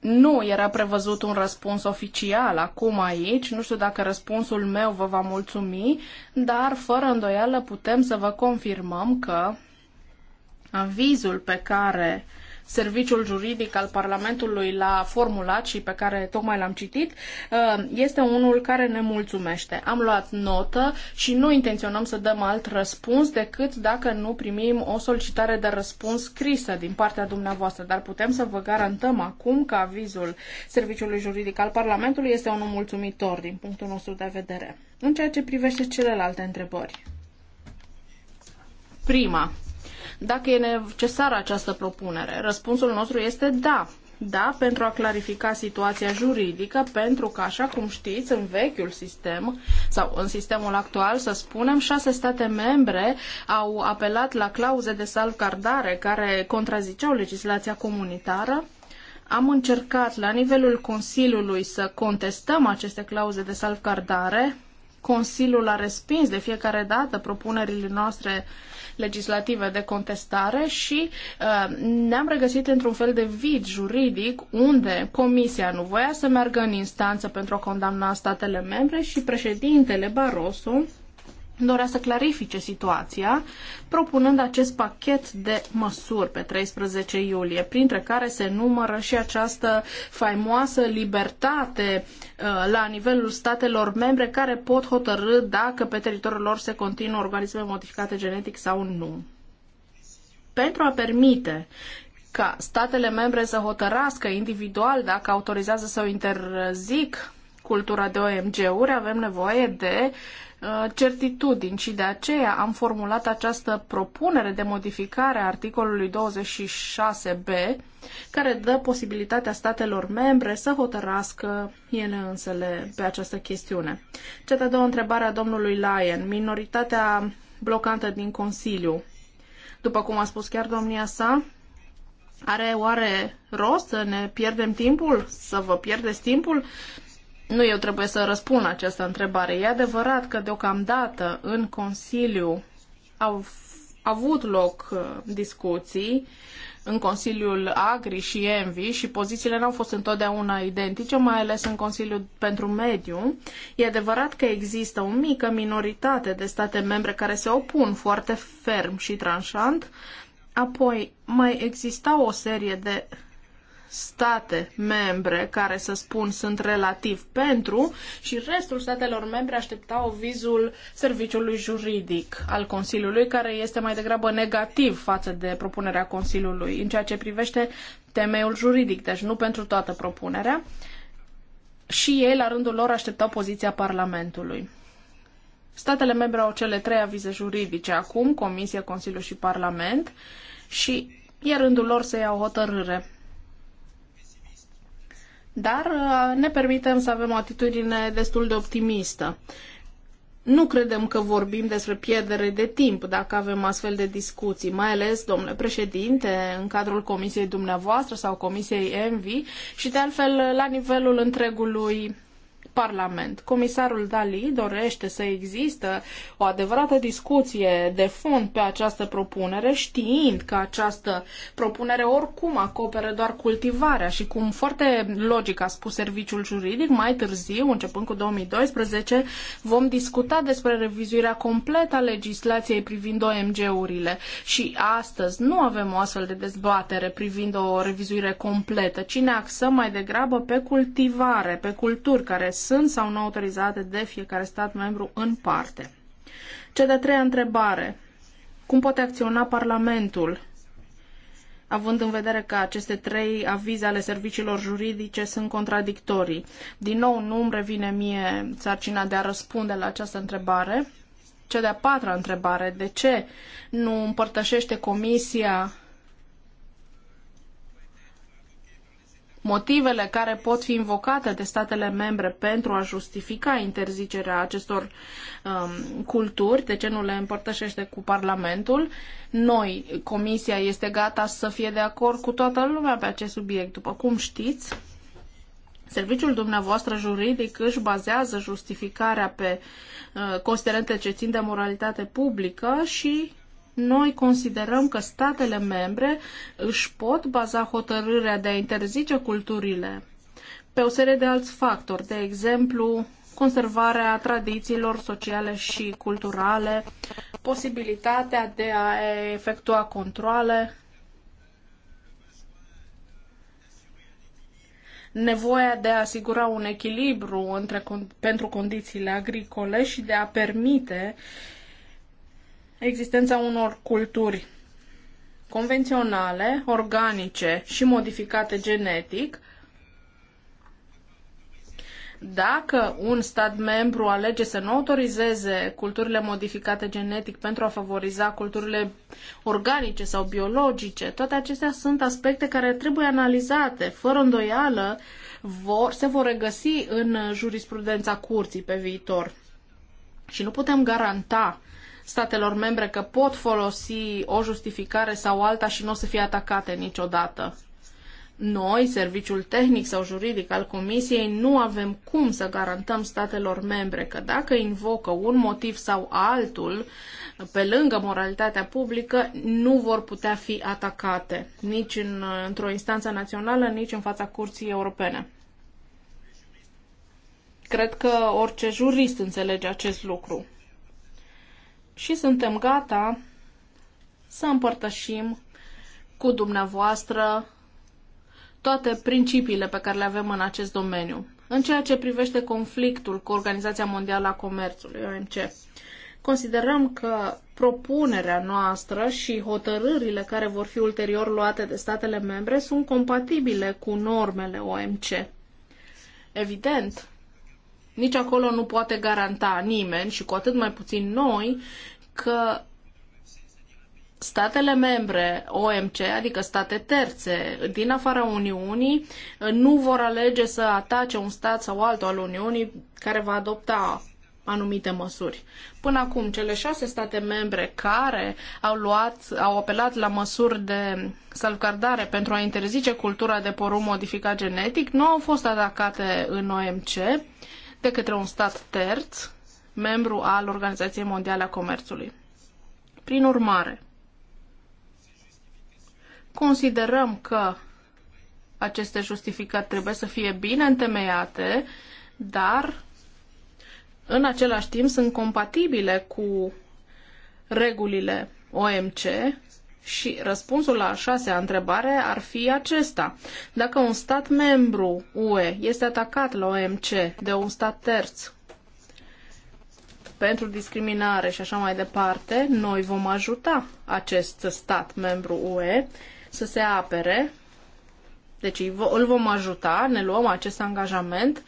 nu era prevăzut un răspuns oficial acum aici, nu știu dacă răspunsul meu vă va mulțumi, dar fără îndoială putem să vă confirmăm că avizul pe care uh, serviciul juridic al Parlamentului l-a formulat și pe care tocmai l-am citit, uh, este unul care ne mulțumește. Am luat notă și nu intenționăm să dăm alt răspuns decât dacă nu primim o solicitare de răspuns scrisă din partea dumneavoastră, dar putem să vă garantăm acum că avizul serviciului juridic al Parlamentului este unul mulțumitor din punctul nostru de vedere. În ceea ce privește celelalte întrebări. Prima dacă e necesară această propunere. Răspunsul nostru este da. Da, pentru a clarifica situația juridică, pentru că, așa cum știți, în vechiul sistem sau în sistemul actual, să spunem, șase state membre au apelat la clauze de salvgardare care contraziceau legislația comunitară. Am încercat la nivelul Consiliului să contestăm aceste clauze de salvgardare, Consiliul a respins de fiecare dată propunerile noastre legislative de contestare și uh, ne-am regăsit într-un fel de vid juridic unde Comisia nu voia să meargă în instanță pentru a condamna statele membre și președintele Barroso dorea să clarifice situația, propunând acest pachet de măsuri pe 13 iulie, printre care se numără și această faimoasă libertate uh, la nivelul statelor membre care pot hotărâ dacă pe teritoriul lor se continuă organisme modificate genetic sau nu. Pentru a permite ca statele membre să hotărască individual dacă autorizează sau interzic cultura de OMG-uri, avem nevoie de uh, Uh, certitudini și de aceea am formulat această propunere de modificare a articolului 26b, care dă posibilitatea statelor membre să hotărască ele însele pe această chestiune. Cea de-a doua întrebare a domnului Lyon, minoritatea blocantă din Consiliu, după cum a spus chiar domnia sa, are oare rost să ne pierdem timpul? Să vă pierdeți timpul? Uh, nu eu trebuie să răspund la această întrebare. E adevărat că deocamdată în Consiliu au avut loc uh, discuții în Consiliul Agri și Envi și pozițiile n-au fost întotdeauna identice, mai ales în Consiliul pentru Mediu. E adevărat că există o mică minoritate de state membre care se opun foarte ferm și tranșant. Apoi mai exista o serie de state membre care să spun sunt relativ pentru și restul statelor membre așteptau vizul serviciului juridic al Consiliului care este mai degrabă negativ față de propunerea Consiliului în ceea ce privește temeiul juridic, deci nu pentru toată propunerea. Și ei, la rândul lor, așteptau poziția Parlamentului. Statele membre au cele trei avize juridice acum, Comisia, Consiliu și Parlament, și e rândul lor să iau hotărâre dar uh, ne permitem să avem o atitudine destul de optimistă. Nu credem că vorbim despre pierdere de timp dacă avem astfel de discuții, mai ales, domnule președinte, în cadrul comisiei dumneavoastră sau comisiei ENVI și, de altfel, la nivelul întregului Parlament. Comisarul Dali dorește să există o adevărată discuție de fond pe această propunere, știind că această propunere oricum acoperă doar cultivarea și cum foarte logic a spus serviciul juridic, mai târziu, începând cu 2012, vom discuta despre revizuirea completă a legislației privind OMG-urile și astăzi nu avem o astfel de dezbatere privind o revizuire completă, ci ne axăm mai degrabă pe cultivare, pe culturi care sunt sau nu autorizate de fiecare stat membru în parte. Cea de-a treia întrebare. Cum poate acționa Parlamentul având în vedere că aceste trei avize ale serviciilor juridice sunt contradictorii. Din nou, nu îmi revine mie sarcina de a răspunde la această întrebare. Cea de-a patra întrebare, de ce nu împărtășește Comisia Motivele care pot fi invocate de statele membre pentru a justifica interzicerea acestor um, culturi, de ce nu le împărtășește cu Parlamentul, noi, Comisia este gata să fie de acord cu toată lumea pe acest subiect. După cum știți, Serviciul dumneavoastră juridic își bazează justificarea pe uh, considerente ce țin de moralitate publică și noi considerăm că statele membre își pot baza hotărârea de a interzice culturile pe o serie de alți factori, de exemplu, conservarea tradițiilor sociale și culturale, posibilitatea de a efectua controle, nevoia de a asigura un echilibru între, pentru condițiile agricole și de a permite uh, existența unor culturi convenționale, organice și modificate genetic, dacă un stat membru alege să nu autorizeze culturile modificate genetic pentru a favoriza culturile organice sau biologice, toate acestea sunt aspecte care trebuie analizate. Fără îndoială, vor, se vor regăsi în jurisprudența curții pe viitor. Și nu putem garanta uh, statelor membre că pot folosi o justificare sau alta și nu o să fie atacate niciodată. Noi, serviciul tehnic sau juridic al Comisiei, nu avem cum să garantăm statelor membre că dacă invocă un motiv sau altul, pe lângă moralitatea publică, nu vor putea fi atacate, nici în, într-o instanță națională, nici în fața Curții Europene. Cred că orice jurist înțelege acest lucru și suntem gata să împărtășim cu dumneavoastră toate principiile pe care le avem în acest domeniu. În ceea ce privește conflictul cu Organizația Mondială a Comerțului, OMC, considerăm că propunerea noastră și hotărârile care vor fi ulterior luate de statele membre sunt compatibile cu normele OMC. Evident, nici acolo nu poate garanta nimeni și cu atât mai puțin noi că statele membre OMC, adică state terțe din afara Uniunii, nu vor alege să atace un stat sau altul al Uniunii care va adopta anumite măsuri. Până acum, cele șase state membre care au, luat, au apelat la măsuri de salvgardare pentru a interzice cultura de porumb modificat genetic nu au fost atacate în OMC de către un stat terț, membru al Organizației Mondiale a Comerțului. Prin urmare, considerăm că aceste justificări trebuie să fie bine întemeiate, dar în același timp sunt compatibile cu regulile OMC și răspunsul la a șasea întrebare ar fi acesta. Dacă un stat membru UE este atacat la OMC de un stat terț pentru discriminare și așa mai departe, noi vom ajuta acest stat membru UE să se apere. Deci îl vom ajuta, ne luăm acest angajament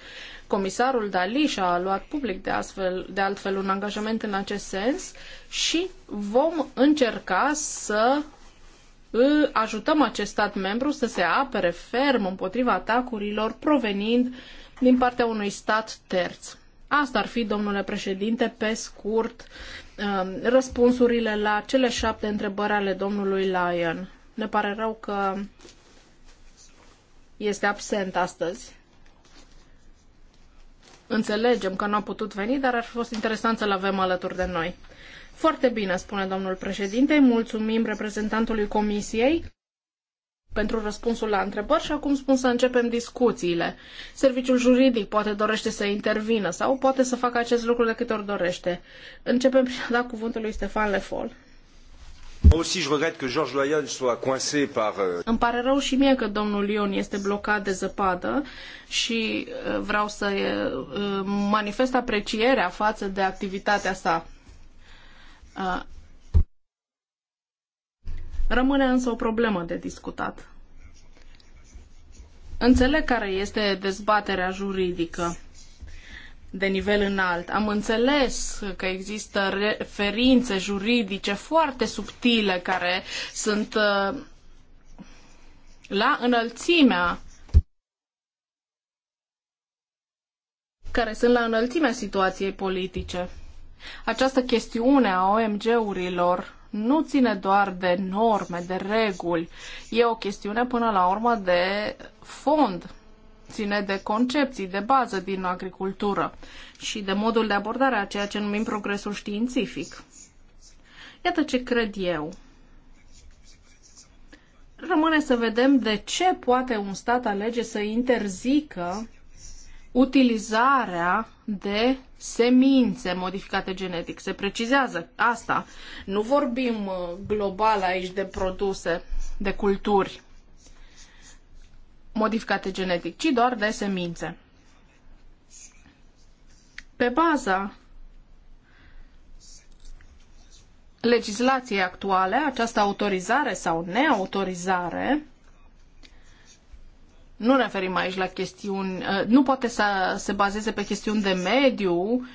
comisarul Dali și-a luat public de, astfel, de altfel un angajament în acest sens și vom încerca să ajutăm acest stat membru să se apere ferm împotriva atacurilor provenind din partea unui stat terț. Asta ar fi, domnule președinte, pe scurt, um, răspunsurile la cele șapte întrebări ale domnului Lyon. Ne pare rău că este absent astăzi. Înțelegem că nu a putut veni, dar ar fi fost interesant să-l avem alături de noi. Foarte bine, spune domnul președinte, mulțumim reprezentantului comisiei pentru răspunsul la întrebări și acum spun să începem discuțiile. Serviciul juridic poate dorește să intervină sau poate să facă acest lucru de câte ori dorește. Începem prin a da cuvântul lui Stefan Lefol. Aussi, je regrette que Lyon soit coincé par... Euh, Îmi pare rău și mie că domnul Lyon este blocat de zăpadă și uh, vreau să uh, uh, manifest aprecierea față de activitatea sa. Rămâne însă o problemă de discutat. Înțeleg care este dezbaterea juridică de nivel înalt. Am înțeles că există referințe juridice foarte subtile care sunt uh, la înălțimea care sunt la înălțimea situației politice. Această chestiune a OMG-urilor nu ține doar de norme, de reguli. E o chestiune până la urmă de fond ține de concepții de bază din agricultură și de modul de abordare a ceea ce numim progresul științific. Iată ce cred eu. Rămâne să vedem de ce poate un stat alege să interzică utilizarea de semințe modificate genetic. Se precizează asta. Nu vorbim uh, global aici de produse, de culturi modificate genetic, ci doar de semințe. Pe baza legislației actuale, această autorizare sau neautorizare, nu ne referim aici la chestiuni, ă, nu poate să se bazeze pe chestiuni de mediu,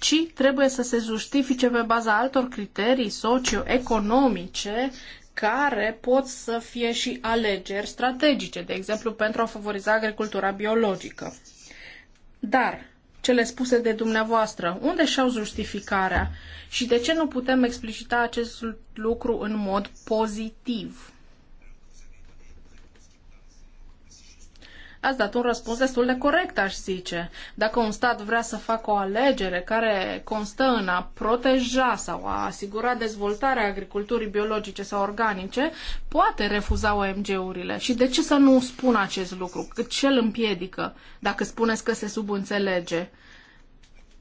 ci trebuie să se justifice pe baza altor criterii socioeconomice care pot să fie și alegeri strategice, de exemplu pentru a favoriza agricultura biologică. Dar cele spuse de dumneavoastră, unde și-au justificarea și de ce nu putem explicita acest lucru în mod pozitiv? Ați dat un răspuns destul de corect, aș zice. Dacă un stat vrea să facă o alegere care constă în a proteja sau a asigura dezvoltarea agriculturii biologice sau organice, poate refuza OMG-urile. Și de ce să nu spun acest lucru? Cât ce îl împiedică dacă spuneți că se subînțelege?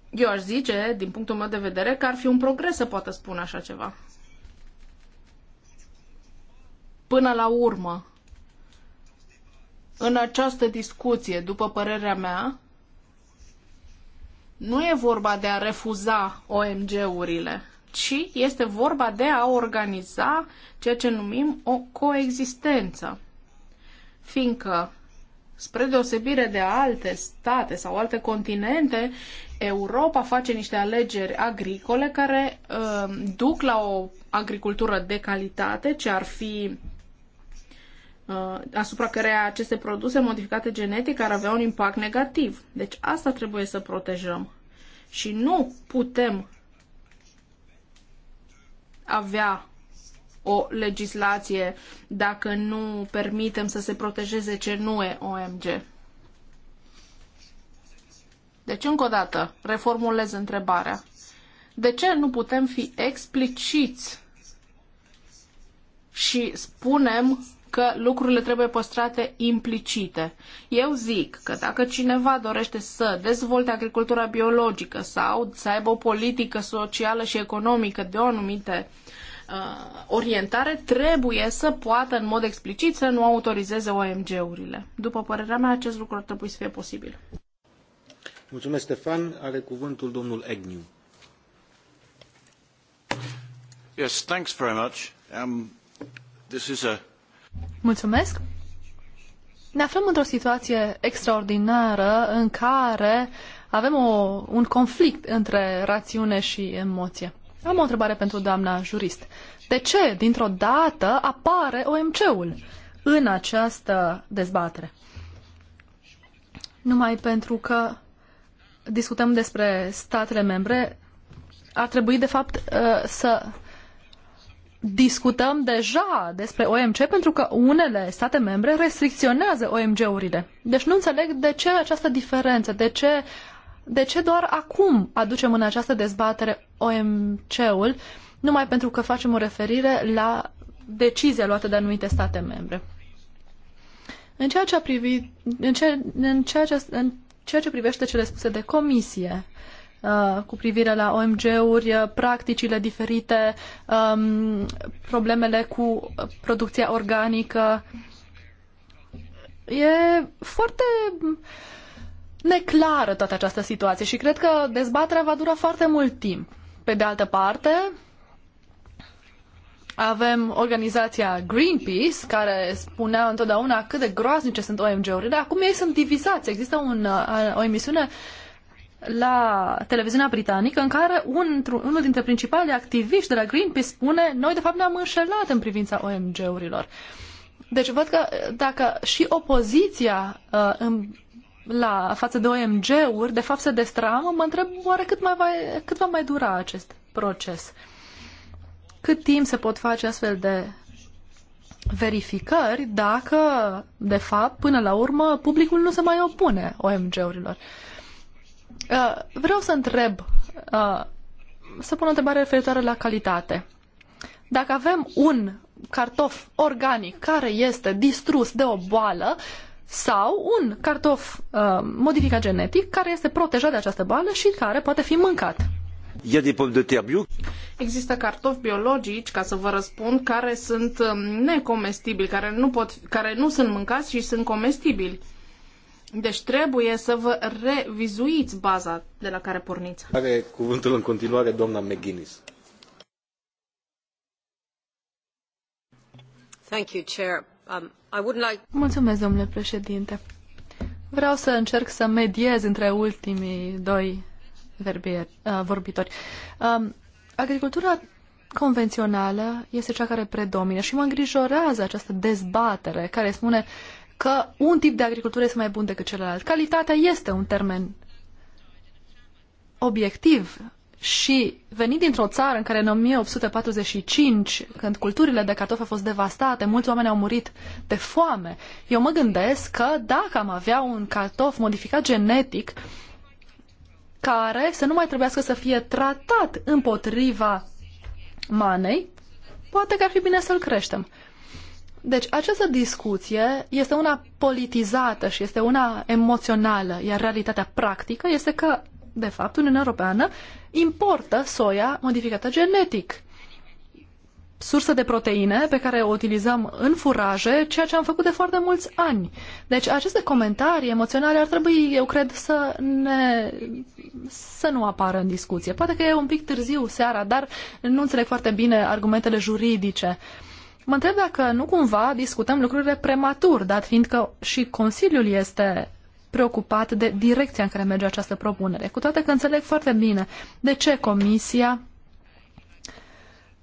Eu aș zice, din punctul meu de vedere, că ar fi un progres să poată spune așa ceva. Până la urmă, în această discuție, după părerea mea, nu e vorba de a refuza OMG-urile, ci este vorba de a organiza ceea ce numim o coexistență. Fiindcă, spre deosebire de alte state sau alte continente, Europa face niște alegeri agricole care uh, duc la o agricultură de calitate, ce ar fi Uh, asupra căreia aceste produse modificate genetic ar avea un impact negativ. Deci asta trebuie să protejăm. Și nu putem avea o legislație dacă nu permitem să se protejeze ce nu e OMG. Deci, încă o dată, reformulez întrebarea. De ce nu putem fi expliciți și spunem că lucrurile trebuie păstrate implicite. Eu zic că dacă cineva dorește să dezvolte agricultura biologică sau să aibă o politică socială și economică de o anumită uh, orientare, trebuie să poată în mod explicit să nu autorizeze OMG-urile. După părerea mea, acest lucru ar trebui să fie posibil. Mulțumesc, Stefan. Are cuvântul domnul Agnew. Yes, thanks very much. Um, this is a Mulțumesc! Ne aflăm într-o situație extraordinară în care avem o, un conflict între rațiune și emoție. Am o întrebare pentru doamna jurist. De ce, dintr-o dată, apare OMC-ul în această dezbatere? Numai pentru că discutăm despre statele membre, ar trebui, de fapt, uh, să discutăm deja despre OMC pentru că unele state membre restricționează OMG-urile. Deci nu înțeleg de ce această diferență, de ce, de ce doar acum aducem în această dezbatere OMC-ul, numai pentru că facem o referire la decizia luată de anumite state membre. În ceea ce, a privit, în, ce, în, ceea ce, în ceea ce privește cele spuse de comisie, uh, Uh, cu privire la OMG-uri, uh, practicile diferite, um, problemele cu producția organică. E foarte neclară toată această situație și cred că dezbaterea va dura foarte mult timp. Pe de altă parte, avem organizația Greenpeace, care spunea întotdeauna cât de groaznice sunt OMG-urile. Acum ei sunt divizați. Există un, uh, o emisiune uh, la televiziunea britanică în care un, unul dintre principalii activiști de la Greenpeace spune noi de fapt ne-am înșelat în privința OMG-urilor. Deci văd că dacă și opoziția uh, în, la față de OMG-uri de fapt se destramă, mă întreb oare cât, mai va, cât va mai dura acest proces. Cât timp se pot face astfel de verificări dacă, de fapt, până la urmă, publicul nu se mai opune OMG-urilor. Uh, Uh, vreau să întreb, uh, să pun o întrebare referitoare la calitate. Dacă avem un cartof organic care este distrus de o boală sau un cartof uh, modificat genetic care este protejat de această boală și care poate fi mâncat. Există cartofi biologici, ca să vă răspund, care sunt um, necomestibili, care nu, pot, care nu sunt mâncați și sunt comestibili. Deci trebuie să vă revizuiți baza de la care porniți. Are cuvântul în continuare doamna McGuinness. Thank you, Chair. Um, I would like... Mulțumesc, domnule președinte. Vreau să încerc să mediez între ultimii doi verbier, uh, vorbitori. Um, agricultura convențională este cea care predomină și mă îngrijorează această dezbatere care spune uh, că un tip de agricultură este mai bun decât celălalt. Calitatea este un termen obiectiv și venind dintr-o țară în care în 1845, când culturile de cartofi au fost devastate, mulți oameni au murit de foame, eu mă gândesc că dacă am avea un cartof modificat genetic, care să nu mai trebuiască să fie tratat împotriva manei, poate că ar fi bine să-l creștem. Deci, această discuție este una politizată și este una emoțională, iar realitatea practică este că, de fapt, Uniunea Europeană importă soia modificată genetic sursă de proteine pe care o utilizăm în furaje, ceea ce am făcut de foarte mulți ani. Deci aceste comentarii emoționale ar trebui, eu cred, să, ne, să nu apară în discuție. Poate că e un pic târziu seara, dar nu înțeleg foarte bine argumentele juridice. Uh, Mă întreb dacă nu cumva discutăm lucrurile prematur, dat fiindcă și Consiliul este preocupat de direcția în care merge această propunere. Cu toate că înțeleg foarte bine de ce Comisia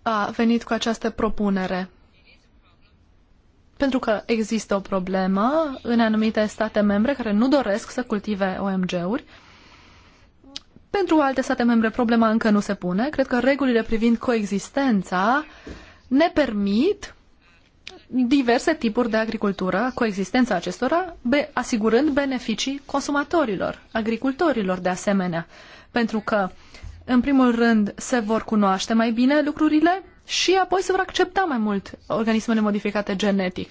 a venit cu această propunere. Pentru că există o problemă în anumite state membre care nu doresc să cultive OMG-uri. Pentru alte state membre problema încă nu se pune. Cred că regulile privind coexistența uh, ne permit diverse tipuri de agricultură, coexistența acestora, be, asigurând beneficii consumatorilor, agricultorilor de asemenea. Pentru că, în primul rând, se vor cunoaște mai bine lucrurile și apoi se vor accepta mai mult organismele modificate genetic.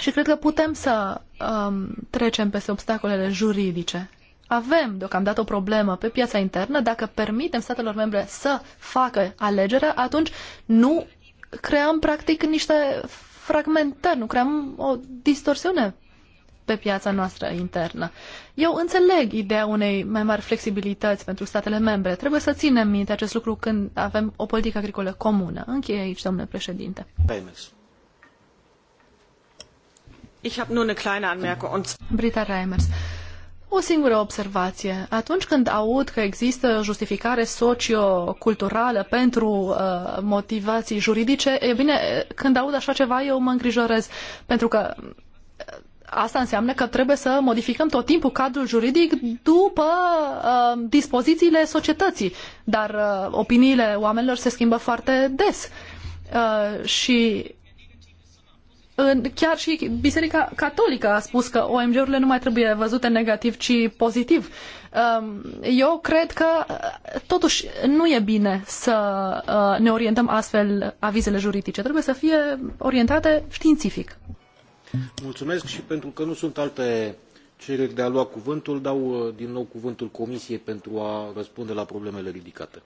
Și cred că putem să um, trecem peste obstacolele juridice. Avem deocamdată o problemă pe piața internă. Dacă permitem statelor membre să facă alegerea, atunci nu creăm practic niște fragmentări, nu creăm o distorsiune pe piața noastră internă. Eu înțeleg ideea unei mai mari flexibilități pentru statele membre. Trebuie să ținem minte acest lucru când avem o politică agricolă comună. Încheie aici, domnule președinte. Ich habe nur eine kleine Anmerkung. Brita Reimers. O singură observație. Atunci când aud că există justificare socioculturală pentru uh, motivații juridice, e bine, când aud așa ceva eu mă îngrijorez, pentru că uh, asta înseamnă că trebuie să modificăm tot timpul cadrul juridic după uh, dispozițiile societății, dar uh, opiniile oamenilor se schimbă foarte des. Uh, și chiar și Biserica Catolică a spus că OMG-urile nu mai trebuie văzute negativ, ci pozitiv. Um, eu cred că uh, totuși nu e bine să uh, ne orientăm astfel avizele juridice. Trebuie să fie orientate științific. Mulțumesc și pentru că nu sunt alte cereri de a lua cuvântul, dau uh, din nou cuvântul Comisiei pentru a răspunde la problemele ridicate.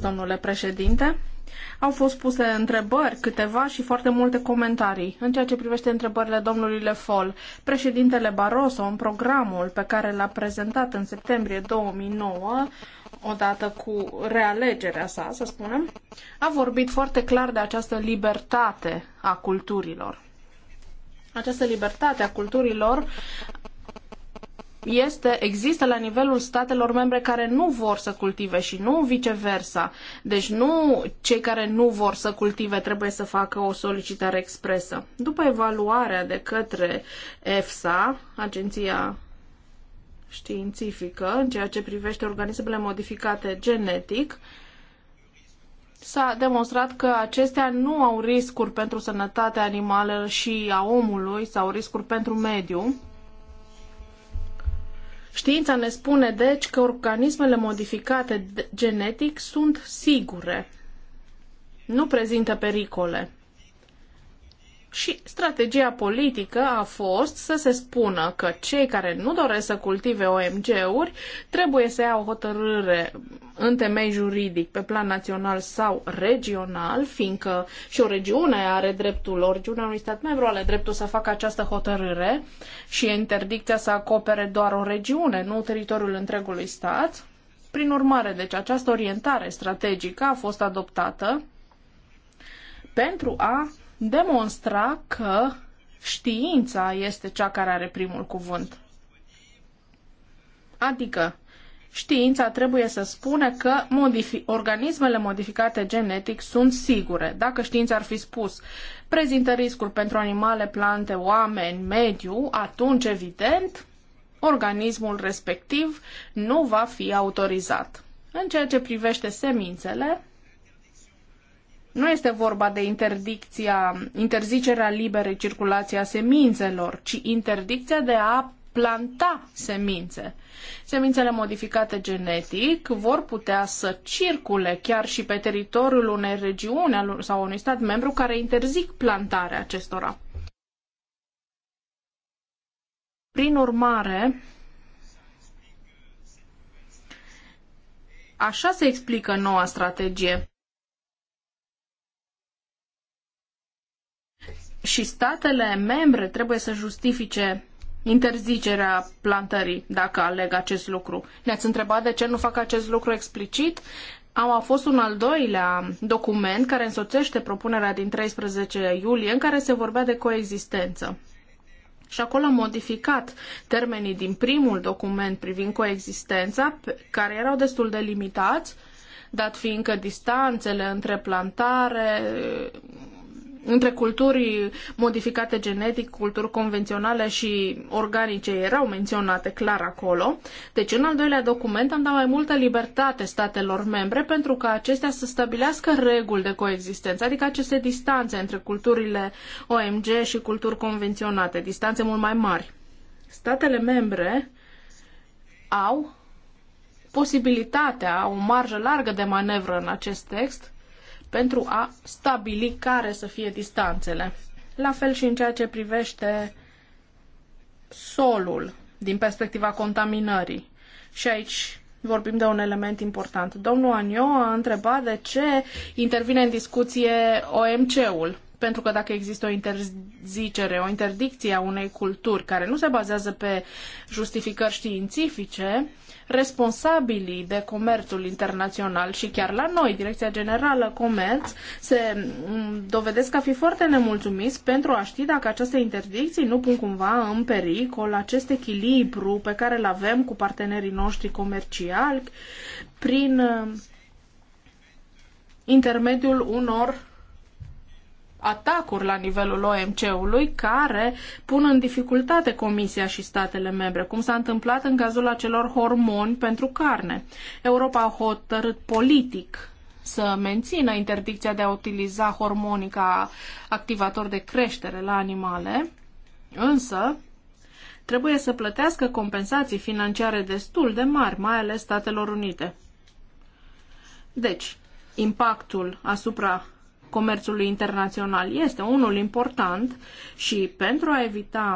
domnule președinte. Au fost puse întrebări, câteva și foarte multe comentarii. În ceea ce privește întrebările domnului Foll. președintele Barroso, în programul pe care l-a prezentat în septembrie 2009, odată cu realegerea sa, să spunem, a vorbit foarte clar de această libertate a culturilor. Această libertate a culturilor este, există la nivelul statelor membre care nu vor să cultive și nu viceversa. Deci nu cei care nu vor să cultive trebuie să facă o solicitare expresă. După evaluarea de către EFSA, Agenția Științifică, în ceea ce privește organismele modificate genetic, s-a demonstrat că acestea nu au riscuri pentru sănătatea animalelor și a omului sau riscuri pentru mediu Știința ne spune, deci, că organismele modificate genetic sunt sigure, nu prezintă pericole. Și strategia politică a fost să se spună că cei care nu doresc să cultive OMG-uri trebuie să iau o hotărâre în temei juridic pe plan național sau regional, fiindcă și o regiune are dreptul, o regiune unui stat membru are dreptul să facă această hotărâre și interdicția să acopere doar o regiune, nu teritoriul întregului stat. Prin urmare, deci această orientare strategică a fost adoptată pentru a demonstra că știința este cea care are primul cuvânt. Adică, știința trebuie să spune că modifi- organismele modificate genetic sunt sigure. Dacă știința ar fi spus prezintă riscuri pentru animale, plante, oameni, mediu, atunci, evident, organismul respectiv nu va fi autorizat. În ceea ce privește semințele, nu este vorba de interdicția, interzicerea liberei circulației a semințelor, ci interdicția de a planta semințe. Semințele modificate genetic vor putea să circule chiar și pe teritoriul unei regiuni sau unui stat membru care interzic plantarea acestora. Prin urmare, așa se explică noua strategie. și statele membre trebuie să justifice interzicerea plantării, dacă aleg acest lucru. Ne-ați întrebat de ce nu fac acest lucru explicit? Am a fost un al doilea document care însoțește propunerea din 13 iulie în care se vorbea de coexistență. Și acolo am modificat termenii din primul document privind coexistența, care erau destul de limitați, dat fiindcă distanțele între plantare între culturi modificate genetic, culturi convenționale și organice erau menționate clar acolo. Deci, în al doilea document am dat mai multă libertate statelor membre pentru ca acestea să stabilească reguli de coexistență, adică aceste distanțe între culturile OMG și culturi convenționate, distanțe mult mai mari. Statele membre au posibilitatea, o marjă largă de manevră în acest text, pentru a stabili care să fie distanțele. La fel și în ceea ce privește solul din perspectiva contaminării. Și aici vorbim de un element important. Domnul Anio a întrebat de ce intervine în discuție OMC-ul. Pentru că dacă există o interzicere, o interdicție a unei culturi care nu se bazează pe justificări științifice, responsabilii de comerțul internațional și chiar la noi, Direcția Generală Comerț, se mm, dovedesc a fi foarte nemulțumiți pentru a ști dacă aceste interdicții nu pun cumva în pericol acest echilibru pe care îl avem cu partenerii noștri comerciali prin mm, intermediul unor atacuri la nivelul OMC-ului care pun în dificultate Comisia și statele membre, cum s-a întâmplat în cazul acelor hormoni pentru carne. Europa a hotărât politic să mențină interdicția de a utiliza hormonii ca activator de creștere la animale, însă trebuie să plătească compensații financiare destul de mari, mai ales Statelor Unite. Deci, impactul asupra comerțului internațional este unul important și pentru a evita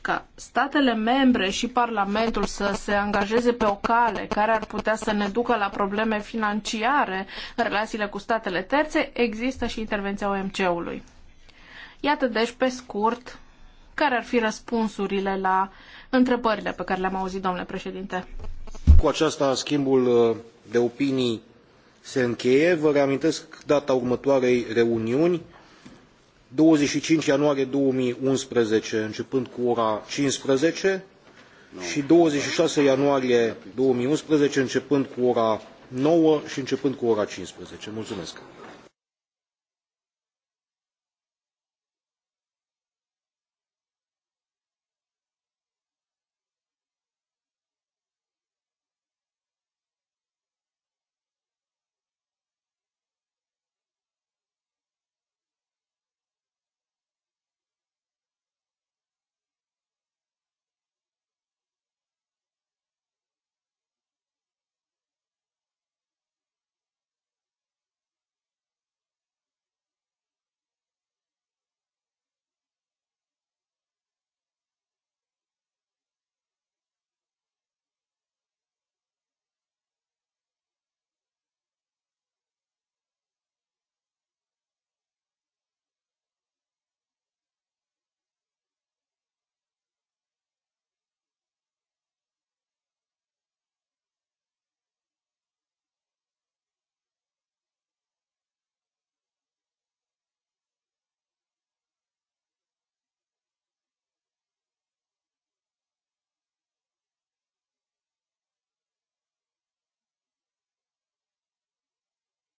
ca statele membre și Parlamentul să se angajeze pe o cale care ar putea să ne ducă la probleme financiare în relațiile cu statele terțe, există și intervenția OMC-ului. Iată deci, pe scurt, care ar fi răspunsurile la întrebările pe care le-am auzit, domnule președinte. Cu aceasta, schimbul uh, de opinii se încheie. Vă reamintesc data următoarei reuniuni, 25 ianuarie 2011, începând cu ora 15 și 26 ianuarie 2011, începând cu ora 9 și începând cu ora 15. Mulțumesc!